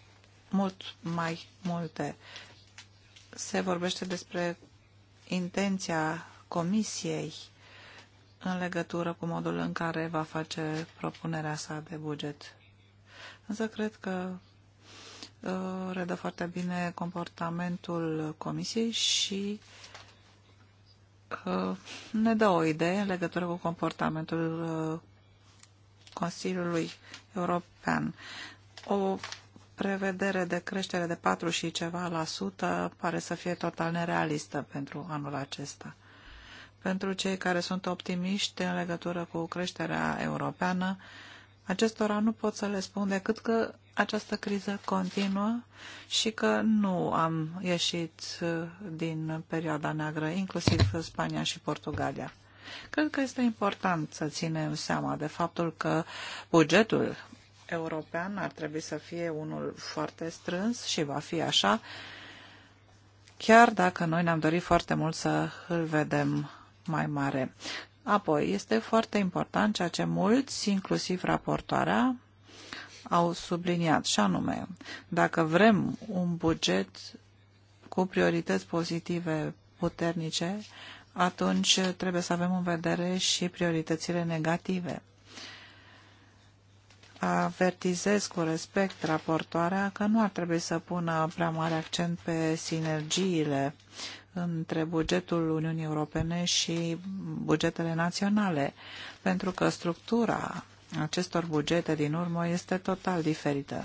mult mai multe. Se vorbește despre intenția comisiei în legătură cu modul în care va face propunerea sa de buget. Însă cred că Uh, redă foarte bine comportamentul comisiei și uh, ne dă o idee în legătură cu comportamentul uh, Consiliului European. O prevedere de creștere de 4 și ceva la sută pare să fie total nerealistă pentru anul acesta. Pentru cei care sunt optimiști în legătură cu creșterea europeană, uh, Acestora nu pot să le spun decât că această criză continuă și că nu am ieșit uh, din perioada neagră, inclusiv Spania și Portugalia. Cred că este important să ținem seama de faptul că bugetul european ar trebui să fie unul foarte strâns și va fi așa, chiar dacă noi ne-am dorit foarte mult să îl vedem mai mare. Apoi, este foarte important ceea ce mulți, inclusiv raportoarea, au subliniat, și anume, dacă vrem un buget cu priorități pozitive puternice, atunci trebuie să avem în vedere și prioritățile negative. Avertizez cu respect raportoarea că nu ar trebui să pună prea mare accent pe sinergiile între bugetul Uniunii Europene și bugetele naționale, pentru că structura acestor bugete din urmă este total diferită.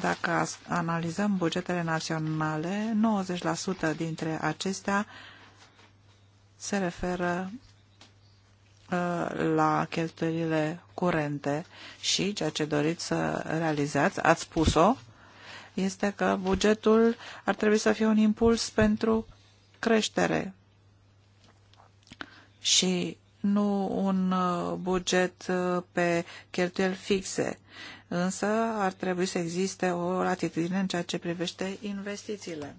Dacă analizăm bugetele naționale, 90% dintre acestea se referă ă, la cheltuielile curente și ceea ce doriți să realizați, ați spus-o, este că bugetul ar trebui să fie un impuls pentru creștere și nu un uh, buget uh, pe cheltuieli fixe, însă ar trebui să existe o latitudine în ceea ce privește investițiile.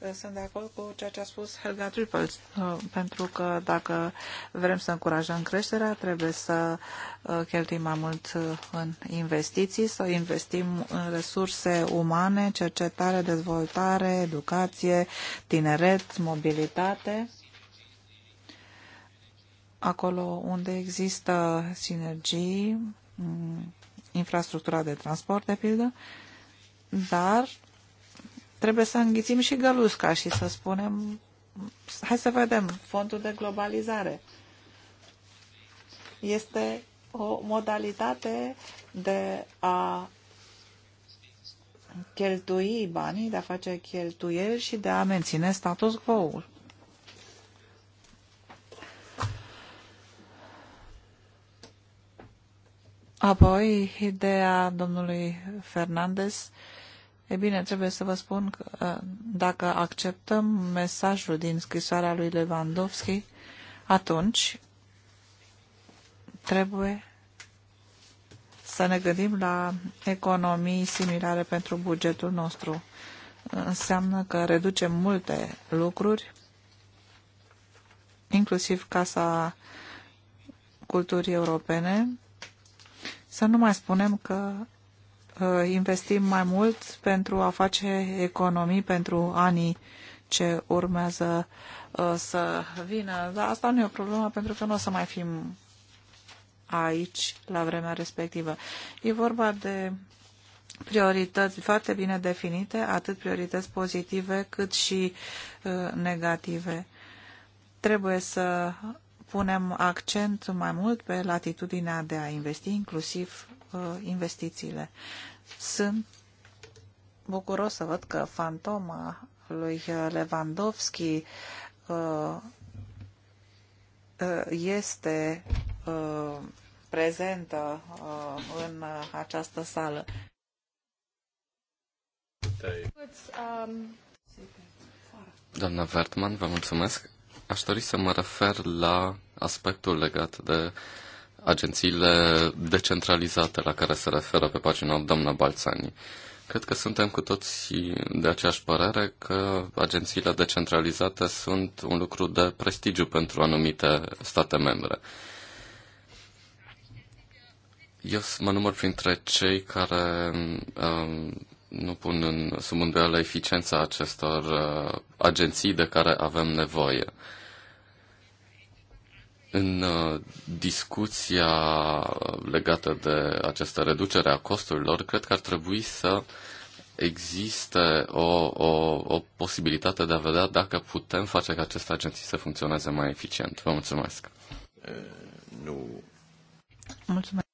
Eh, sunt de acord cu ceea ce a spus Helga Triples, eh, pentru că dacă vrem să încurajăm creșterea, trebuie să eh, cheltuim mai mult în investiții, să investim în resurse umane, cercetare, dezvoltare, educație, tineret, mobilitate. Acolo unde există sinergii, mm, infrastructura de transport, de pildă, dar trebuie să înghițim și gălusca și să spunem, hai să vedem, fondul de globalizare este o modalitate de a cheltui banii, de a face cheltuieli și de a menține status quo-ul. Apoi, ideea domnului Fernandez uh, E bine, trebuie să vă spun că uh, dacă acceptăm mesajul din scrisoarea lui Lewandowski, atunci trebuie să ne gândim la economii similare pentru bugetul nostru. Înseamnă că reducem multe lucruri, inclusiv Casa Culturii Europene, să nu mai spunem că Uh, investim mai mult pentru a face economii pentru anii ce urmează uh, să vină. Dar asta nu e o problemă pentru că nu o să mai fim aici la vremea respectivă. E vorba de priorități foarte bine definite, atât priorități pozitive cât și uh, negative. Trebuie să punem accent mai mult pe latitudinea de a investi, inclusiv Uh, investițiile. Sunt bucuros să văd că fantoma lui Lewandowski uh, uh, este prezentă în această sală. Doamna Vertman, vă mulțumesc. Aș dori să mă refer la aspectul legat de agențiile decentralizate la care se referă pe pagina doamna Balțani. Cred că suntem cu toți de aceeași părere că agențiile decentralizate sunt un lucru de prestigiu pentru anumite state membre. Eu mă număr printre cei care um, nu pun în, sub îndoială eficiența acestor uh, agenții de care avem nevoie. Uh, în uh, discuția legată de această reducere a costurilor, cred că ar trebui să există o, o, o posibilitate de a vedea dacă putem face ca aceste agenții să funcționeze mai eficient. Vă mulțumesc. Nu. Mulțumesc.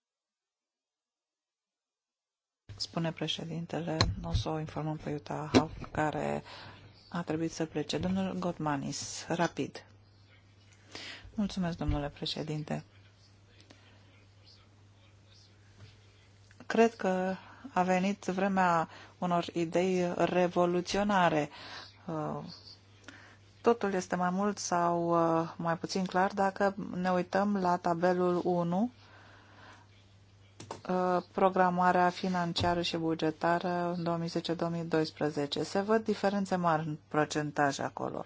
Spune președintele, o să o informăm pe Iuta Hauk, care a trebuit să plece. Domnul Gotmanis, rapid. Mulțumesc, domnule președinte. Cred că a venit vremea unor idei revoluționare. Uh, totul este mai mult sau uh, mai puțin clar dacă ne uităm la tabelul 1, uh, programarea financiară și bugetară 2010-2012. Se văd diferențe mari în procentaj acolo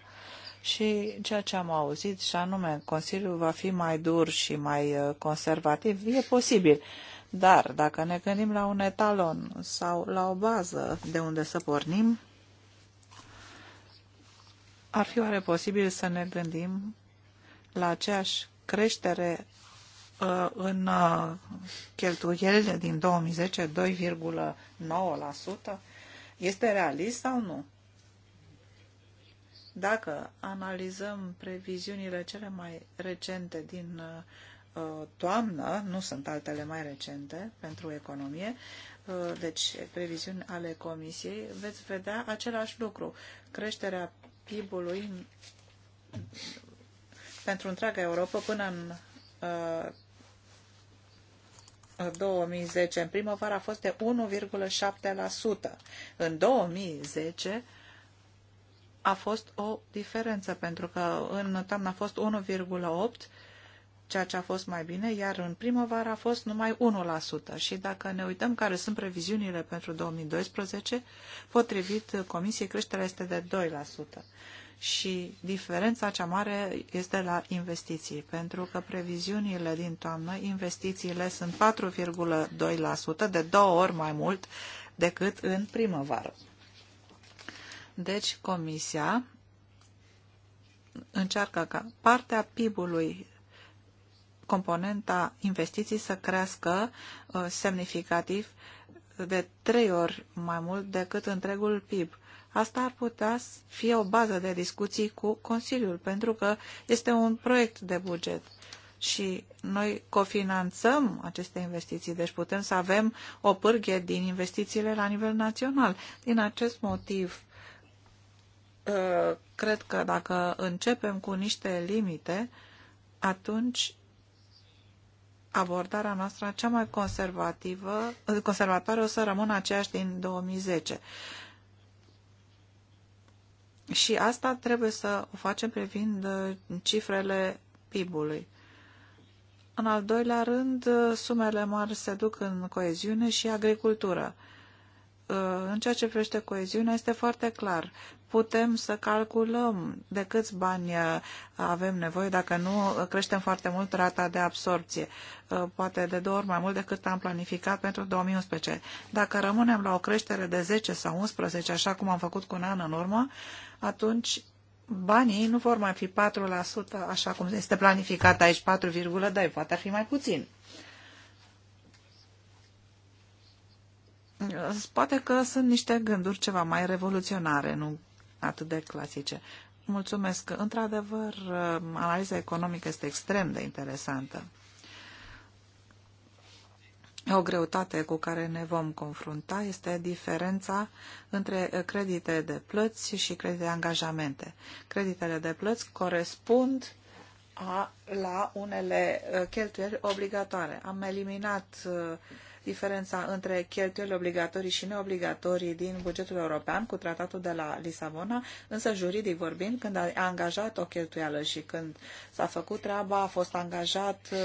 și ceea ce am auzit, și anume, Consiliul va fi mai dur și mai uh, conservativ, e posibil. Dar dacă ne gândim la un etalon sau la o bază de unde să pornim, ar fi oare posibil să ne gândim la aceeași creștere uh, în uh, cheltuielile din 2010, 2,9%? Este realist sau nu? Dacă analizăm previziunile cele mai recente din uh, toamnă, nu sunt altele mai recente pentru economie, uh, deci previziuni ale Comisiei, veți vedea același lucru. Creșterea PIB-ului pentru întreaga Europa până în 2010, uh, în primăvară, a fost de 1,7%. În 2010 a fost o diferență, pentru că în toamnă a fost 1,8%, ceea ce a fost mai bine, iar în primăvară a fost numai 1%. Și dacă ne uităm care sunt previziunile pentru 2012, potrivit Comisiei, creșterea este de 2%. Și diferența cea mare este la investiții, pentru că previziunile din toamnă, investițiile sunt 4,2%, de două ori mai mult decât în primăvară. Deci, Comisia încearcă ca partea PIB-ului componenta investiții să crească uh, semnificativ de trei ori mai mult decât întregul PIB. Asta ar putea fi o bază de discuții cu Consiliul, pentru că este un proiect de buget și noi cofinanțăm aceste investiții, deci putem să avem o pârghie din investițiile la nivel național. Din acest motiv, Uh, cred că dacă începem cu niște limite, atunci abordarea noastră cea mai conservativă, conservatoare o să rămână aceeași din 2010. Și asta trebuie să o facem privind uh, cifrele PIB-ului. În al doilea rând, uh, sumele mari se duc în coeziune și agricultură în ceea ce privește coeziunea este foarte clar. Putem să calculăm de câți bani uh, avem nevoie dacă nu creștem foarte mult rata de absorpție, uh, poate de două ori mai mult decât am planificat pentru 2011. Dacă rămânem la o creștere de 10 sau 11, așa cum am făcut cu un an în urmă, atunci banii nu vor mai fi 4%, așa cum este planificat aici, 4,2, poate ar fi mai puțin. Poate că sunt niște gânduri ceva mai revoluționare, nu atât de clasice. Mulțumesc. Într-adevăr, ă, analiza economică este extrem de interesantă. O greutate cu care ne vom confrunta este diferența între ă, credite de plăți și credite de angajamente. Creditele de plăți corespund a, la unele ă, cheltuieli obligatoare. Am eliminat uh, diferența între cheltuielile obligatorii și neobligatorii din bugetul european cu tratatul de la Lisabona, însă juridic vorbind, când a angajat o cheltuială și când s-a făcut treaba, a fost angajat uh,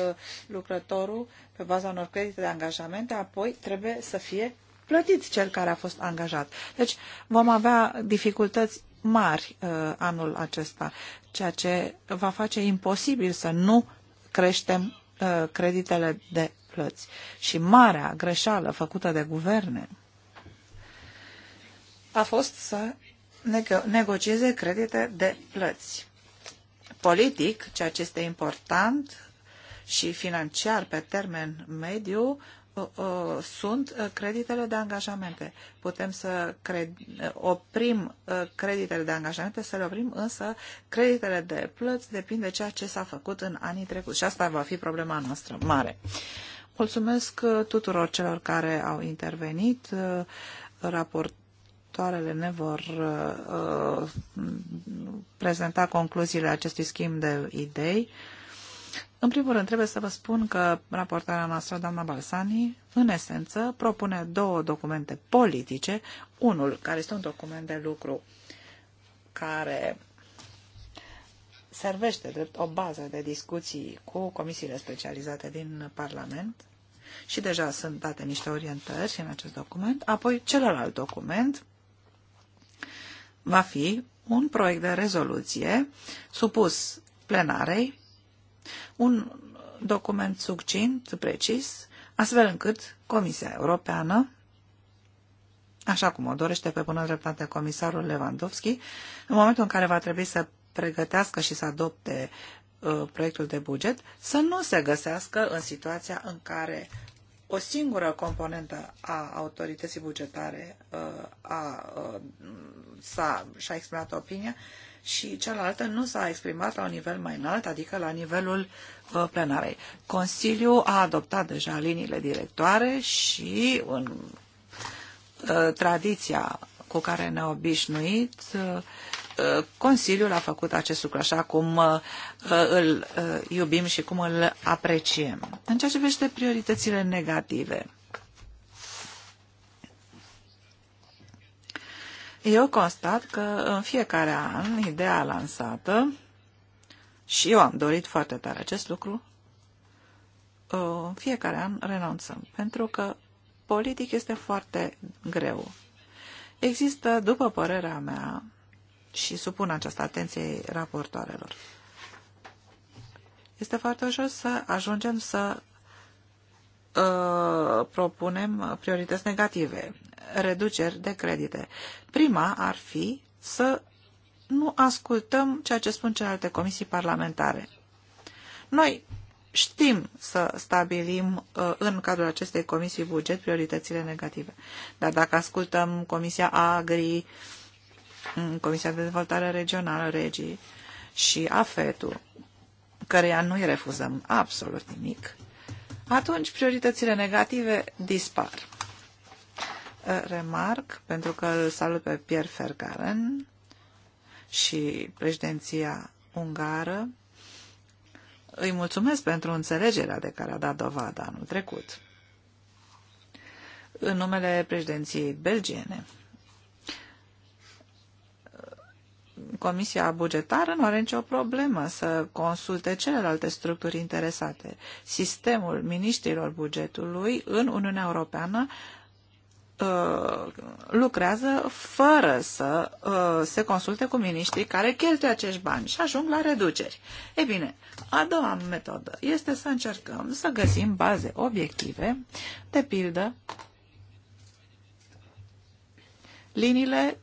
lucrătorul pe baza unor credite de angajamente, apoi trebuie să fie plătit cel care a fost angajat. Deci vom avea dificultăți mari uh, anul acesta, ceea ce va face imposibil să nu creștem uh, creditele de plăți și marea greșeală făcută de guverne a fost să negocieze credite de plăți. Politic, ceea ce este important, și financiar pe termen mediu, uh, uh, sunt uh, creditele de angajamente. Putem să cred, oprim creditele de angajamente, să le oprim, însă creditele de plăți depind de ceea ce s-a făcut în anii trecuți. Și asta va fi problema noastră mare. Mulțumesc uh, tuturor celor care au intervenit. Uh, raportoarele ne vor uh, prezenta concluziile acestui schimb de idei. În primul rând, trebuie să vă spun că raportarea noastră, doamna Balsani, în esență, propune două documente politice. Unul, care este un document de lucru care servește drept o bază de discuții cu comisiile specializate din Parlament și deja sunt date niște orientări în acest document. Apoi, celălalt document va fi un proiect de rezoluție supus plenarei, un document succint, precis, astfel încât Comisia Europeană, așa cum o dorește pe bună dreptate comisarul Lewandowski, în momentul în care va trebui să pregătească și să adopte uh, proiectul de buget, să nu se găsească în situația în care o singură componentă a autorității bugetare uh, a, uh, s-a, și-a exprimat opinia și cealaltă nu s-a exprimat la un nivel mai înalt, adică la nivelul plenarei. Consiliul a adoptat deja liniile directoare și în tradiția cu care ne-a obișnuit Consiliul a făcut acest lucru așa cum uh, îl uh, iubim și cum îl apreciem. În ceea ce privește prioritățile negative, eu constat că în fiecare an ideea lansată, și eu am dorit foarte tare acest lucru, uh, în fiecare an renunțăm, pentru că politic este foarte greu. Există, după părerea mea, și supun această atenție raportoarelor. Este foarte ușor să ajungem să uh, propunem priorități negative, reduceri de credite. Prima ar fi să nu ascultăm ceea ce spun celelalte comisii parlamentare. Noi știm să stabilim uh, în cadrul acestei comisii buget prioritățile negative. Dar dacă ascultăm Comisia Agri, în Comisia de Dezvoltare Regională Regii și AFET-ul, căreia nu-i refuzăm absolut nimic, atunci prioritățile negative dispar. Remarc, pentru că îl salut pe Pierre Fergaren și președinția ungară, îi mulțumesc pentru înțelegerea de care a dat dovadă anul trecut. În numele președinției belgiene, Comisia Bugetară nu are nicio problemă să consulte celelalte structuri interesate. Sistemul ministrilor bugetului în Uniunea Europeană uh, lucrează fără să uh, se consulte cu miniștrii care cheltuie acești bani și ajung la reduceri. E bine, a doua metodă este să încercăm să găsim baze obiective, de pildă liniile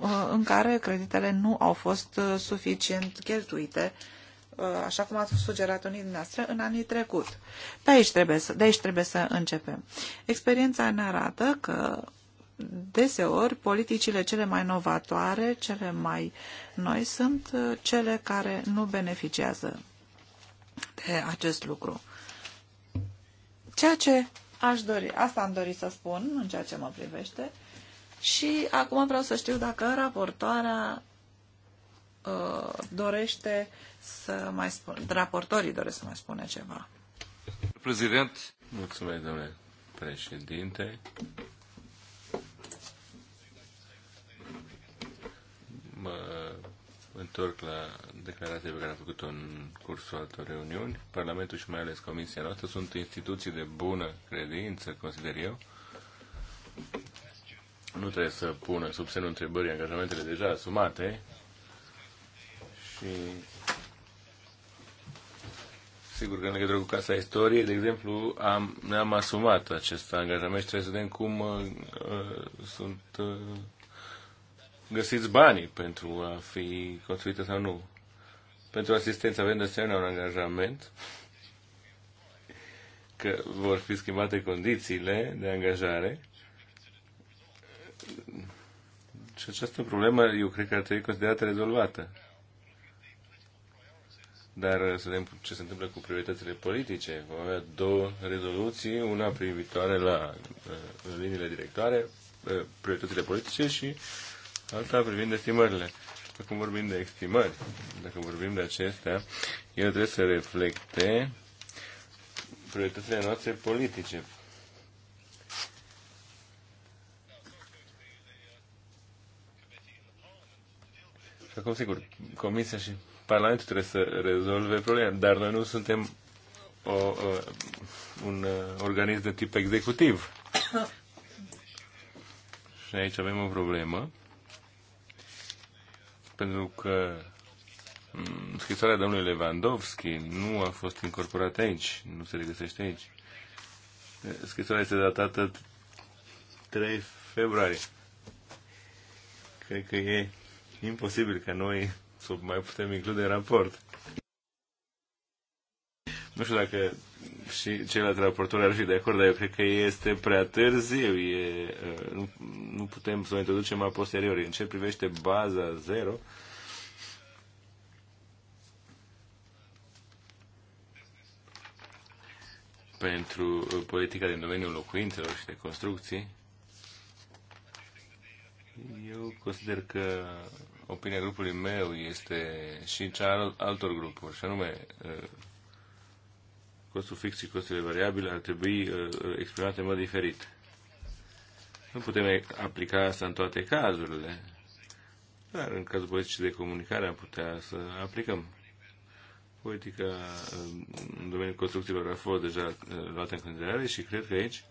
Uh, în care creditele nu au fost uh, suficient cheltuite, uh, așa cum ați sugerat unii dumneavoastră, în anii trecut. De aici trebuie să, de aici trebuie să începem. Experiența ne arată că deseori politicile cele mai novatoare, cele mai noi, sunt cele care nu beneficiază de acest lucru. Ceea ce aș dori, asta am dorit să spun în ceea ce mă privește, și acum vreau să știu dacă raportoarea uh, dorește să mai spun, raportorii doresc să mai spune ceva. Prezident. Mulțumesc, domnule președinte. Mă întorc la declarația pe care am făcut-o în cursul altor reuniuni. Parlamentul și mai ales Comisia noastră sunt instituții de bună credință, consider eu, nu trebuie să pună sub semnul întrebării angajamentele deja asumate și sigur că în legătură cu Casa Istoriei, de exemplu, am, ne-am asumat acest angajament și trebuie să vedem cum uh, uh sunt uh, găsiți banii pentru a fi construită sau nu. Pentru asistență avem de asemenea un angajament că vor fi schimbate condițiile de angajare și această problemă, eu cred că ar trebui considerată rezolvată. Dar să vedem ce se întâmplă cu prioritățile politice. Vom avea două rezoluții, una privitoare la uh, liniile directoare, uh, prioritățile politice și alta privind estimările. Acum vorbim de estimări. Dacă vorbim de acestea, ele trebuie să reflecte prioritățile noastre politice Și acum, sigur, Comisia și Parlamentul trebuie să rezolve problema, dar noi nu suntem o, o, un uh, organism de tip executiv. și aici avem o problemă, pentru că mm, scrisoarea domnului Lewandowski nu a fost incorporată aici, nu se regăsește aici. Scrisoarea este datată 3 februarie. Cred că e imposibil ca noi să mai putem include în raport. Nu știu dacă și ceilalți raportori ar fi de acord, dar eu cred că este prea târziu. E, uh, nu, nu putem să o introducem mai posteriori. În ce privește baza zero, pentru politica din domeniul locuințelor și de construcții, eu consider că opinia grupului meu este și cea al altor grupuri, și anume uh, costul fix și costurile variabile ar trebui uh, exprimate în mod diferit. Nu putem aplica asta în toate cazurile, dar în cazul politicii de comunicare am putea să aplicăm. Politica uh, în domeniul construcțiilor a fost deja luată în considerare și cred că aici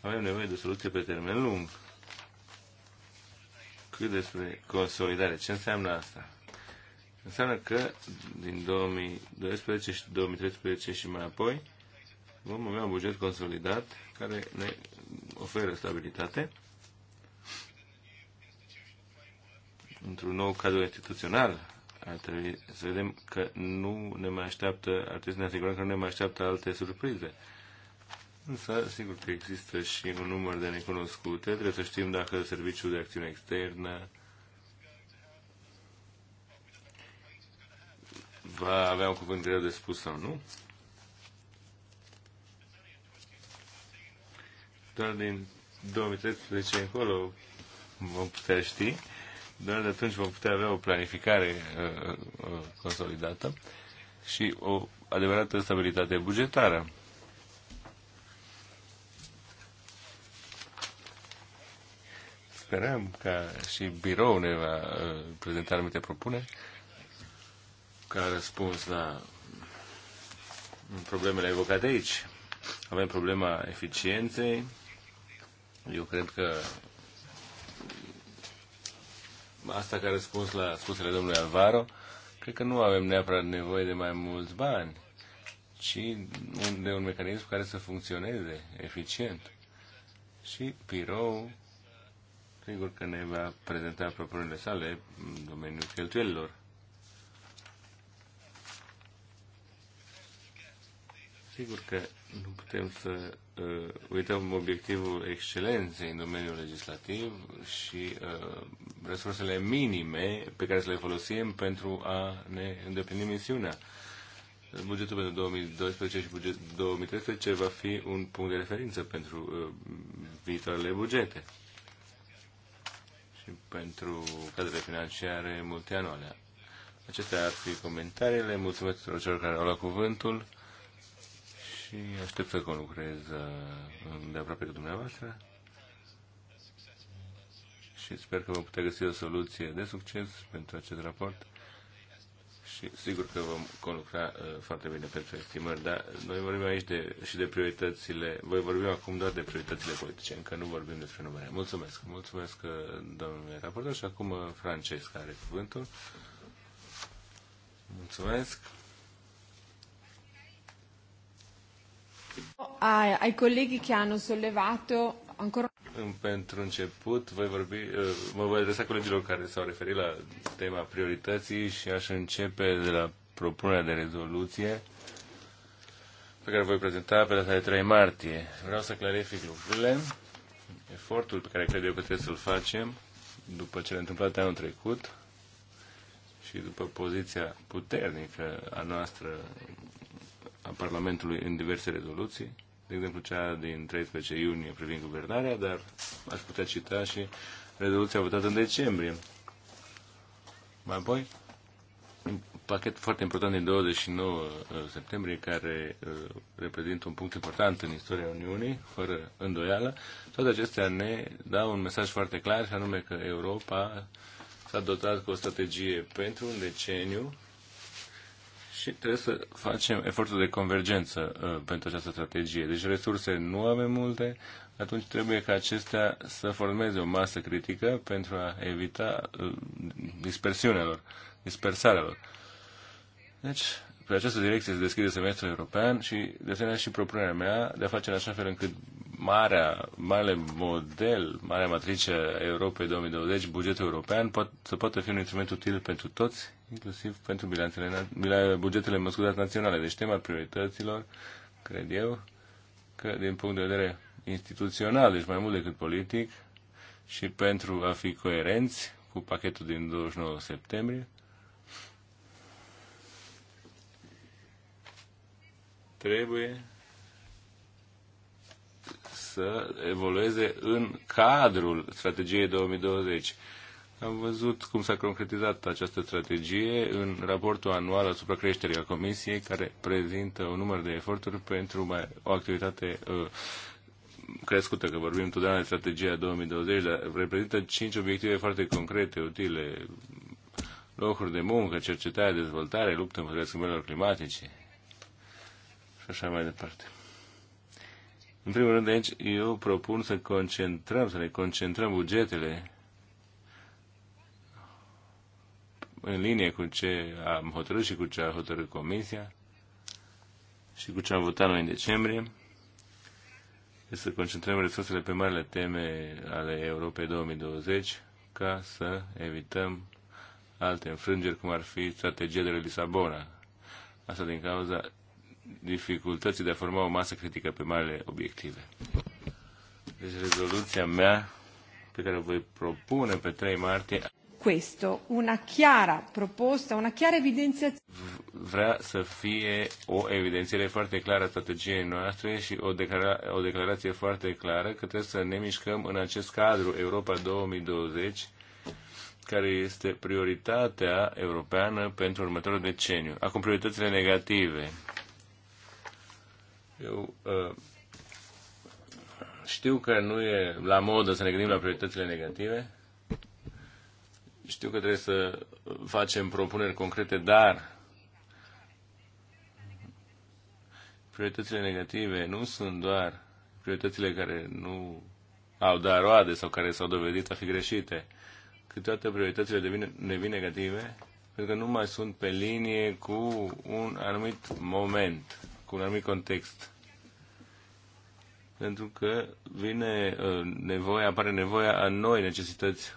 avem nevoie de soluție pe termen lung cât despre consolidare. Ce înseamnă asta? Înseamnă că din 2012 și 2013 și mai apoi vom avea un buget consolidat care ne oferă stabilitate într-un nou cadru instituțional. Ar trebui să vedem că nu ne mai așteaptă, ar trebui să ne asigurăm că nu ne mai așteaptă alte surprize Însă, sigur că există și un număr de necunoscute. Trebuie să știm dacă Serviciul de Acțiune Externă va avea un cuvânt greu de spus sau nu. Doar din 2013 încolo vom putea ști. Doar de atunci vom putea avea o planificare uh, uh, consolidată și o adevărată stabilitate bugetară. Sperăm că și birou ne va uh, prezenta anumite propuneri ca răspuns la problemele evocate aici. Avem problema eficienței. Eu cred că asta ca răspuns la spusele domnului Alvaro, cred că nu avem neapărat nevoie de mai mulți bani, ci de un mecanism care să funcționeze eficient. Și Pirou sigur că ne va prezenta propunerile sale în domeniul cheltuielilor. Sigur că nu putem să uh, uităm obiectivul excelenței în domeniul legislativ și uh, resursele minime pe care să le folosim pentru a ne îndeplini misiunea. Bugetul pentru 2012 și bugetul 2013 va fi un punct de referință pentru uh, viitoarele bugete și pentru cadrele financiare multianuale. Acestea ar fi comentariile. Mulțumesc tuturor celor care au luat cuvântul și aștept să conlucrez uh, de aproape cu dumneavoastră și sper că vom putea găsi o soluție de succes pentru acest raport și sigur că vom conlucra uh, foarte bine pentru estimări, dar noi vorbim aici de, și de prioritățile, voi vorbim acum doar de prioritățile politice, încă nu vorbim despre numere. Mulțumesc, mulțumesc uh, domnule raportor și acum uh, Francesca are cuvântul. Mulțumesc. Ai, ai colleghi che hanno sollevato ancora pentru început, voi vorbi, uh, mă voi adresa colegilor care s-au referit la tema priorității și aș începe de la propunerea de rezoluție pe care voi prezenta pe data de 3 martie. Vreau să clarific lucrurile. Efortul pe care cred eu că trebuie să-l facem după ce a întâmplat anul trecut și după poziția puternică a noastră a Parlamentului în diverse rezoluții, de exemplu cea din 13 iunie privind guvernarea, dar aș putea cita și rezoluția votată în decembrie. Mai apoi, un pachet foarte important din 29 uh, septembrie, care uh, reprezintă un punct important în istoria Uniunii, fără îndoială, toate acestea ne dau un mesaj foarte clar, și anume că Europa s-a dotat cu o strategie pentru un deceniu și trebuie să facem efortul de convergență uh, pentru această strategie. Deci resurse nu avem multe, atunci trebuie ca acestea să formeze o masă critică pentru a evita uh, dispersiunea lor, dispersarea lor. Deci, pe această direcție se deschide semestrul european și, de asemenea, și propunerea mea de a face în așa fel încât marea, mare model, marea matrice a Europei 2020, bugetul european, pot, să poată fi un instrument util pentru toți inclusiv pentru bilanțele, bugetele mă scuzați, naționale. Deci tema priorităților, cred eu, că din punct de vedere instituțional, deci mai mult decât politic, și pentru a fi coerenți cu pachetul din 29 septembrie, trebuie să evolueze în cadrul strategiei 2020. Am văzut cum s-a concretizat această strategie în raportul anual asupra creșterii a Comisiei, care prezintă un număr de eforturi pentru mai, o activitate uh, crescută, că vorbim întotdeauna de strategia 2020, dar reprezintă cinci obiective foarte concrete, utile, locuri de muncă, cercetare, dezvoltare, luptă împotriva schimbărilor climatice și așa mai departe. În primul rând, aici, eu propun să concentrăm, să ne concentrăm bugetele în linie cu ce am hotărât și cu ce a hotărât Comisia și cu ce am votat noi în decembrie, este să concentrăm resursele pe marile teme ale Europei 2020 ca să evităm alte înfrângeri, cum ar fi strategia de la Lisabona. Asta din cauza dificultății de a forma o masă critică pe marile obiective. Deci rezoluția mea pe care o voi propune pe 3 martie questo una chiara proposta, una chiara evidenziazione. Vrea să fie o evidențiere foarte clară a strategiei noastre și o, declara- o declarație foarte clară că trebuie să ne mișcăm în acest cadru Europa 2020 care este prioritatea europeană pentru următorul deceniu. Acum, prioritățile negative. Eu uh, știu că nu e la modă să ne gândim la prioritățile negative, știu că trebuie să facem propuneri concrete, dar prioritățile negative nu sunt doar prioritățile care nu au dat roade sau care s-au dovedit a fi greșite. Câteodată prioritățile devin, devin negative pentru că nu mai sunt pe linie cu un anumit moment, cu un anumit context pentru că vine uh, nevoia, apare nevoia a noi necesități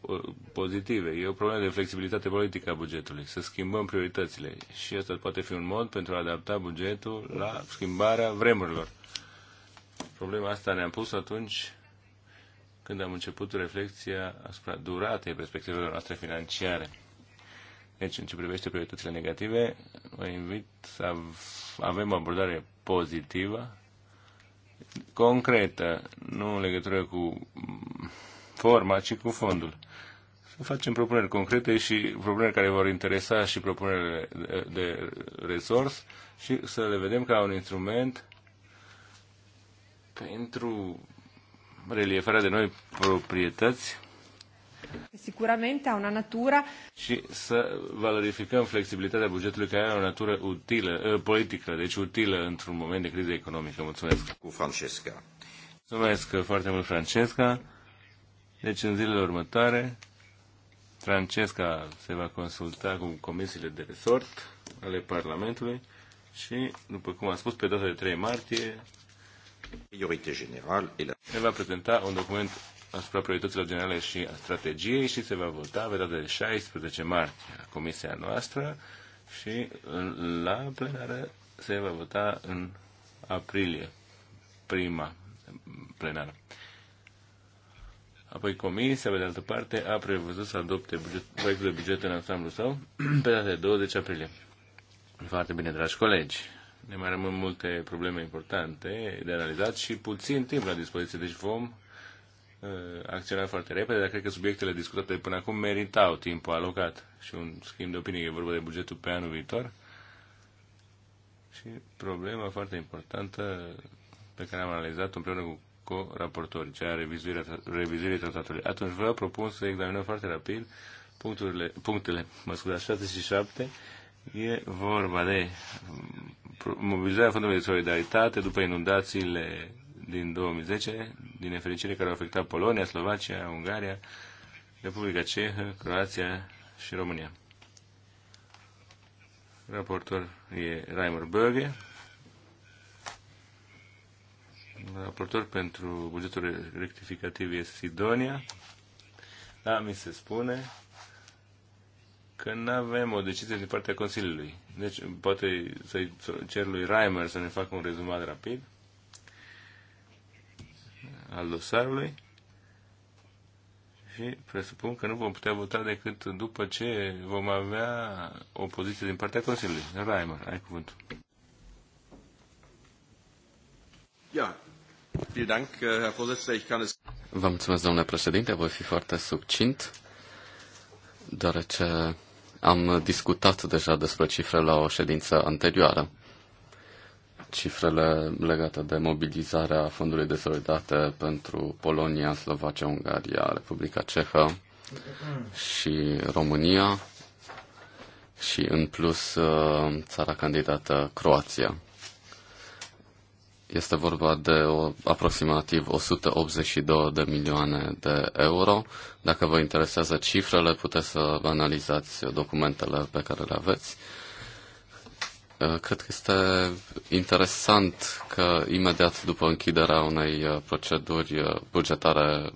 uh, pozitive. E o problemă de flexibilitate politică a bugetului, să schimbăm prioritățile și asta poate fi un mod pentru a adapta bugetul la schimbarea vremurilor. Problema asta ne-am pus atunci când am început reflexia asupra duratei perspectivelor noastre financiare. Deci, în ce privește prioritățile negative, vă invit să avem o abordare pozitivă concretă, nu în legătură cu forma, ci cu fondul. Să facem propuneri concrete și propuneri care vor interesa și propunerile de, de resurs și să le vedem ca un instrument pentru relieferea de noi proprietăți Sicuramente a una natura. Și să valorificăm flexibilitatea bugetului care are o natură utilă, ă, politică, deci utilă într-un moment de criză economică. Mulțumesc. Cu Francesca. Mulțumesc foarte mult, Francesca. Deci în zilele următoare, Francesca se va consulta cu comisiile de resort ale Parlamentului și, după cum am spus, pe data de 3 martie, priorité va prezenta un document asupra priorităților generale și a strategiei și se va vota pe data de 16 martie a comisia noastră și la plenară se va vota în aprilie, prima plenară. Apoi comisia, pe de altă parte, a prevăzut să adopte buget, proiectul de buget în ansamblu său pe data de 20 aprilie. Foarte bine, dragi colegi. Ne mai rămân multe probleme importante de analizat și puțin timp la dispoziție, deci vom Uh, acționat foarte repede, dar cred că subiectele discutate până acum meritau timpul alocat și un schimb de opinie, e vorba de bugetul pe anul viitor. Și problema foarte importantă pe care am analizat împreună cu co-raportori, cea a revizuirea, revizuirii tratatului. Atunci vă propun să examinăm foarte rapid puncturile, punctele, mă scuzați, 6 și 7. E vorba de mobilizarea Fondului de Solidaritate după inundațiile din 2010, din nefericire care au afectat Polonia, Slovacia, Ungaria, Republica Cehă, Croația și România. Raportor e Reimer Böge, raportor pentru bugetul rectificativ e Sidonia. Da, mi se spune că nu avem o decizie din partea Consiliului. Deci poate să-i cer lui Reimer să ne facă un rezumat rapid al dosarului și presupun că nu vom putea vota decât după ce vom avea o poziție din partea Consiliului. Reimer, ai cuvântul. Ja, vielen Dank, äh, Herr Vorsitzender. Ich kann es... Vă mulțumesc, domnule președinte, voi fi foarte succint, deoarece am discutat deja despre cifre la o ședință anterioară cifrele legate de mobilizarea Fondului de Solidaritate pentru Polonia, Slovacia, Ungaria, Republica Cehă și România și în plus uh, țara candidată Croația. Este vorba de o, aproximativ 182 de milioane de euro. Dacă vă interesează cifrele, puteți să analizați documentele pe care le aveți. Eh, cred că este interesant că imediat după închiderea unei eh, proceduri eh, bugetare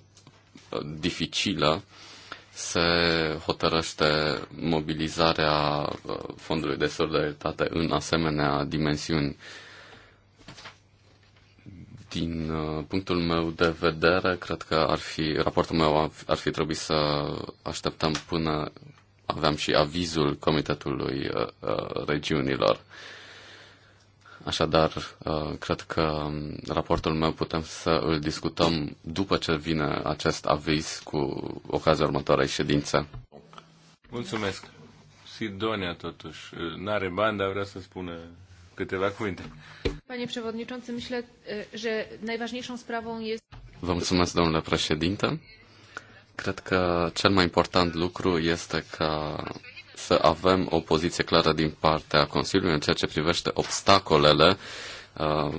dificilă, se hotărăște mobilizarea fondului de solidaritate în asemenea dimensiuni. Din punctul meu de vedere, cred că ar fi, raportul meu ar fi trebuit să așteptăm până aveam și avizul Comitetului uh, uh, Regiunilor. Așadar, uh, cred că um, raportul meu putem să îl discutăm după ce vine acest aviz cu ocazia următoarei ședințe. Mulțumesc. Sidonia totuși n-are bani, dar vrea să spună câteva cuvinte. Panie Przewodniczący, myślę, że najważniejszą sprawą jest... Vă mulțumesc, domnule președinte. Cred că cel mai important lucru este ca să avem o poziție clară din partea Consiliului în ceea ce privește obstacolele uh,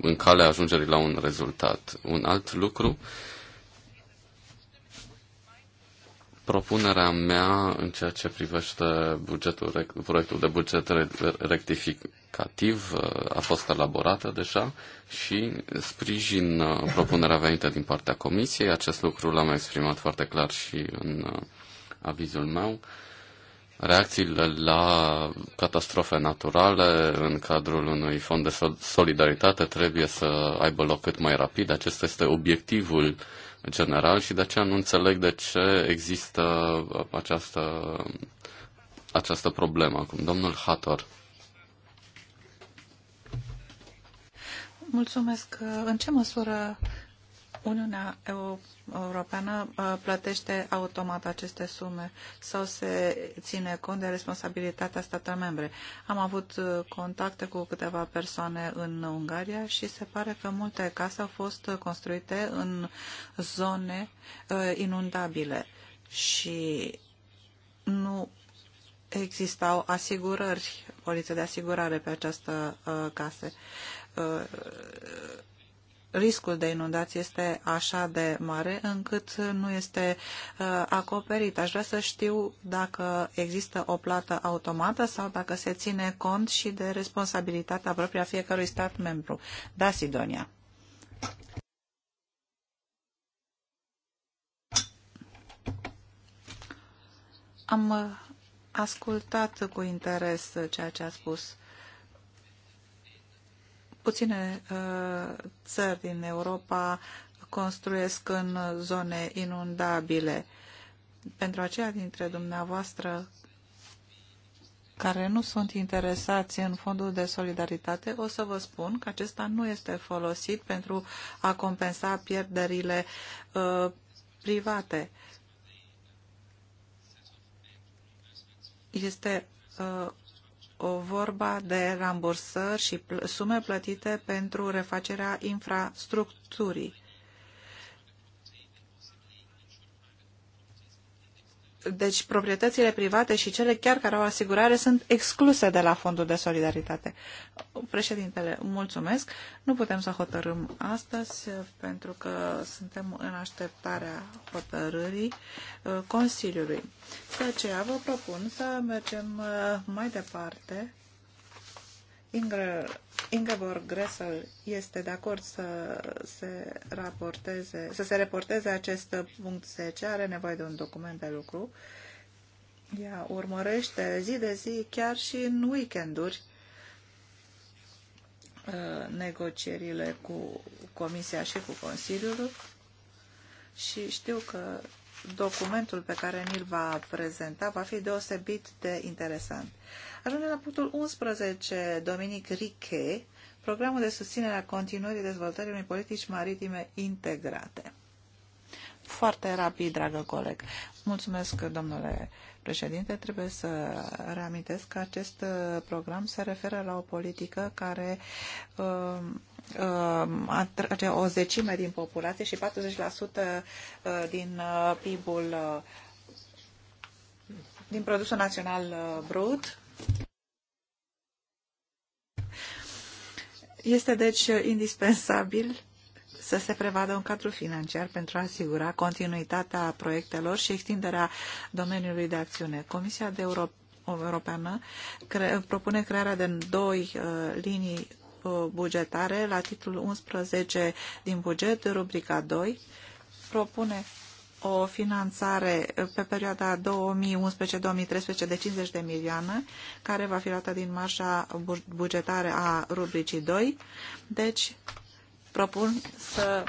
în calea ajungerii la un rezultat. Un alt lucru, propunerea mea în ceea ce privește bugetul, proiectul de buget rectific, semnificativ uh, a fost elaborată deja și sprijin uh, propunerea venită din partea Comisiei. Acest lucru l-am exprimat foarte clar și în uh, avizul meu. Reacțiile la catastrofe naturale în cadrul unui fond de solidaritate trebuie să aibă loc cât mai rapid. Acesta este obiectivul general și de aceea nu înțeleg de ce există această, această problemă acum. Domnul Hator. Mulțumesc. În ce măsură Uniunea Europeană uh, plătește automat aceste sume sau se ține cont de responsabilitatea statelor membre. Am avut uh, contacte cu câteva persoane în Ungaria și se pare că multe case au fost construite în zone uh, inundabile și nu existau asigurări, polițe de asigurare pe această case. Uh, riscul de inundație este așa de mare încât nu este uh, acoperit. Aș vrea să știu dacă există o plată automată sau dacă se ține cont și de responsabilitatea proprie a fiecărui stat membru. Da, Sidonia. Am uh, ascultat cu interes ceea ce a spus Puține uh, țări din Europa construiesc în zone inundabile. Pentru aceia dintre dumneavoastră care nu sunt interesați în fondul de solidaritate, o să vă spun că acesta nu este folosit pentru a compensa pierderile uh, private. Este uh, vorba de rambursări și sume plătite pentru refacerea infrastructurii. Deci proprietățile private și cele chiar care au asigurare sunt excluse de la Fondul de Solidaritate. Președintele, mulțumesc. Nu putem să hotărâm astăzi pentru că suntem în așteptarea hotărârii uh, Consiliului. De aceea vă propun să mergem uh, mai departe Ingre, Ingeborg Gressel este de acord să se raporteze, să se reporteze acest punct 10, are nevoie de un document de lucru. Ea urmărește zi de zi, chiar și în weekenduri, uh, negocierile cu Comisia și cu Consiliul și știu că documentul pe care ni-l va prezenta va fi deosebit de interesant. Ajunge la punctul 11, Dominic Riche, programul de susținere a continuării dezvoltării unei politici maritime integrate. Foarte rapid, dragă coleg. Mulțumesc, domnule președinte. Trebuie să reamintesc că acest uh, program se referă la o politică care uh, uh, atrage o zecime din populație și 40% uh, din uh, PIB-ul din produsul național brut este deci indispensabil să se prevadă un cadru financiar pentru a asigura continuitatea proiectelor și extinderea domeniului de acțiune. Comisia de Euro Europeană cre propune crearea de doi uh, linii uh, bugetare la titlul 11 din buget, rubrica 2, propune o finanțare pe perioada 2011-2013 de 50 de milioane, care va fi luată din marșa bugetare a rubricii 2. Deci, propun să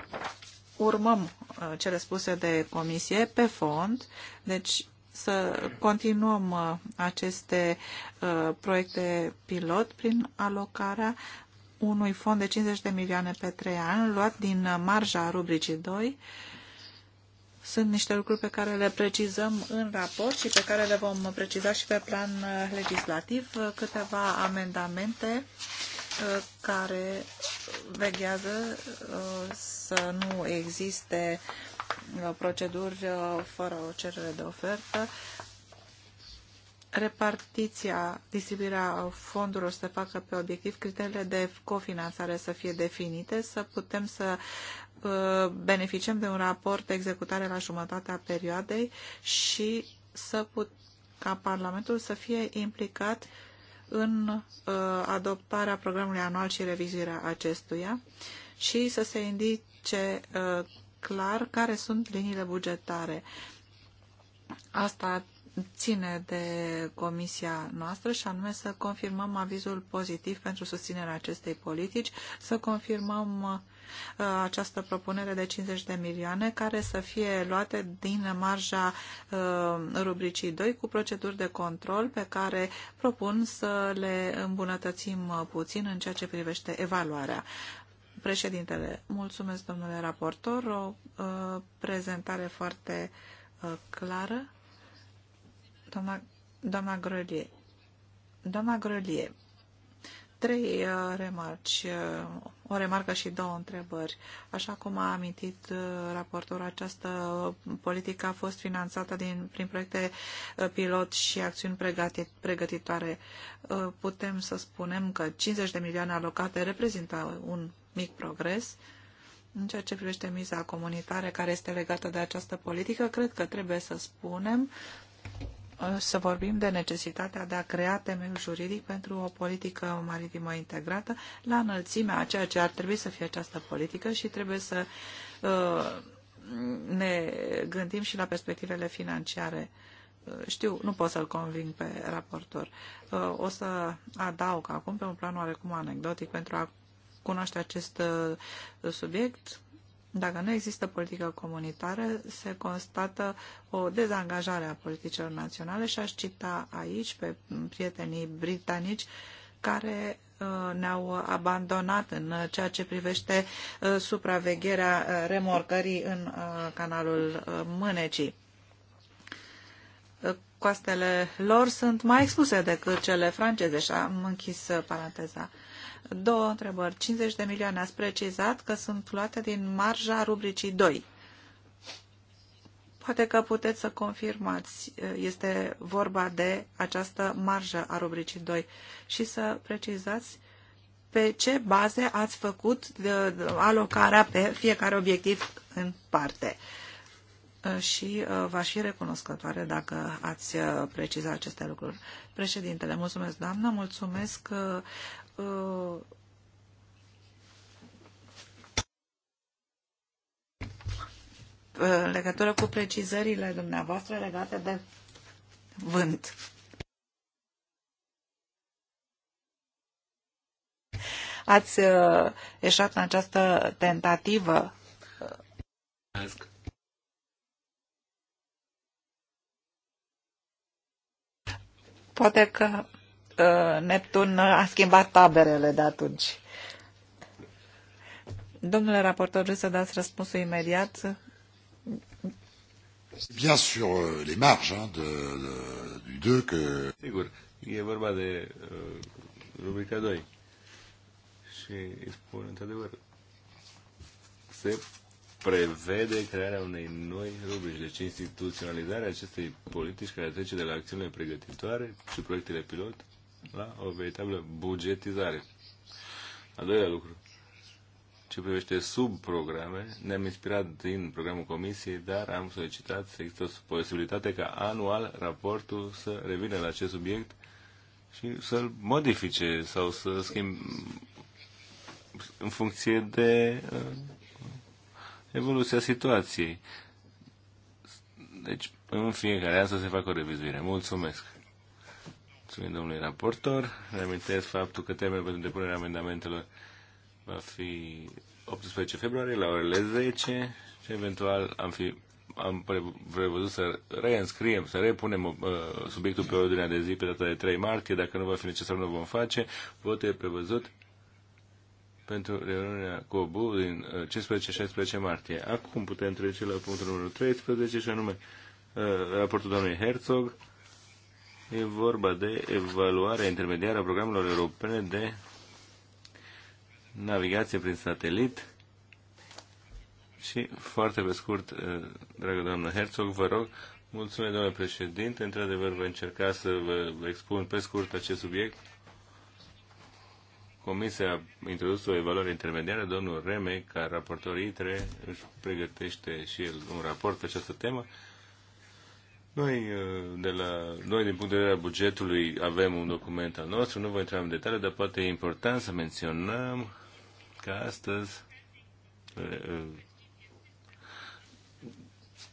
urmăm uh, cele spuse de comisie pe fond, deci să continuăm uh, aceste uh, proiecte pilot prin alocarea unui fond de 50 de milioane pe 3 ani, luat din marja rubricii 2, sunt niște lucruri pe care le precizăm în raport și pe care le vom preciza și pe plan uh, legislativ. Uh, câteva amendamente uh, care veghează să nu existe proceduri fără o cerere de ofertă. Repartiția, distribuirea fondurilor să se facă pe obiectiv, criteriile de cofinanțare să fie definite, să putem să Uh, beneficiem de un raport de executare la jumătatea perioadei și să put, ca Parlamentul să fie implicat în uh, adoptarea programului anual și revizuirea acestuia și să se indice uh, clar care sunt liniile bugetare. Asta ține de comisia noastră și anume să confirmăm avizul pozitiv pentru susținerea acestei politici, să confirmăm Uh, această propunere de 50 de milioane care să fie luate din marja uh, rubricii 2 cu proceduri de control pe care propun să le îmbunătățim uh, puțin în ceea ce privește evaluarea. Președintele, mulțumesc domnule raportor, o prezentare foarte clară. Doamna, doamna Grălie, doamna Grălie, trei remarci, o remarcă și două întrebări. Așa cum a amintit uh, raportorul, această politică a fost finanțată din, prin proiecte uh, pilot și acțiuni pregătitoare. Uh, putem să spunem că 50 de milioane alocate reprezintă un mic progres. În ceea ce privește miza comunitară care este legată de această politică, cred că trebuie să spunem să vorbim de necesitatea de a crea temeiul juridic pentru o politică maritimă integrată la înălțimea a ceea ce ar trebui să fie această politică și trebuie să uh, ne gândim și la perspectivele financiare. Uh, știu, nu pot să-l conving pe raportor. Uh, o să adaug acum pe un plan oarecum anecdotic pentru a cunoaște acest subiect dacă nu există politică comunitară, se constată o dezangajare a politicilor naționale și aș cita aici pe prietenii britanici care uh, ne-au abandonat în ceea ce privește uh, supravegherea uh, remorcării în canalul Mânecii. Coastele lor sunt mai expuse decât cele franceze și am închis paranteza. Două întrebări. 50 de milioane ați precizat că sunt luate din marja rubricii 2. Poate că puteți să confirmați, este vorba de această marjă a rubricii 2 și să precizați pe ce baze ați făcut alocarea pe fiecare obiectiv în parte. Și uh, v-aș fi recunoscătoare dacă ați uh, precizat aceste lucruri. Președintele, mulțumesc, doamnă, mulțumesc uh, Uh, în legătură cu precizările dumneavoastră legate de vânt. Ați uh, eșat în această tentativă. Ask. Poate că Neptun a schimbat taberele de atunci. Domnule raportor, vreți să dați răspunsul imediat? C'est bien sur euh, les marges hein, de, de, du 2 que... Sigur, e vorba de uh, rubrica 2. Și îi spun într-adevăr, se prevede crearea unei noi rubrici, deci instituționalizarea acestei politici care trece de la acțiunile pregătitoare și proiectele pilot la da? o veritabilă bugetizare. Al doilea lucru, ce privește subprograme, ne-am inspirat din programul comisiei, dar am solicitat să există o posibilitate ca anual raportul să revină la acest subiect și să-l modifice sau să schimb în funcție de uh, evoluția situației. Deci, în fiecare an să se facă o revizuire. Mulțumesc! Mulțumim domnului raportor. Reamintesc faptul că termenul pentru depunerea amendamentelor va fi 18 februarie la orele 10 și eventual am fi am prevăzut să reînscriem, să repunem uh, subiectul pe ordinea de zi pe data de 3 martie. Dacă nu va fi necesar, nu vom face. Votul e prevăzut pentru reuniunea COBU din 15-16 uh, martie. Acum putem trece la punctul numărul 13 și anume uh, raportul doamnei Herzog E vorba de evaluarea intermediară a programelor europene de navigație prin satelit. Și foarte pe scurt, eh, dragă doamnă Herzog, vă rog, mulțumesc, domnule președinte, într-adevăr voi încerca să vă expun pe scurt acest subiect. Comisia a introdus o evaluare intermediară, domnul Reme, ca raportor ITRE, își pregătește și el un raport pe această temă. Noi, uh, de la, noi, din punct de vedere al bugetului, avem un document al nostru, nu voi intra în detalii, dar poate e important să menționăm că astăzi uh,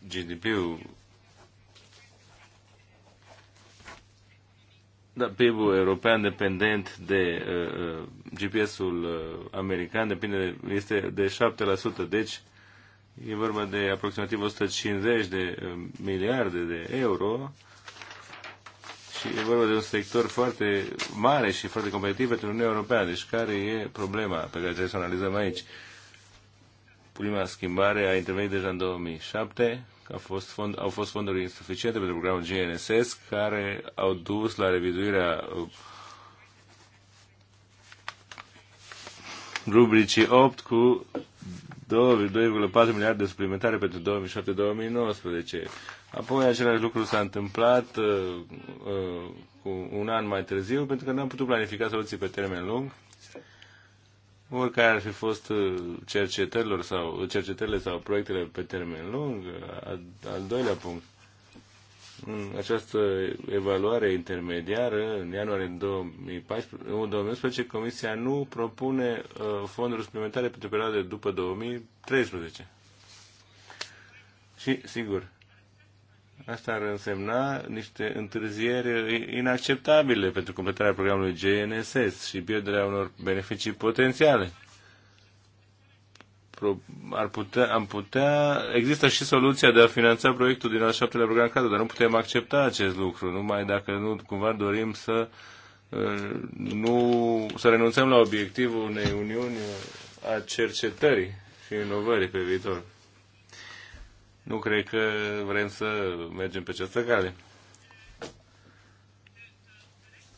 GDP-ul da, PIB-ul european dependent de uh, uh GPS-ul uh, american depinde, este de 7%, deci uh, E vorba de aproximativ 150 de eh, miliarde de euro și e vorba de un sector foarte mare și foarte competitiv pentru Uniunea Europeană. Deci care e problema pe care trebuie să o analizăm aici? Prima schimbare a intervenit deja în 2007, au fost, fond, au fost fonduri insuficiente pentru programul GNSS care au dus la revizuirea eh, rubricii 8 cu 2,4 miliarde suplimentare pentru 2007-2019. Apoi același lucru s-a întâmplat uh, uh, cu un an mai târziu pentru că n-am putut planifica soluții pe termen lung. Oricare ar fi fost uh, cercetărilor sau, cercetările sau proiectele pe termen lung, al, uh, al doilea punct această evaluare intermediară, în ianuarie 2014, Comisia nu propune uh, fonduri suplimentare pentru perioade după 2013. Și, sigur, asta ar însemna niște întârzieri inacceptabile pentru completarea programului GNSS și pierderea unor beneficii potențiale ar putea, am putea, există și soluția de a finanța proiectul din al șaptelea program cadru, dar nu putem accepta acest lucru, numai dacă nu cumva dorim să uh, nu, să renunțăm la obiectivul unei uniuni a cercetării și inovării pe viitor. Nu cred că vrem să mergem pe această cale.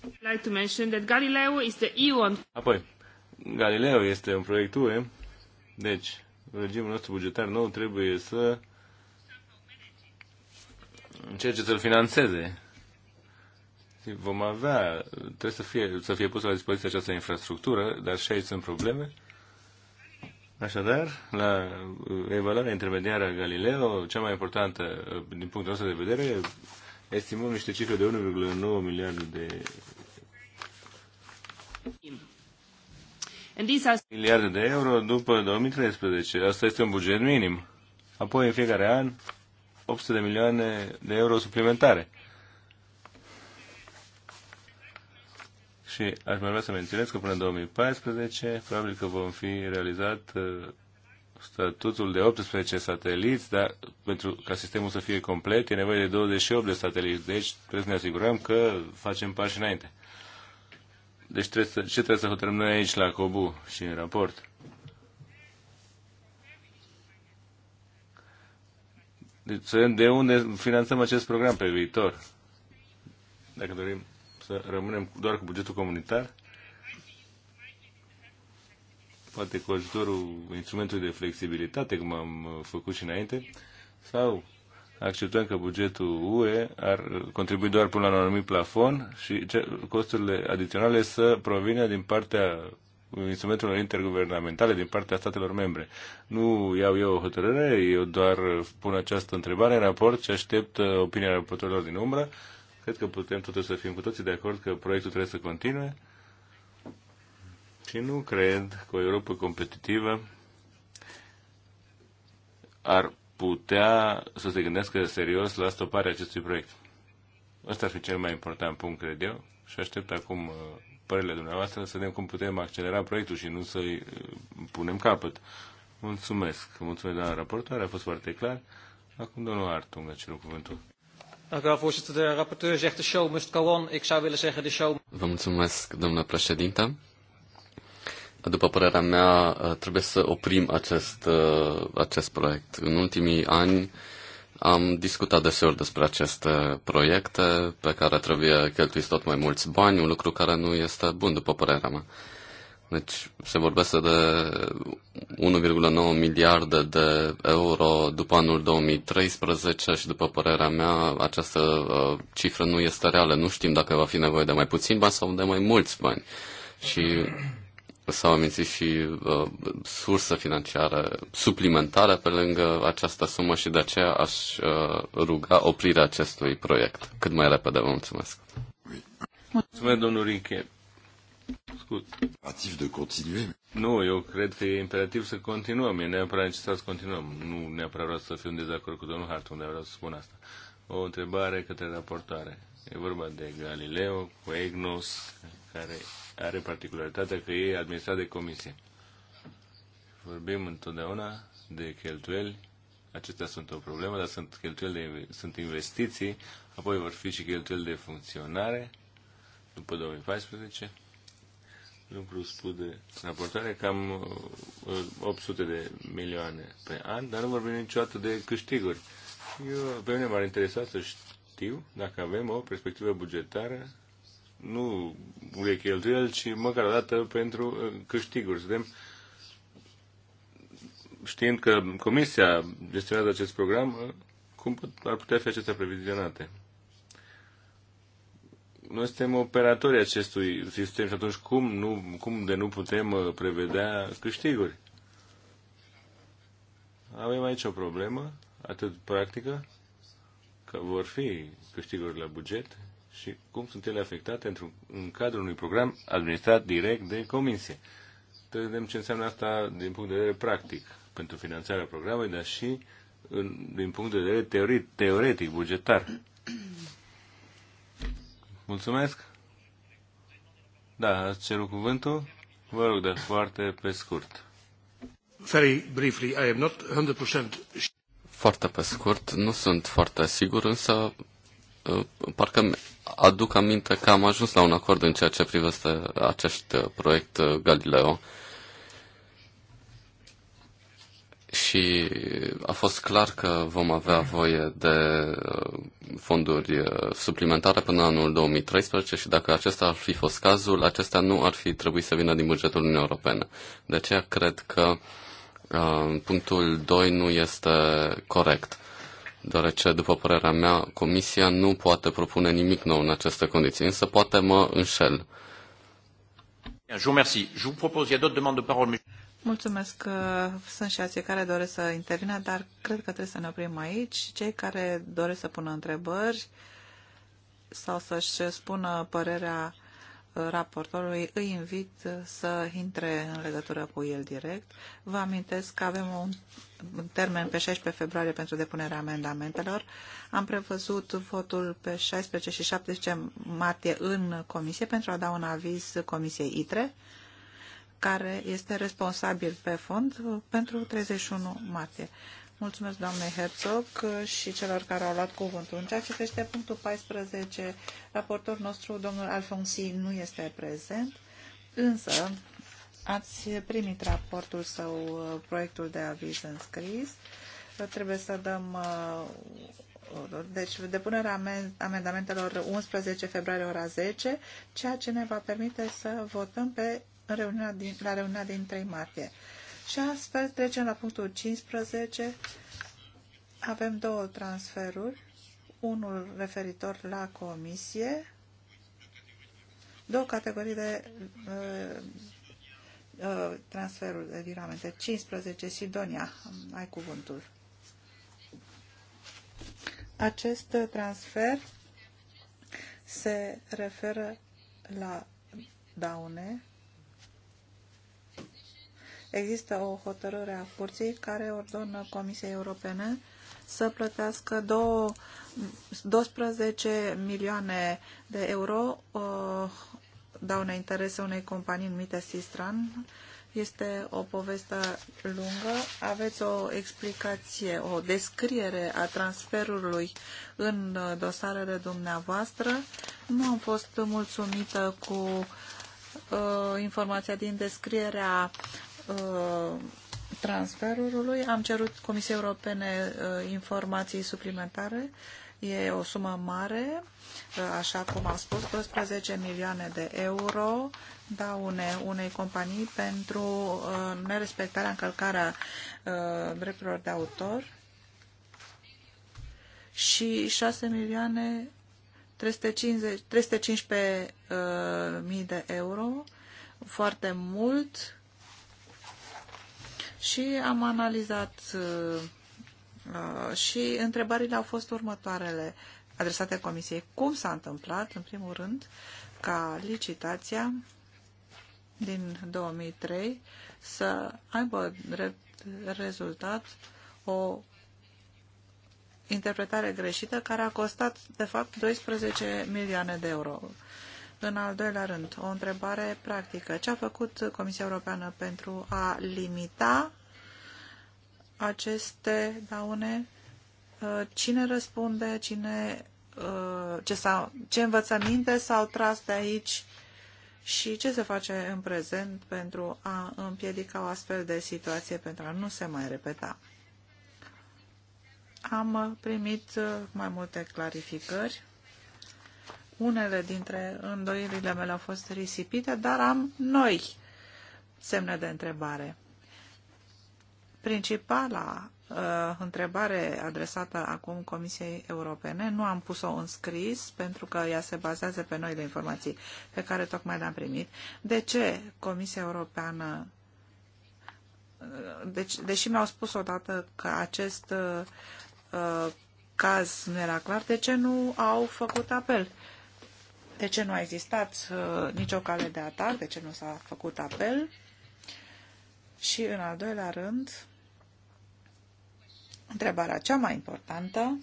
Like to mention that Galileo is the EU Apoi, Galileo este un proiect UE deci, regimul nostru bugetar nou trebuie să încerce să-l financeze. Deci, vom avea, trebuie să fie, să fie pusă la dispoziție această infrastructură, dar și aici sunt probleme. Așadar, la uh, evaluarea intermediară a Galileo, cea mai importantă uh, din punctul nostru de vedere, estimăm niște cifre de 1,9 miliarde de Miliarde de euro după 2013. Asta este un buget minim. Apoi, în fiecare an, 800 de milioane de euro suplimentare. Și aș mai vrea să menționez că până în 2014 probabil că vom fi realizat uh, statutul de 18 sateliți, dar pentru ca sistemul să fie complet e nevoie de 28 de sateliți. Deci trebuie să ne asigurăm că facem pași înainte. Deci trebuie să, ce trebuie să hotărâm noi aici la COBU și în raport? Deci de unde finanțăm acest program pe viitor. Dacă dorim să rămânem doar cu bugetul comunitar, poate cu ajutorul instrumentului de flexibilitate, cum am făcut și înainte, sau acceptăm că bugetul UE ar contribui doar până la un anumit plafon și costurile adiționale să provină din partea instrumentelor interguvernamentale din partea statelor membre. Nu iau eu o hotărâre, eu doar pun această întrebare în raport și aștept uh, opinia raportorilor din umbră. Cred că putem totuși să fim cu toții de acord că proiectul trebuie să continue și nu cred că o Europa competitivă ar putea să se gândească serios la stoparea acestui proiect. Ăsta ar fi cel mai important punct, cred eu, și aștept acum uh, părerile dumneavoastră să vedem cum putem accelera proiectul și nu să-i uh, punem capăt. Mulțumesc. Mulțumesc, doamna raportoare, a fost foarte clar. Acum domnul Artung a cerut cuvântul. show must go on. de show... Vă mulțumesc, domnule președinte. După părerea mea, uh, trebuie să oprim acest, uh, acest proiect. În ultimii ani am discutat deseori despre aceste proiecte pe care trebuie cheltuiți tot mai mulți bani, un lucru care nu este bun, după părerea mea. Deci se vorbește de 1,9 miliarde de euro după anul 2013 și după părerea mea această uh, cifră nu este reală. Nu știm dacă va fi nevoie de mai puțin bani sau de mai mulți bani. Și s-au amintit și uh, sursă financiară suplimentară pe lângă această sumă și de aceea aș uh, ruga oprirea acestui proiect. Cât mai repede, vă mulțumesc. Mulțumesc, domnul Rinche. Scut. Imperativ de continue. Nu, eu cred că e imperativ să continuăm. E neapărat necesar să continuăm. Nu neapărat vreau să fiu în dezacord cu domnul Hart, unde vreau să spun asta. O întrebare către raportoare. E vorba de Galileo cu Egnos, care are particularitatea că e administrat de comisie. Vorbim întotdeauna de cheltuieli. Acestea sunt o problemă, dar sunt cheltuieli de, sunt investiții, apoi vor fi și cheltuieli de funcționare după 2014. Lucru spus de raportare, cam 800 uh, de milioane pe an, dar nu vorbim niciodată de câștiguri. Eu, pe mine m-ar interesa să știu dacă avem o perspectivă bugetară nu de cheltuieli, ci măcar o dată pentru uh, câștiguri. Suntem știind că Comisia gestionează acest program, uh, cum ar putea fi acestea previzionate? Noi suntem operatori acestui sistem și atunci cum, nu, cum de nu putem uh, prevedea câștiguri? Avem aici o problemă, atât practică, că vor fi câștiguri la buget și cum sunt ele afectate într-un, în cadrul unui program administrat direct de comisie. Trebuie să vedem ce înseamnă asta din punct de vedere practic pentru finanțarea programului, dar și în, din punct de vedere teoretic, teoretic bugetar. Mulțumesc! Da, ați cerut cuvântul? Vă rog, dar foarte pe scurt. Very briefly, I am not 100% foarte pe scurt, nu sunt foarte sigur, însă Uh, parcă aduc aminte că am ajuns la un acord în ceea ce privește acest uh, proiect uh, Galileo. Și a fost clar că vom avea voie de fonduri suplimentare până anul 2013 și dacă acesta ar fi fost cazul, acestea nu ar fi trebuit să vină din bugetul Uniunii Europene. De aceea cred că punctul 2 nu este corect deoarece, după părerea mea, Comisia nu poate propune nimic nou în aceste condiții, însă poate mă înșel. Mulțumesc. Uh, sunt și alții care doresc să intervină, dar cred că trebuie să ne oprim aici. Cei care doresc să pună întrebări sau să-și spună părerea raportorului, îi invit să intre în legătură cu el direct. Vă amintesc că avem un termen pe 16 februarie pentru depunerea amendamentelor. Am prevăzut votul pe 16 și 17 martie în comisie pentru a da un aviz comisiei ITRE, care este responsabil pe fond pentru 31 martie. Mulțumesc, doamne Herzog, și celor care au luat cuvântul. În ceea ce crește punctul 14, raportorul nostru, domnul Alfonsi, nu este prezent, însă ați primit raportul sau proiectul de aviz înscris. Trebuie să dăm uh, deci depunerea amendamentelor 11 februarie ora 10, ceea ce ne va permite să votăm pe reuniunea din, la reuniunea din 3 martie. Și astfel trecem la punctul 15. Avem două transferuri. Unul referitor la comisie, două categorii de uh, uh, transferuri de viramente. 15. Sidonia, ai cuvântul. Acest transfer se referă la daune Există o hotărâre a curții care ordonă Comisiei Europene să plătească 12 milioane de euro uh, daune interese unei companii numite Sistran. Este o poveste lungă. Aveți o explicație, o descriere a transferului în dosarele dumneavoastră. Nu am fost mulțumită cu uh, informația din descrierea Uh, transferului. Am cerut Comisiei Europene uh, informații suplimentare. E o sumă mare, uh, așa cum am spus, 12 milioane de euro daune unei companii pentru nerespectarea, încălcarea drepturilor de autor și 6 milioane 350, 315 mii de euro, foarte mult și am analizat uh, uh, și întrebările au fost următoarele adresate Comisiei. Cum s-a întâmplat, în primul rând, ca licitația din 2003 să aibă rezultat o interpretare greșită care a costat, de fapt, 12 milioane de euro. În al doilea rând, o întrebare practică. Ce a făcut Comisia Europeană pentru a limita aceste daune? Uh, cine răspunde? Cine, uh, ce, sau, ce învățăminte s-au tras de aici? Și ce se face în prezent pentru a împiedica o astfel de situație, pentru a nu se mai repeta? Am primit uh, mai multe clarificări unele dintre îndoielile mele au fost risipite, dar am noi semne de întrebare. Principala uh, întrebare adresată acum Comisiei Europene, nu am pus-o în scris pentru că ea se bazează pe noile informații pe care tocmai le-am primit. De ce Comisia Europeană uh, deci, deși mi-au spus odată că acest uh, uh, caz nu era clar, de ce nu au făcut apel? de ce nu a existat uh, nicio cale de atac, de ce nu s-a făcut apel și, în al doilea rând, întrebarea cea mai importantă,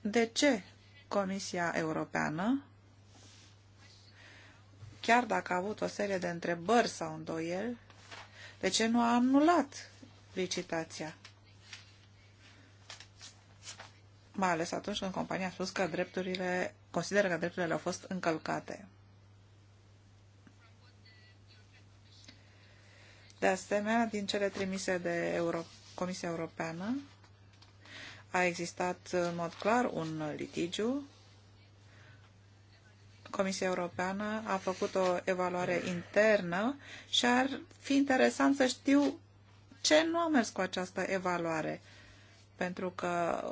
de ce Comisia Europeană, chiar dacă a avut o serie de întrebări sau îndoieli, de ce nu a anulat licitația? mai ales atunci când compania a spus că drepturile, consideră că drepturile au fost încălcate. De asemenea, din cele trimise de Euro Comisia Europeană, a existat în mod clar un litigiu. Comisia Europeană a făcut o evaluare internă și ar fi interesant să știu ce nu a mers cu această evaluare. Pentru că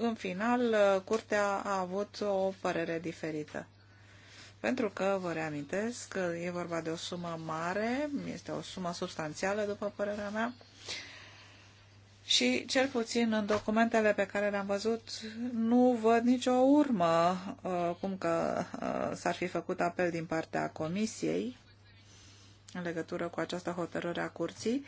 în final, uh, curtea a avut o părere diferită. Pentru că, vă reamintesc, că uh, e vorba de o sumă mare, este o sumă substanțială, după părerea mea, și, cel puțin, în documentele pe care le-am văzut, nu văd nicio urmă, uh, cum că s-ar fi făcut apel din partea Comisiei în legătură cu această hotărâre a curții.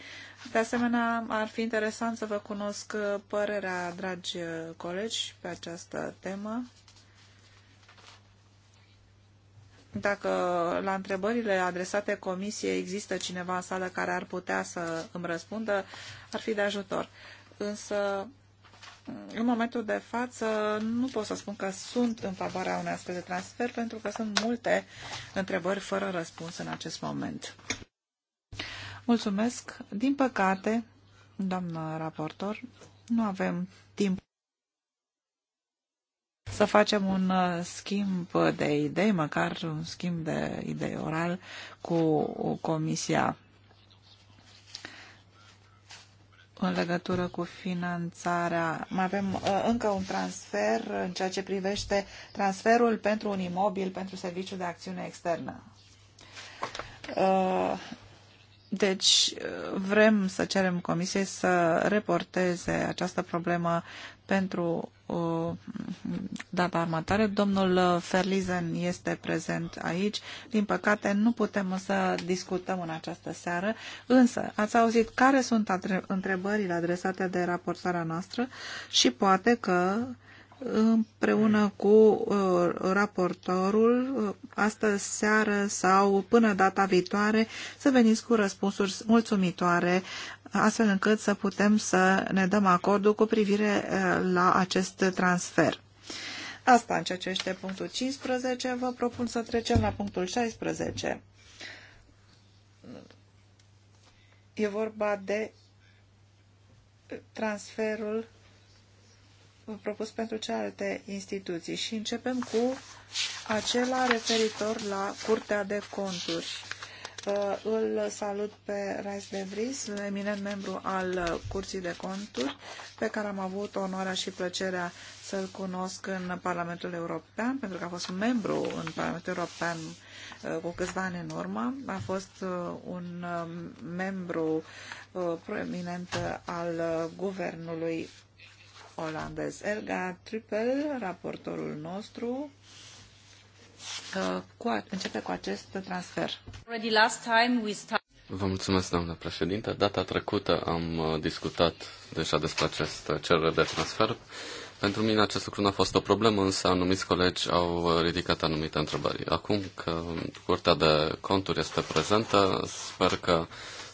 De asemenea, ar fi interesant să vă cunosc părerea, dragi colegi, pe această temă. Dacă la întrebările adresate comisiei există cineva în sală care ar putea să îmi răspundă, ar fi de ajutor. Însă în momentul de față nu pot să spun că sunt în favoarea unei astfel de transfer pentru că sunt multe întrebări fără răspuns în acest moment. Mulțumesc. Din păcate, doamnă raportor, nu avem timp să facem un uh, schimb de idei, măcar un schimb de idei oral cu Comisia în legătură cu finanțarea. Mai avem uh, încă un transfer în ceea ce privește transferul pentru un imobil, pentru serviciul de acțiune externă. Uh, deci uh, vrem să cerem Comisiei să reporteze această problemă pentru data pe armatare. Domnul uh, Ferlizen este prezent aici. Din păcate, nu putem să discutăm în această seară, însă ați auzit care sunt întrebările adresate de raportarea noastră și poate că împreună cu uh, raportorul uh, astă seară sau până data viitoare să veniți cu răspunsuri mulțumitoare astfel încât să putem să ne dăm acordul cu privire uh, la acest transfer. Asta în ceea ce este punctul 15. Vă propun să trecem la punctul 16. E vorba de transferul propus pentru celelalte instituții și începem cu acela referitor la Curtea de Conturi. Uh, îl salut pe Rais de Vries, eminent membru al Curții de Conturi, pe care am avut onoarea și plăcerea să-l cunosc în Parlamentul European, pentru că a fost membru în Parlamentul European uh, cu câțiva ani în urmă. A fost uh, un membru proeminent al guvernului olandez. Elga Trippel, raportorul nostru, uh, cu, începe cu acest transfer. Vă mulțumesc, doamnă președinte. Data trecută am uh, discutat deja despre acest uh, cerere de transfer. Pentru mine acest lucru nu a fost o problemă, însă anumiți colegi au ridicat anumite întrebări. Acum că Curtea de Conturi este prezentă, sper că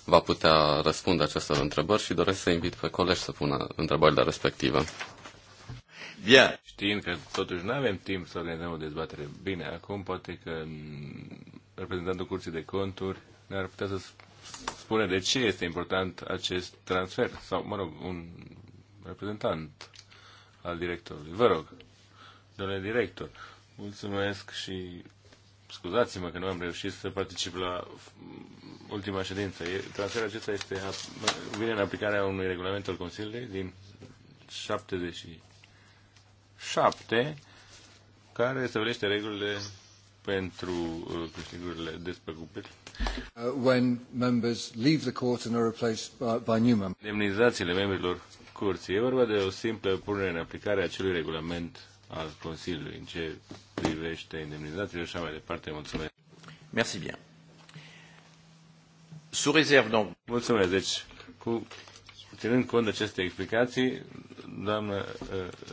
va putea răspunde acestor întrebări și doresc să invit pe colegi să pună întrebările respective. Bine, știind că totuși nu avem timp să organizăm o dezbatere. Bine, acum poate că reprezentantul Curții de Conturi ne-ar putea să spune de ce este important acest transfer sau, mă rog, un reprezentant al directorului. Vă rog, domnule director, mulțumesc și scuzați-mă că nu am reușit să particip la ultima ședință. Transferul acesta este, vine în aplicarea unui regulament al Consiliului din 77 care stabilește regulile pentru uh, câștigurile despăgubiri. Uh, when members leave the court and are replaced by, by new members. Demnizațiile membrilor curții. E vorba de o simplă punere în aplicare a acelui regulament al Consiliului în ce privește indemnizațiile și așa mai departe. Mulțumesc. Merci bien. Sous réserve, donc. Mulțumesc. Deci, cu, ținând cont de aceste explicații, doamnă ă,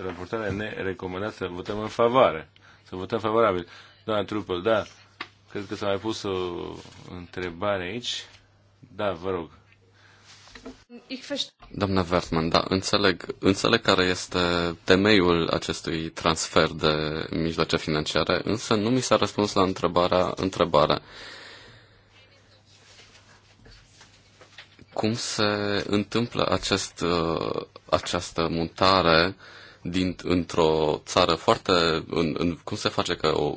raportarea ne recomandă să votăm în favoare, să votăm favorabil. Doamna Trupel, da, cred că s-a mai pus o întrebare aici. Da, vă rog. Doamna Wertmann, da, înțeleg, înțeleg care este temeiul acestui transfer de mijloace financiare, însă nu mi s-a răspuns la întrebarea, întrebare. Cum se întâmplă acest, uh, această mutare din, într-o țară foarte... În, în, cum se face că o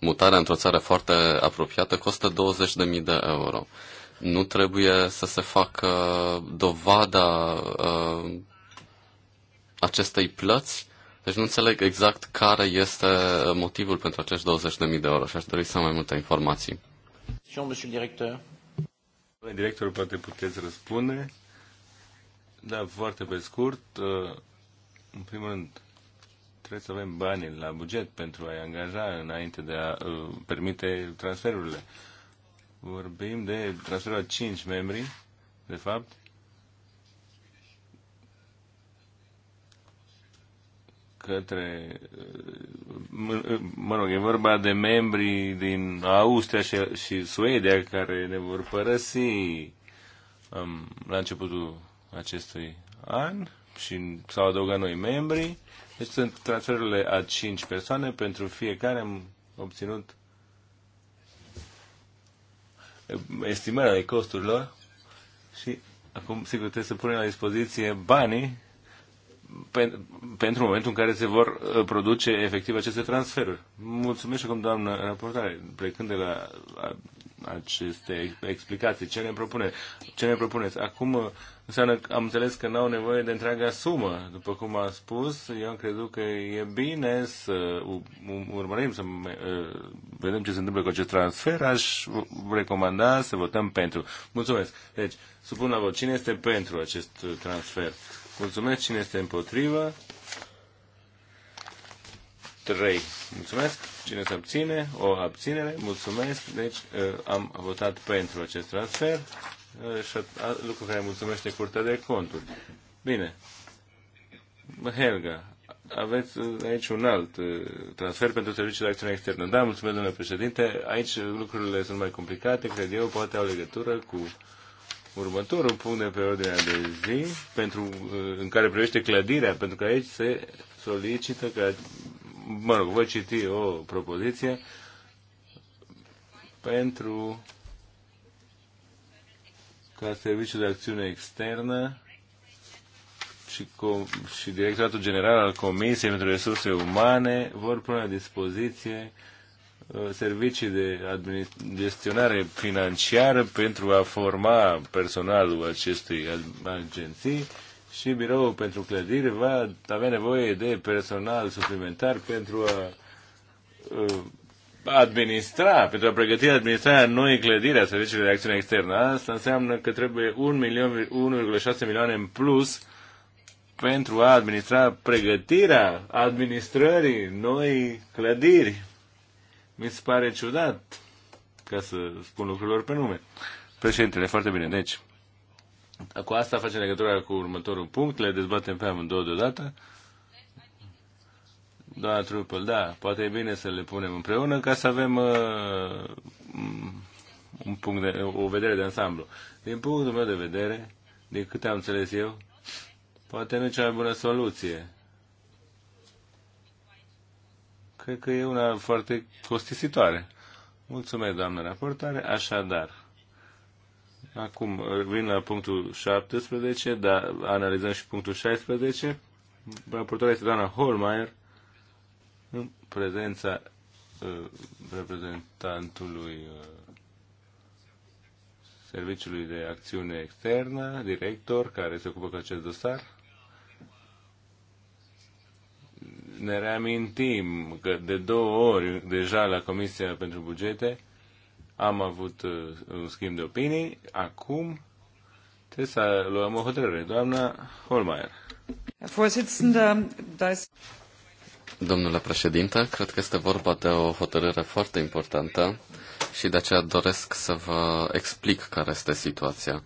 mutare într-o țară foarte apropiată costă 20.000 de euro? Nu trebuie să se facă dovada uh, acestei plăți? Deci nu înțeleg exact care este motivul pentru acești 20.000 de euro și aș dori să am mai multe informații. Domnule director. Directorul poate puteți răspunde. Da, foarte pe scurt. Uh, în primul rând, trebuie să avem bani la buget pentru a-i angaja înainte de a uh, permite transferurile vorbim de transferul a 5 membri, de fapt. către, mă, mă rog, e vorba de membrii din Austria și, și Suedia care ne vor părăsi um, la începutul acestui an și s-au adăugat noi membri. Deci sunt transferurile a 5 persoane, pentru fiecare am obținut estimarea de costurilor și acum, sigur, trebuie să punem la dispoziție banii pen, pentru momentul în care se vor uh, produce efectiv aceste transferuri. Mulțumesc și acum, doamnă raportare, plecând de la uh, aceste explicații, ce ne propune, ce ne propuneți. Acum uh, înseamnă că am înțeles că n-au nevoie de întreaga sumă. După cum a spus, eu am crezut că e bine să urmărim, să uh, vedem ce se întâmplă cu acest transfer. Aș recomanda să votăm pentru. Mulțumesc. Deci, supun la vot. Cine este pentru acest uh, transfer? Mulțumesc. Cine este împotrivă? 3. Mulțumesc. Cine se abține? O abținere. Mulțumesc. Deci uh, am votat pentru acest transfer. Eh, lucru care mulțumește Curtea de Conturi. Bine. Helga, aveți eh, aici un alt eh, transfer pentru serviciul de acțiune externă. Da, mulțumesc, domnule președinte. Aici lucrurile sunt mai complicate, cred eu, poate au legătură cu următorul punct de pe ordinea de zi, pentru, în care privește clădirea, pentru că aici se solicită că, mă rog, voi citi o propoziție pentru ca Serviciul de Acțiune Externă și, Com- și Directoratul General al Comisiei pentru Resurse Umane vor pune la dispoziție uh, servicii de gestionare financiară pentru a forma personalul acestei agenții și biroul pentru clădire va avea nevoie de personal suplimentar pentru a uh, administra, pentru a pregăti administrarea noi clădiri a serviciului de acțiune externă. Asta înseamnă că trebuie 1 milion, 1,6 milioane în plus pentru a administra pregătirea administrării noi clădiri. Mi se pare ciudat, ca să spun lucrurilor pe nume. Președintele, foarte bine. Deci, cu asta facem legătura cu următorul punct, le dezbatem pe amândouă deodată. Da, trupul, da, poate e bine să le punem împreună ca să avem uh, un punct de, o vedere de ansamblu. Din punctul meu de vedere, din câte am înțeles eu, poate nu e cea mai bună soluție. Cred că e una foarte costisitoare. Mulțumesc, doamnă raportare. Așadar, acum vin la punctul 17, dar analizăm și punctul 16. Raportarea este doamna Holmeier prezența uh, reprezentantului uh, Serviciului de Acțiune Externă, director, care se ocupă cu acest dosar. Ne reamintim că de două ori deja la Comisia pentru Bugete am avut uh, un schimb de opinii. Acum trebuie să luăm o hotărâre. Doamna Holmeier. Domnule președinte, cred că este vorba de o hotărâre foarte importantă și de aceea doresc să vă explic care este situația.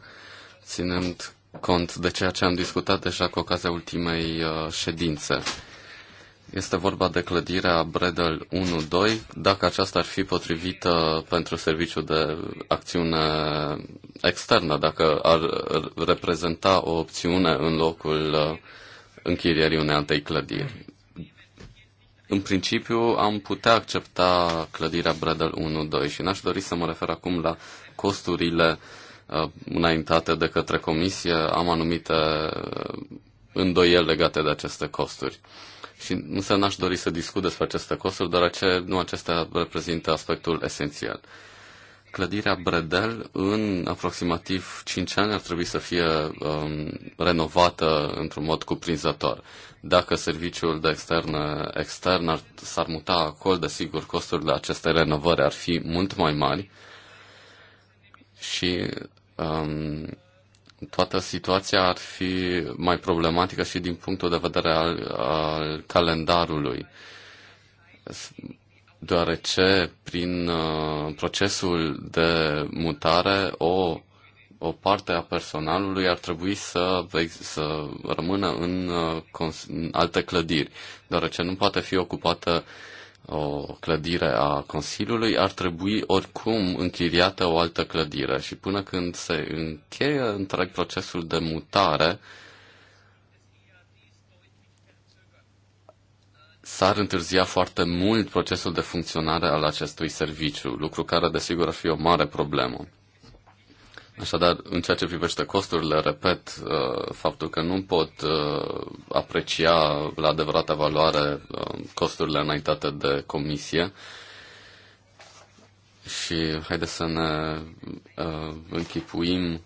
Ținând cont de ceea ce am discutat deja cu ocazia ultimei uh, ședințe. Este vorba de clădirea Bredel 1-2, dacă aceasta ar fi potrivită pentru serviciul de acțiune externă, dacă ar reprezenta o opțiune în locul uh, închirierii unei altei clădiri. În principiu, am putea accepta clădirea Bredel 1-2 și n-aș dori să mă refer acum la costurile uh, înaintate de către comisie. Am anumite uh, îndoieli legate de aceste costuri. Și însă n-aș dori să discut despre aceste costuri, deoarece nu acestea reprezintă aspectul esențial. Uh, Clădirea Bredel în aproximativ 5 ani ar trebui să fie um, renovată într-un mod cuprinzător. Dacă serviciul de extern ar, s-ar muta acolo, desigur, costurile acestei renovări ar fi mult mai mari și um, toată situația ar fi mai problematică și din punctul de vedere al, al calendarului deoarece prin uh, procesul de mutare o, o parte a personalului ar trebui să, să rămână în, uh, în alte clădiri, deoarece nu poate fi ocupată o clădire a Consiliului, ar trebui oricum închiriată o altă clădire și până când se încheie întreg procesul de mutare, s-ar întârzia foarte mult procesul de funcționare al acestui serviciu, lucru care desigur ar fi o mare problemă. Așadar, în ceea ce privește costurile, repet uh, faptul că nu pot uh, aprecia la adevărata valoare uh, costurile înaintate de comisie. Și haideți să ne închipuim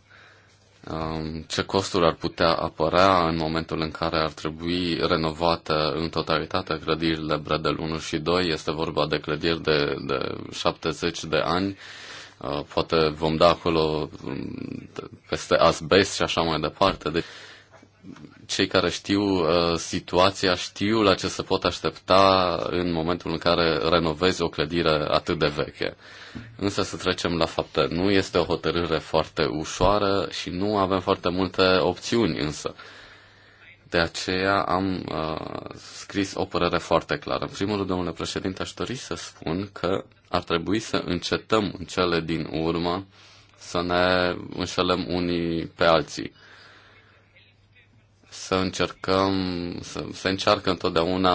Um, ce costuri ar putea apărea în momentul în care ar trebui renovate în totalitate clădirile Bredel 1 și 2. Este vorba de clădiri de, de 70 de ani. Uh, poate vom da acolo um, peste asbest și așa mai departe. Deci, cei care știu uh, situația știu la ce se pot aștepta în momentul în care renovezi o clădire atât de veche. Însă să trecem la fapte. Nu este o hotărâre foarte ușoară și nu avem foarte multe opțiuni însă. De aceea am uh, scris o părere foarte clară. În primul rând, domnule președinte, aș dori să spun că ar trebui să încetăm în cele din urmă să ne înșelăm unii pe alții să încercăm, să, să încearcă întotdeauna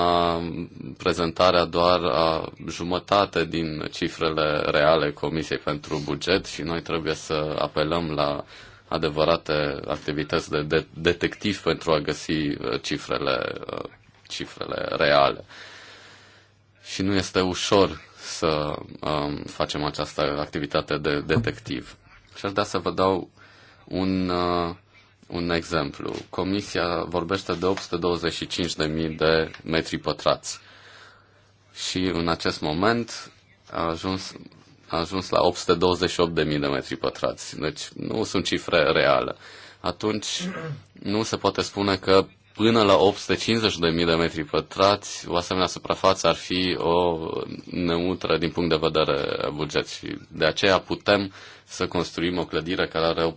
prezentarea doar a jumătate din cifrele reale Comisiei pentru buget și noi trebuie să apelăm la adevărate activități de, de detectiv pentru a găsi uh, cifrele, uh, cifrele reale. Și nu este ușor să um, facem această activitate de detectiv. Și aș da să vă dau un uh, un exemplu. Comisia vorbește de 825.000 de metri pătrați și în acest moment a ajuns, a ajuns la 828.000 de metri pătrați. Deci nu sunt cifre reale. Atunci nu se poate spune că până la 850.000 de metri pătrați, o asemenea suprafață ar fi o neutră din punct de vedere buget și de aceea putem să construim o clădire care are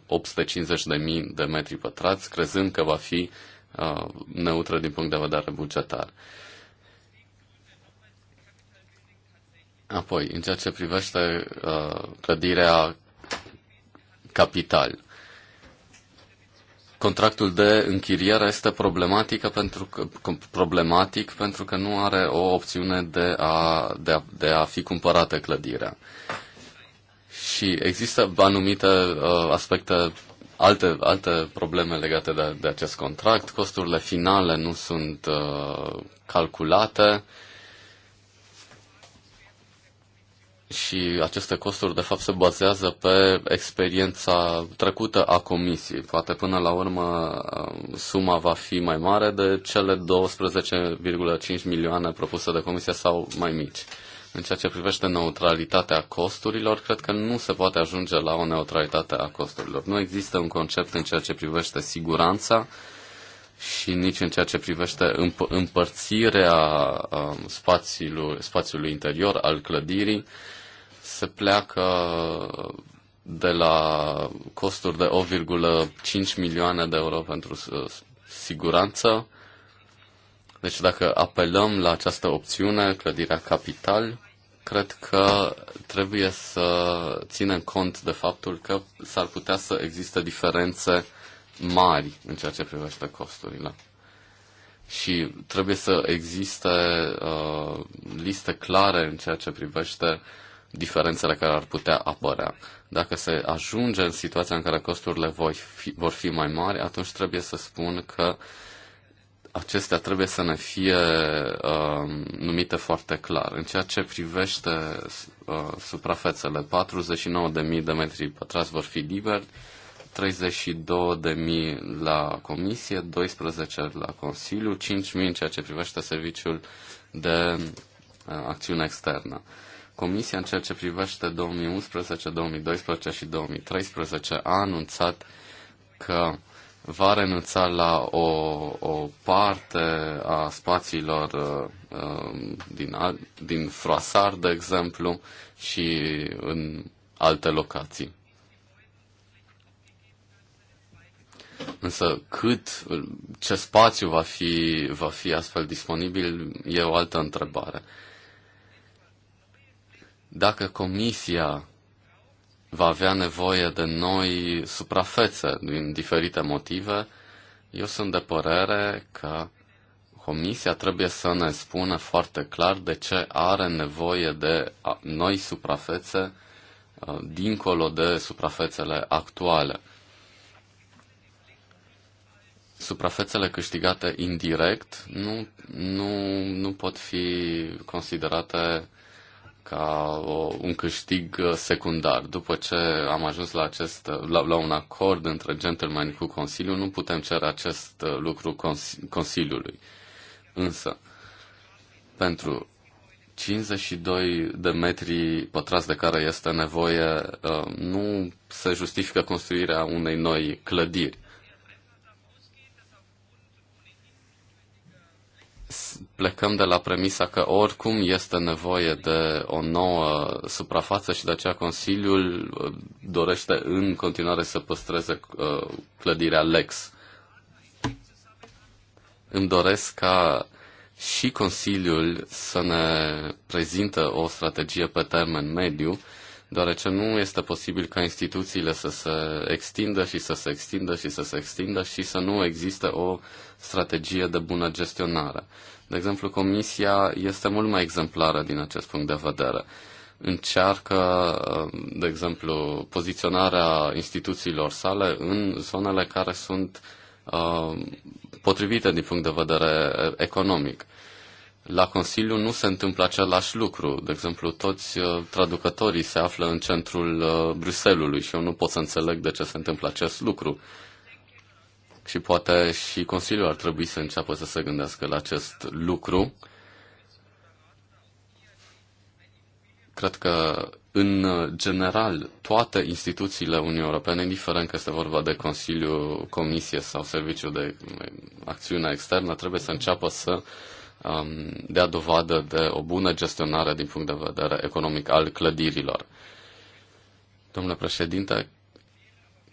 850.000 de metri pătrați, crezând că va fi uh, neutră din punct de vedere bugetar. Apoi, în ceea ce privește uh, clădirea capital, contractul de închiriere este problematic pentru că, problematic pentru că nu are o opțiune de a, de a, de a fi cumpărată clădirea. Uh, și există anumite uh, aspecte, alte, alte probleme legate de, de acest contract. Costurile finale nu sunt uh, calculate și aceste costuri, de fapt, se bazează pe experiența trecută a comisiei. Poate până la urmă uh, suma va fi mai mare de cele 12,5 milioane propuse de comisie sau mai mici. În ceea ce privește neutralitatea costurilor, cred că nu se poate ajunge la o neutralitate a costurilor. Nu există un concept în ceea ce privește siguranța și nici în ceea ce privește împ- împărțirea um, spațiului, spațiului interior al clădirii. Se pleacă de la costuri de 8,5 milioane de euro pentru siguranță deci dacă apelăm la această opțiune, clădirea capital, cred că trebuie să ținem cont de faptul că s-ar putea să existe diferențe mari în ceea ce privește costurile. Și trebuie să existe uh, liste clare în ceea ce privește diferențele care ar putea apărea. Dacă se ajunge în situația în care costurile voi fi, vor fi mai mari, atunci trebuie să spun că uh, acestea trebuie să ne fie uh, numite foarte clar. În ceea ce privește uh, suprafețele, 49.000 de metri pătrați vor fi liberi, 32.000 la comisie, 12 la Consiliu, 5.000 în ceea ce privește serviciul de uh, acțiune externă. Comisia în ceea ce privește 2011, 2012 și 2013 a anunțat că uh, va renunța la o, o parte a spațiilor uh, din, din Froasar, de exemplu, și în alte locații. Însă cât, ce spațiu va fi, va fi astfel disponibil e o altă întrebare. Dacă Comisia va avea nevoie de noi suprafețe din diferite motive, eu sunt de părere că Comisia trebuie să ne spună foarte clar de ce are nevoie de noi suprafețe dincolo de suprafețele actuale. Suprafețele câștigate indirect nu, nu, nu pot fi considerate ca o, un câștig uh, secundar. După ce am ajuns la, acest, uh, la, la un acord între gentleman cu Consiliul, nu putem cere acest uh, lucru cons, Consiliului. Însă, pentru 52 de metri pătrați de care este nevoie, nu se justifică construirea unei noi clădiri. plecăm de la premisa că oricum este nevoie de o nouă suprafață și de aceea Consiliul uh, dorește în continuare să păstreze uh, clădirea Lex. Îmi doresc ca și Consiliul să ne prezintă o strategie pe termen mediu, deoarece nu este posibil ca instituțiile să se extindă și să se extindă și să se extindă și să nu existe o strategie de bună gestionare. De exemplu, Comisia este mult mai exemplară din acest punct de vedere. Încearcă, de exemplu, poziționarea instituțiilor sale în zonele care sunt uh, potrivite din punct de vedere economic. La Consiliu nu se întâmplă același lucru. De exemplu, toți uh, traducătorii se află în centrul uh, Bruselului și eu nu pot să înțeleg de ce se întâmplă acest lucru. Și poate și Consiliul ar trebui să înceapă să se gândească la acest lucru. Cred că, în general, toate instituțiile Uniunii Europene, indiferent că este vorba de Consiliu, Comisie sau Serviciul de Acțiune Externă, trebuie să înceapă să um, dea dovadă de o bună gestionare din punct de vedere economic al clădirilor. Domnule președinte,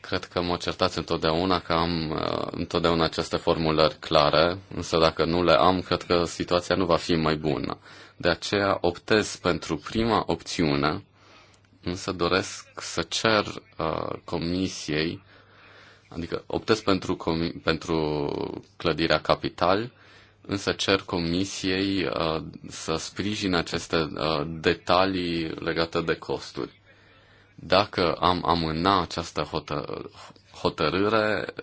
Cred că mă certați întotdeauna că am uh, întotdeauna aceste formulări clare, însă dacă nu le am, cred că situația nu va fi mai bună. De aceea optez pentru prima opțiune, însă doresc să cer uh, comisiei, adică optez pentru, comi- pentru clădirea capital, însă cer comisiei uh, să sprijin aceste uh, detalii legate de costuri. Dacă am amâna această hotă, hotărâre,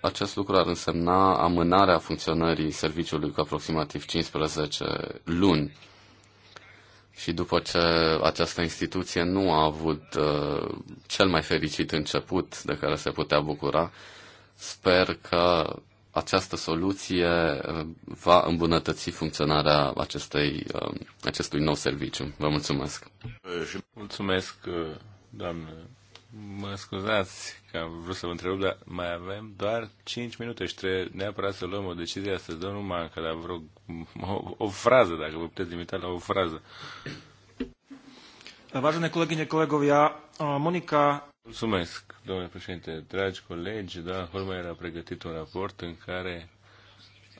acest lucru ar însemna amânarea funcționării serviciului cu aproximativ 15 luni. Și după ce această instituție nu a avut uh, cel mai fericit început de care se putea bucura, sper că această soluție uh, va îmbunătăți funcționarea acestei, uh, acestui nou serviciu. Vă mulțumesc. Mulțumesc, uh, doamnă. Mă scuzați că am vrut să vă întreb, dar mai avem doar 5 minute și trebuie neapărat să luăm o decizie astăzi. Domnul Manca, dar vreo o, o frază, dacă vă puteți limita la o frază. Vážené kolegyne, kolegovia, Monika... Mulțumesc, domnule președinte. Dragi colegi, da, Holmeier a pregătit un raport în care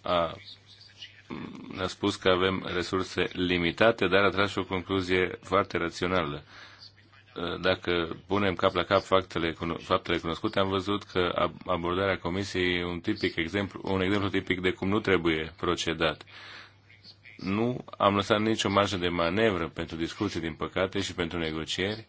a, a spus că avem resurse limitate, dar a tras o concluzie foarte rațională. Ă, dacă punem cap la cap faptele, faptele cunoscute, am văzut că abordarea Comisiei e un, tipic exemplu, un exemplu tipic de cum nu trebuie procedat nu am lăsat nicio marjă de manevră pentru discuții, din păcate, și pentru negocieri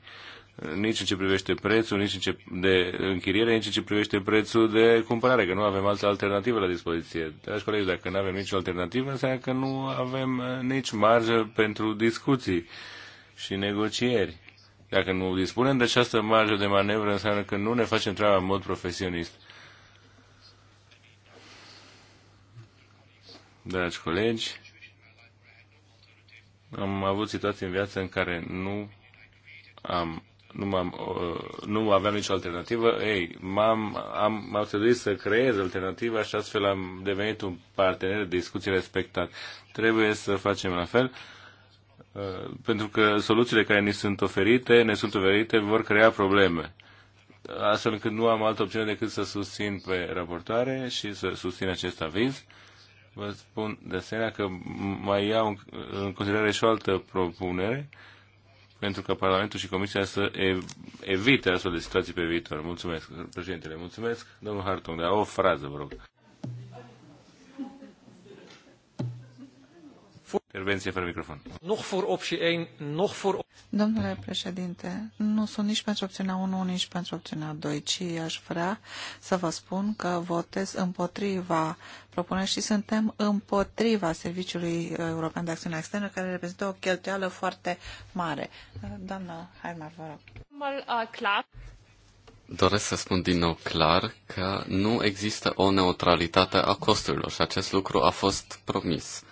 nici în ce privește prețul nici în ce de închiriere, nici în ce privește prețul de cumpărare, că nu avem alte alternative la dispoziție. Dragi colegi, dacă nu avem nicio alternativă, înseamnă că nu avem uh, nici marjă pentru discuții și negocieri. Dacă nu dispunem de această marjă de manevră, înseamnă că nu ne facem treaba în mod profesionist. Dragi colegi, am avut situații în viață în care nu am nu, am uh, nu aveam nicio alternativă, ei, m-am, am, m-am trebuit să creez alternativa și astfel am devenit un partener de discuții respectat. Trebuie să facem la fel, uh, pentru că soluțiile care ni sunt oferite, ne sunt oferite, vor crea probleme. Astfel încât nu am altă opțiune decât să susțin pe raportare și să susțin acest aviz. Vă spun de asemenea că mai iau în considerare și o altă propunere, uh, pentru că Parlamentul și Comisia să evite astfel de situații pe viitor. Mulțumesc, președintele. Mulțumesc, domnul Hartung. Da, o frază, vă rog. Intervenție fără microfon. Noch for opție 1, noch for... Domnule președinte, nu sunt nici pentru opțiunea 1, nici pentru opțiunea 2, ci aș vrea să vă spun că votez împotriva propunerii și suntem împotriva Serviciului European de Acțiune Externă, care reprezintă o cheltuială foarte mare. Doamna Haimar, vă rog. Uh, Doresc să spun din nou clar că nu există o neutralitate a costurilor și acest lucru a fost promis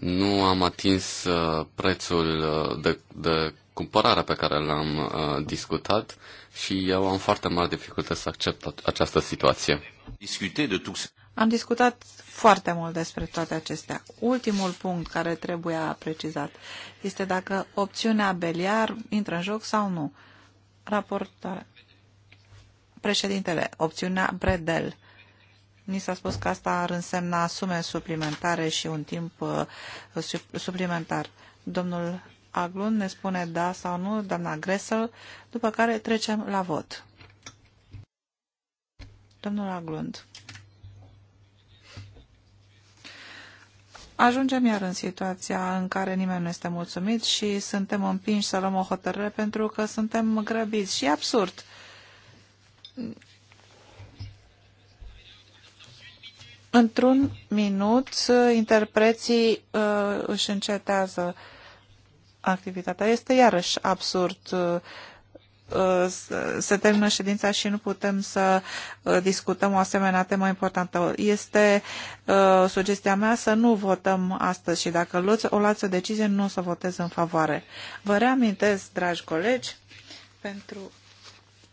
nu am atins uh, prețul uh, de, de cumpărare pe care l-am uh, discutat și eu am foarte mari dificultăți să accept această situație. Am discutat foarte mult despre toate acestea. Ultimul punct care trebuie precizat este dacă opțiunea Beliar intră în joc sau nu. Raportare. Președintele, opțiunea Bredel Ni s-a spus că asta ar însemna sume suplimentare și un timp uh, suplimentar. Domnul Aglun ne spune da sau nu, doamna Gressel, după care trecem la vot. Domnul Aglund. Ajungem iar în situația în care nimeni nu este mulțumit și suntem împinși să luăm o hotărâre pentru că suntem grăbiți și absurd. Într-un minut, uh, interpreții uh, își încetează activitatea. Este iarăși absurd. Uh, uh se termină ședința și nu putem să uh, discutăm o asemenea temă importantă. Este uh, sugestia mea să nu votăm astăzi și dacă luați, o luați o decizie, nu o să votez în favoare. Vă reamintesc, dragi colegi, pentru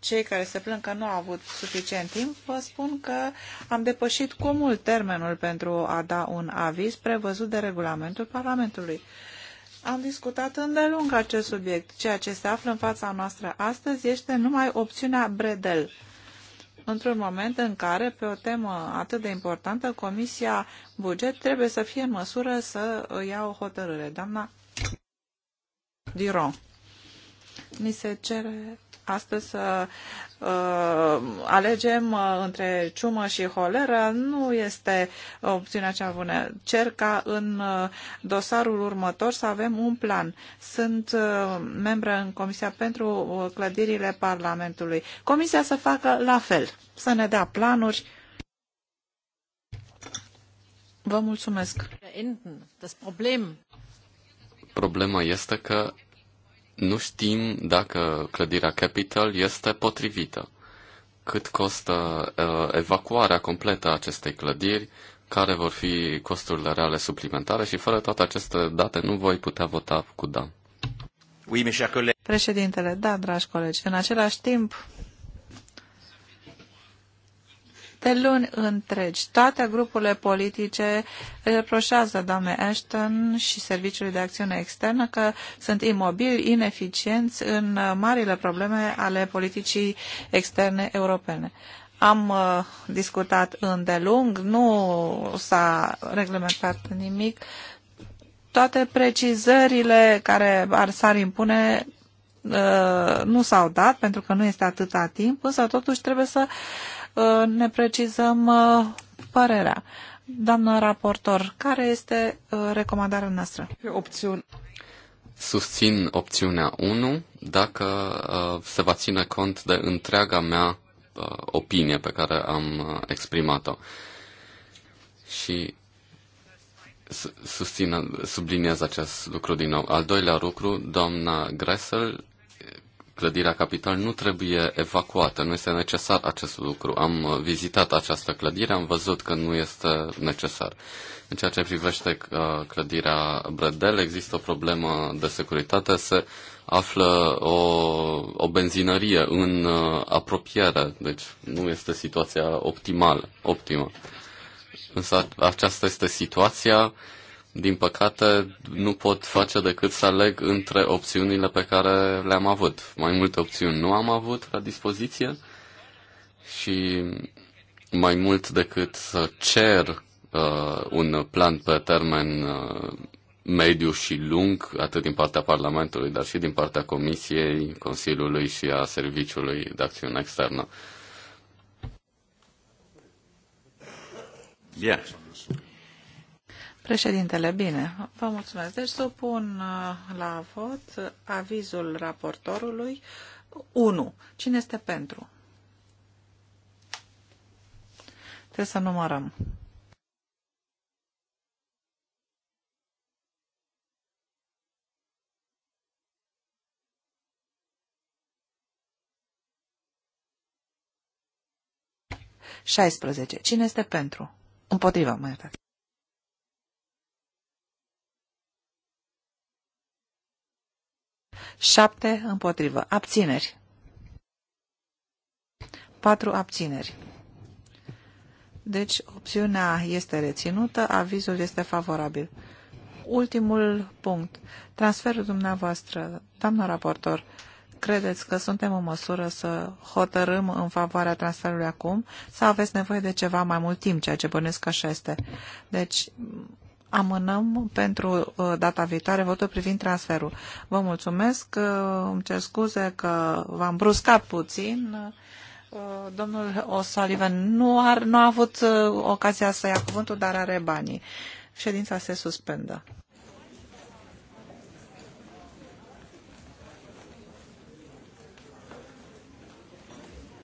cei care se plâng că nu au avut suficient timp, vă spun că am depășit cu mult termenul pentru a da un aviz prevăzut de regulamentul Parlamentului. Am discutat îndelung acest subiect. Ceea ce se află în fața noastră astăzi este numai opțiunea Bredel. Într-un moment în care, pe o temă atât de importantă, Comisia Buget trebuie să fie în măsură să ia o hotărâre. Doamna Diron, mi se cere astăzi să uh, alegem uh, între ciumă și holeră nu este uh, opțiunea cea bună. Cer ca în uh, dosarul următor să avem un plan. Sunt uh, membră în Comisia pentru Clădirile Parlamentului. Comisia să facă la fel, să ne dea planuri. Vă mulțumesc. Problema este că nu știm dacă clădirea Capital este potrivită. Cât costă uh, evacuarea completă a acestei clădiri, care vor fi costurile reale suplimentare și fără toate aceste date nu voi putea vota cu da. Președintele, da, dragi colegi, în același timp de luni întregi. Toate grupurile politice reproșează doamne Ashton și Serviciului de Acțiune Externă că sunt imobili, ineficienți în marile probleme ale politicii externe europene. Am uh, discutat îndelung, nu s-a reglementat nimic. Toate precizările care ar s-ar impune uh, nu s-au dat pentru că nu este atâta timp, însă totuși trebuie să Uh, ne precizăm uh, părerea. Doamnă raportor, care este uh, recomandarea noastră? Opțiune. Susțin opțiunea 1 dacă se va ține cont de întreaga mea opinie pe care am exprimat-o. Și susțin, subliniez acest lucru din nou. Al doilea lucru, doamna Gressel clădirea Capital nu trebuie evacuată, nu este necesar acest lucru. Am vizitat această clădire, am văzut că nu este necesar. În ceea ce privește uh, clădirea Bredel, există o problemă de securitate. Se află o, o benzinărie în uh, apropiere, deci nu este situația optimală, optimă. Însă aceasta este situația din păcate, nu pot face decât să aleg între opțiunile pe care le-am avut. Mai multe opțiuni nu am avut la dispoziție și mai mult decât să cer uh, un plan pe termen uh, mediu și lung, atât din partea Parlamentului, dar și din partea Comisiei, Consiliului și a Serviciului de Acțiune Externă. Yeah. Președintele, bine, vă mulțumesc. Deci supun uh, la vot avizul raportorului 1. Cine este pentru? Trebuie să numărăm. Șaisprezece. Cine este pentru? Împotriva, mai iertați. 7 împotrivă. Abțineri. 4 abțineri. Deci opțiunea este reținută, avizul este favorabil. Ultimul punct. Transferul dumneavoastră, doamnă raportor, credeți că suntem în măsură să hotărâm în favoarea transferului acum sau aveți nevoie de ceva mai mult timp, ceea ce bănesc așa este. Deci, amânăm pentru uh, data viitoare votul privind transferul. Vă mulțumesc, uh, îmi cer scuze că v-am bruscat puțin. Uh, domnul O'Sullivan nu, ar, nu a avut ocazia să ia cuvântul, dar are banii. Ședința se suspendă.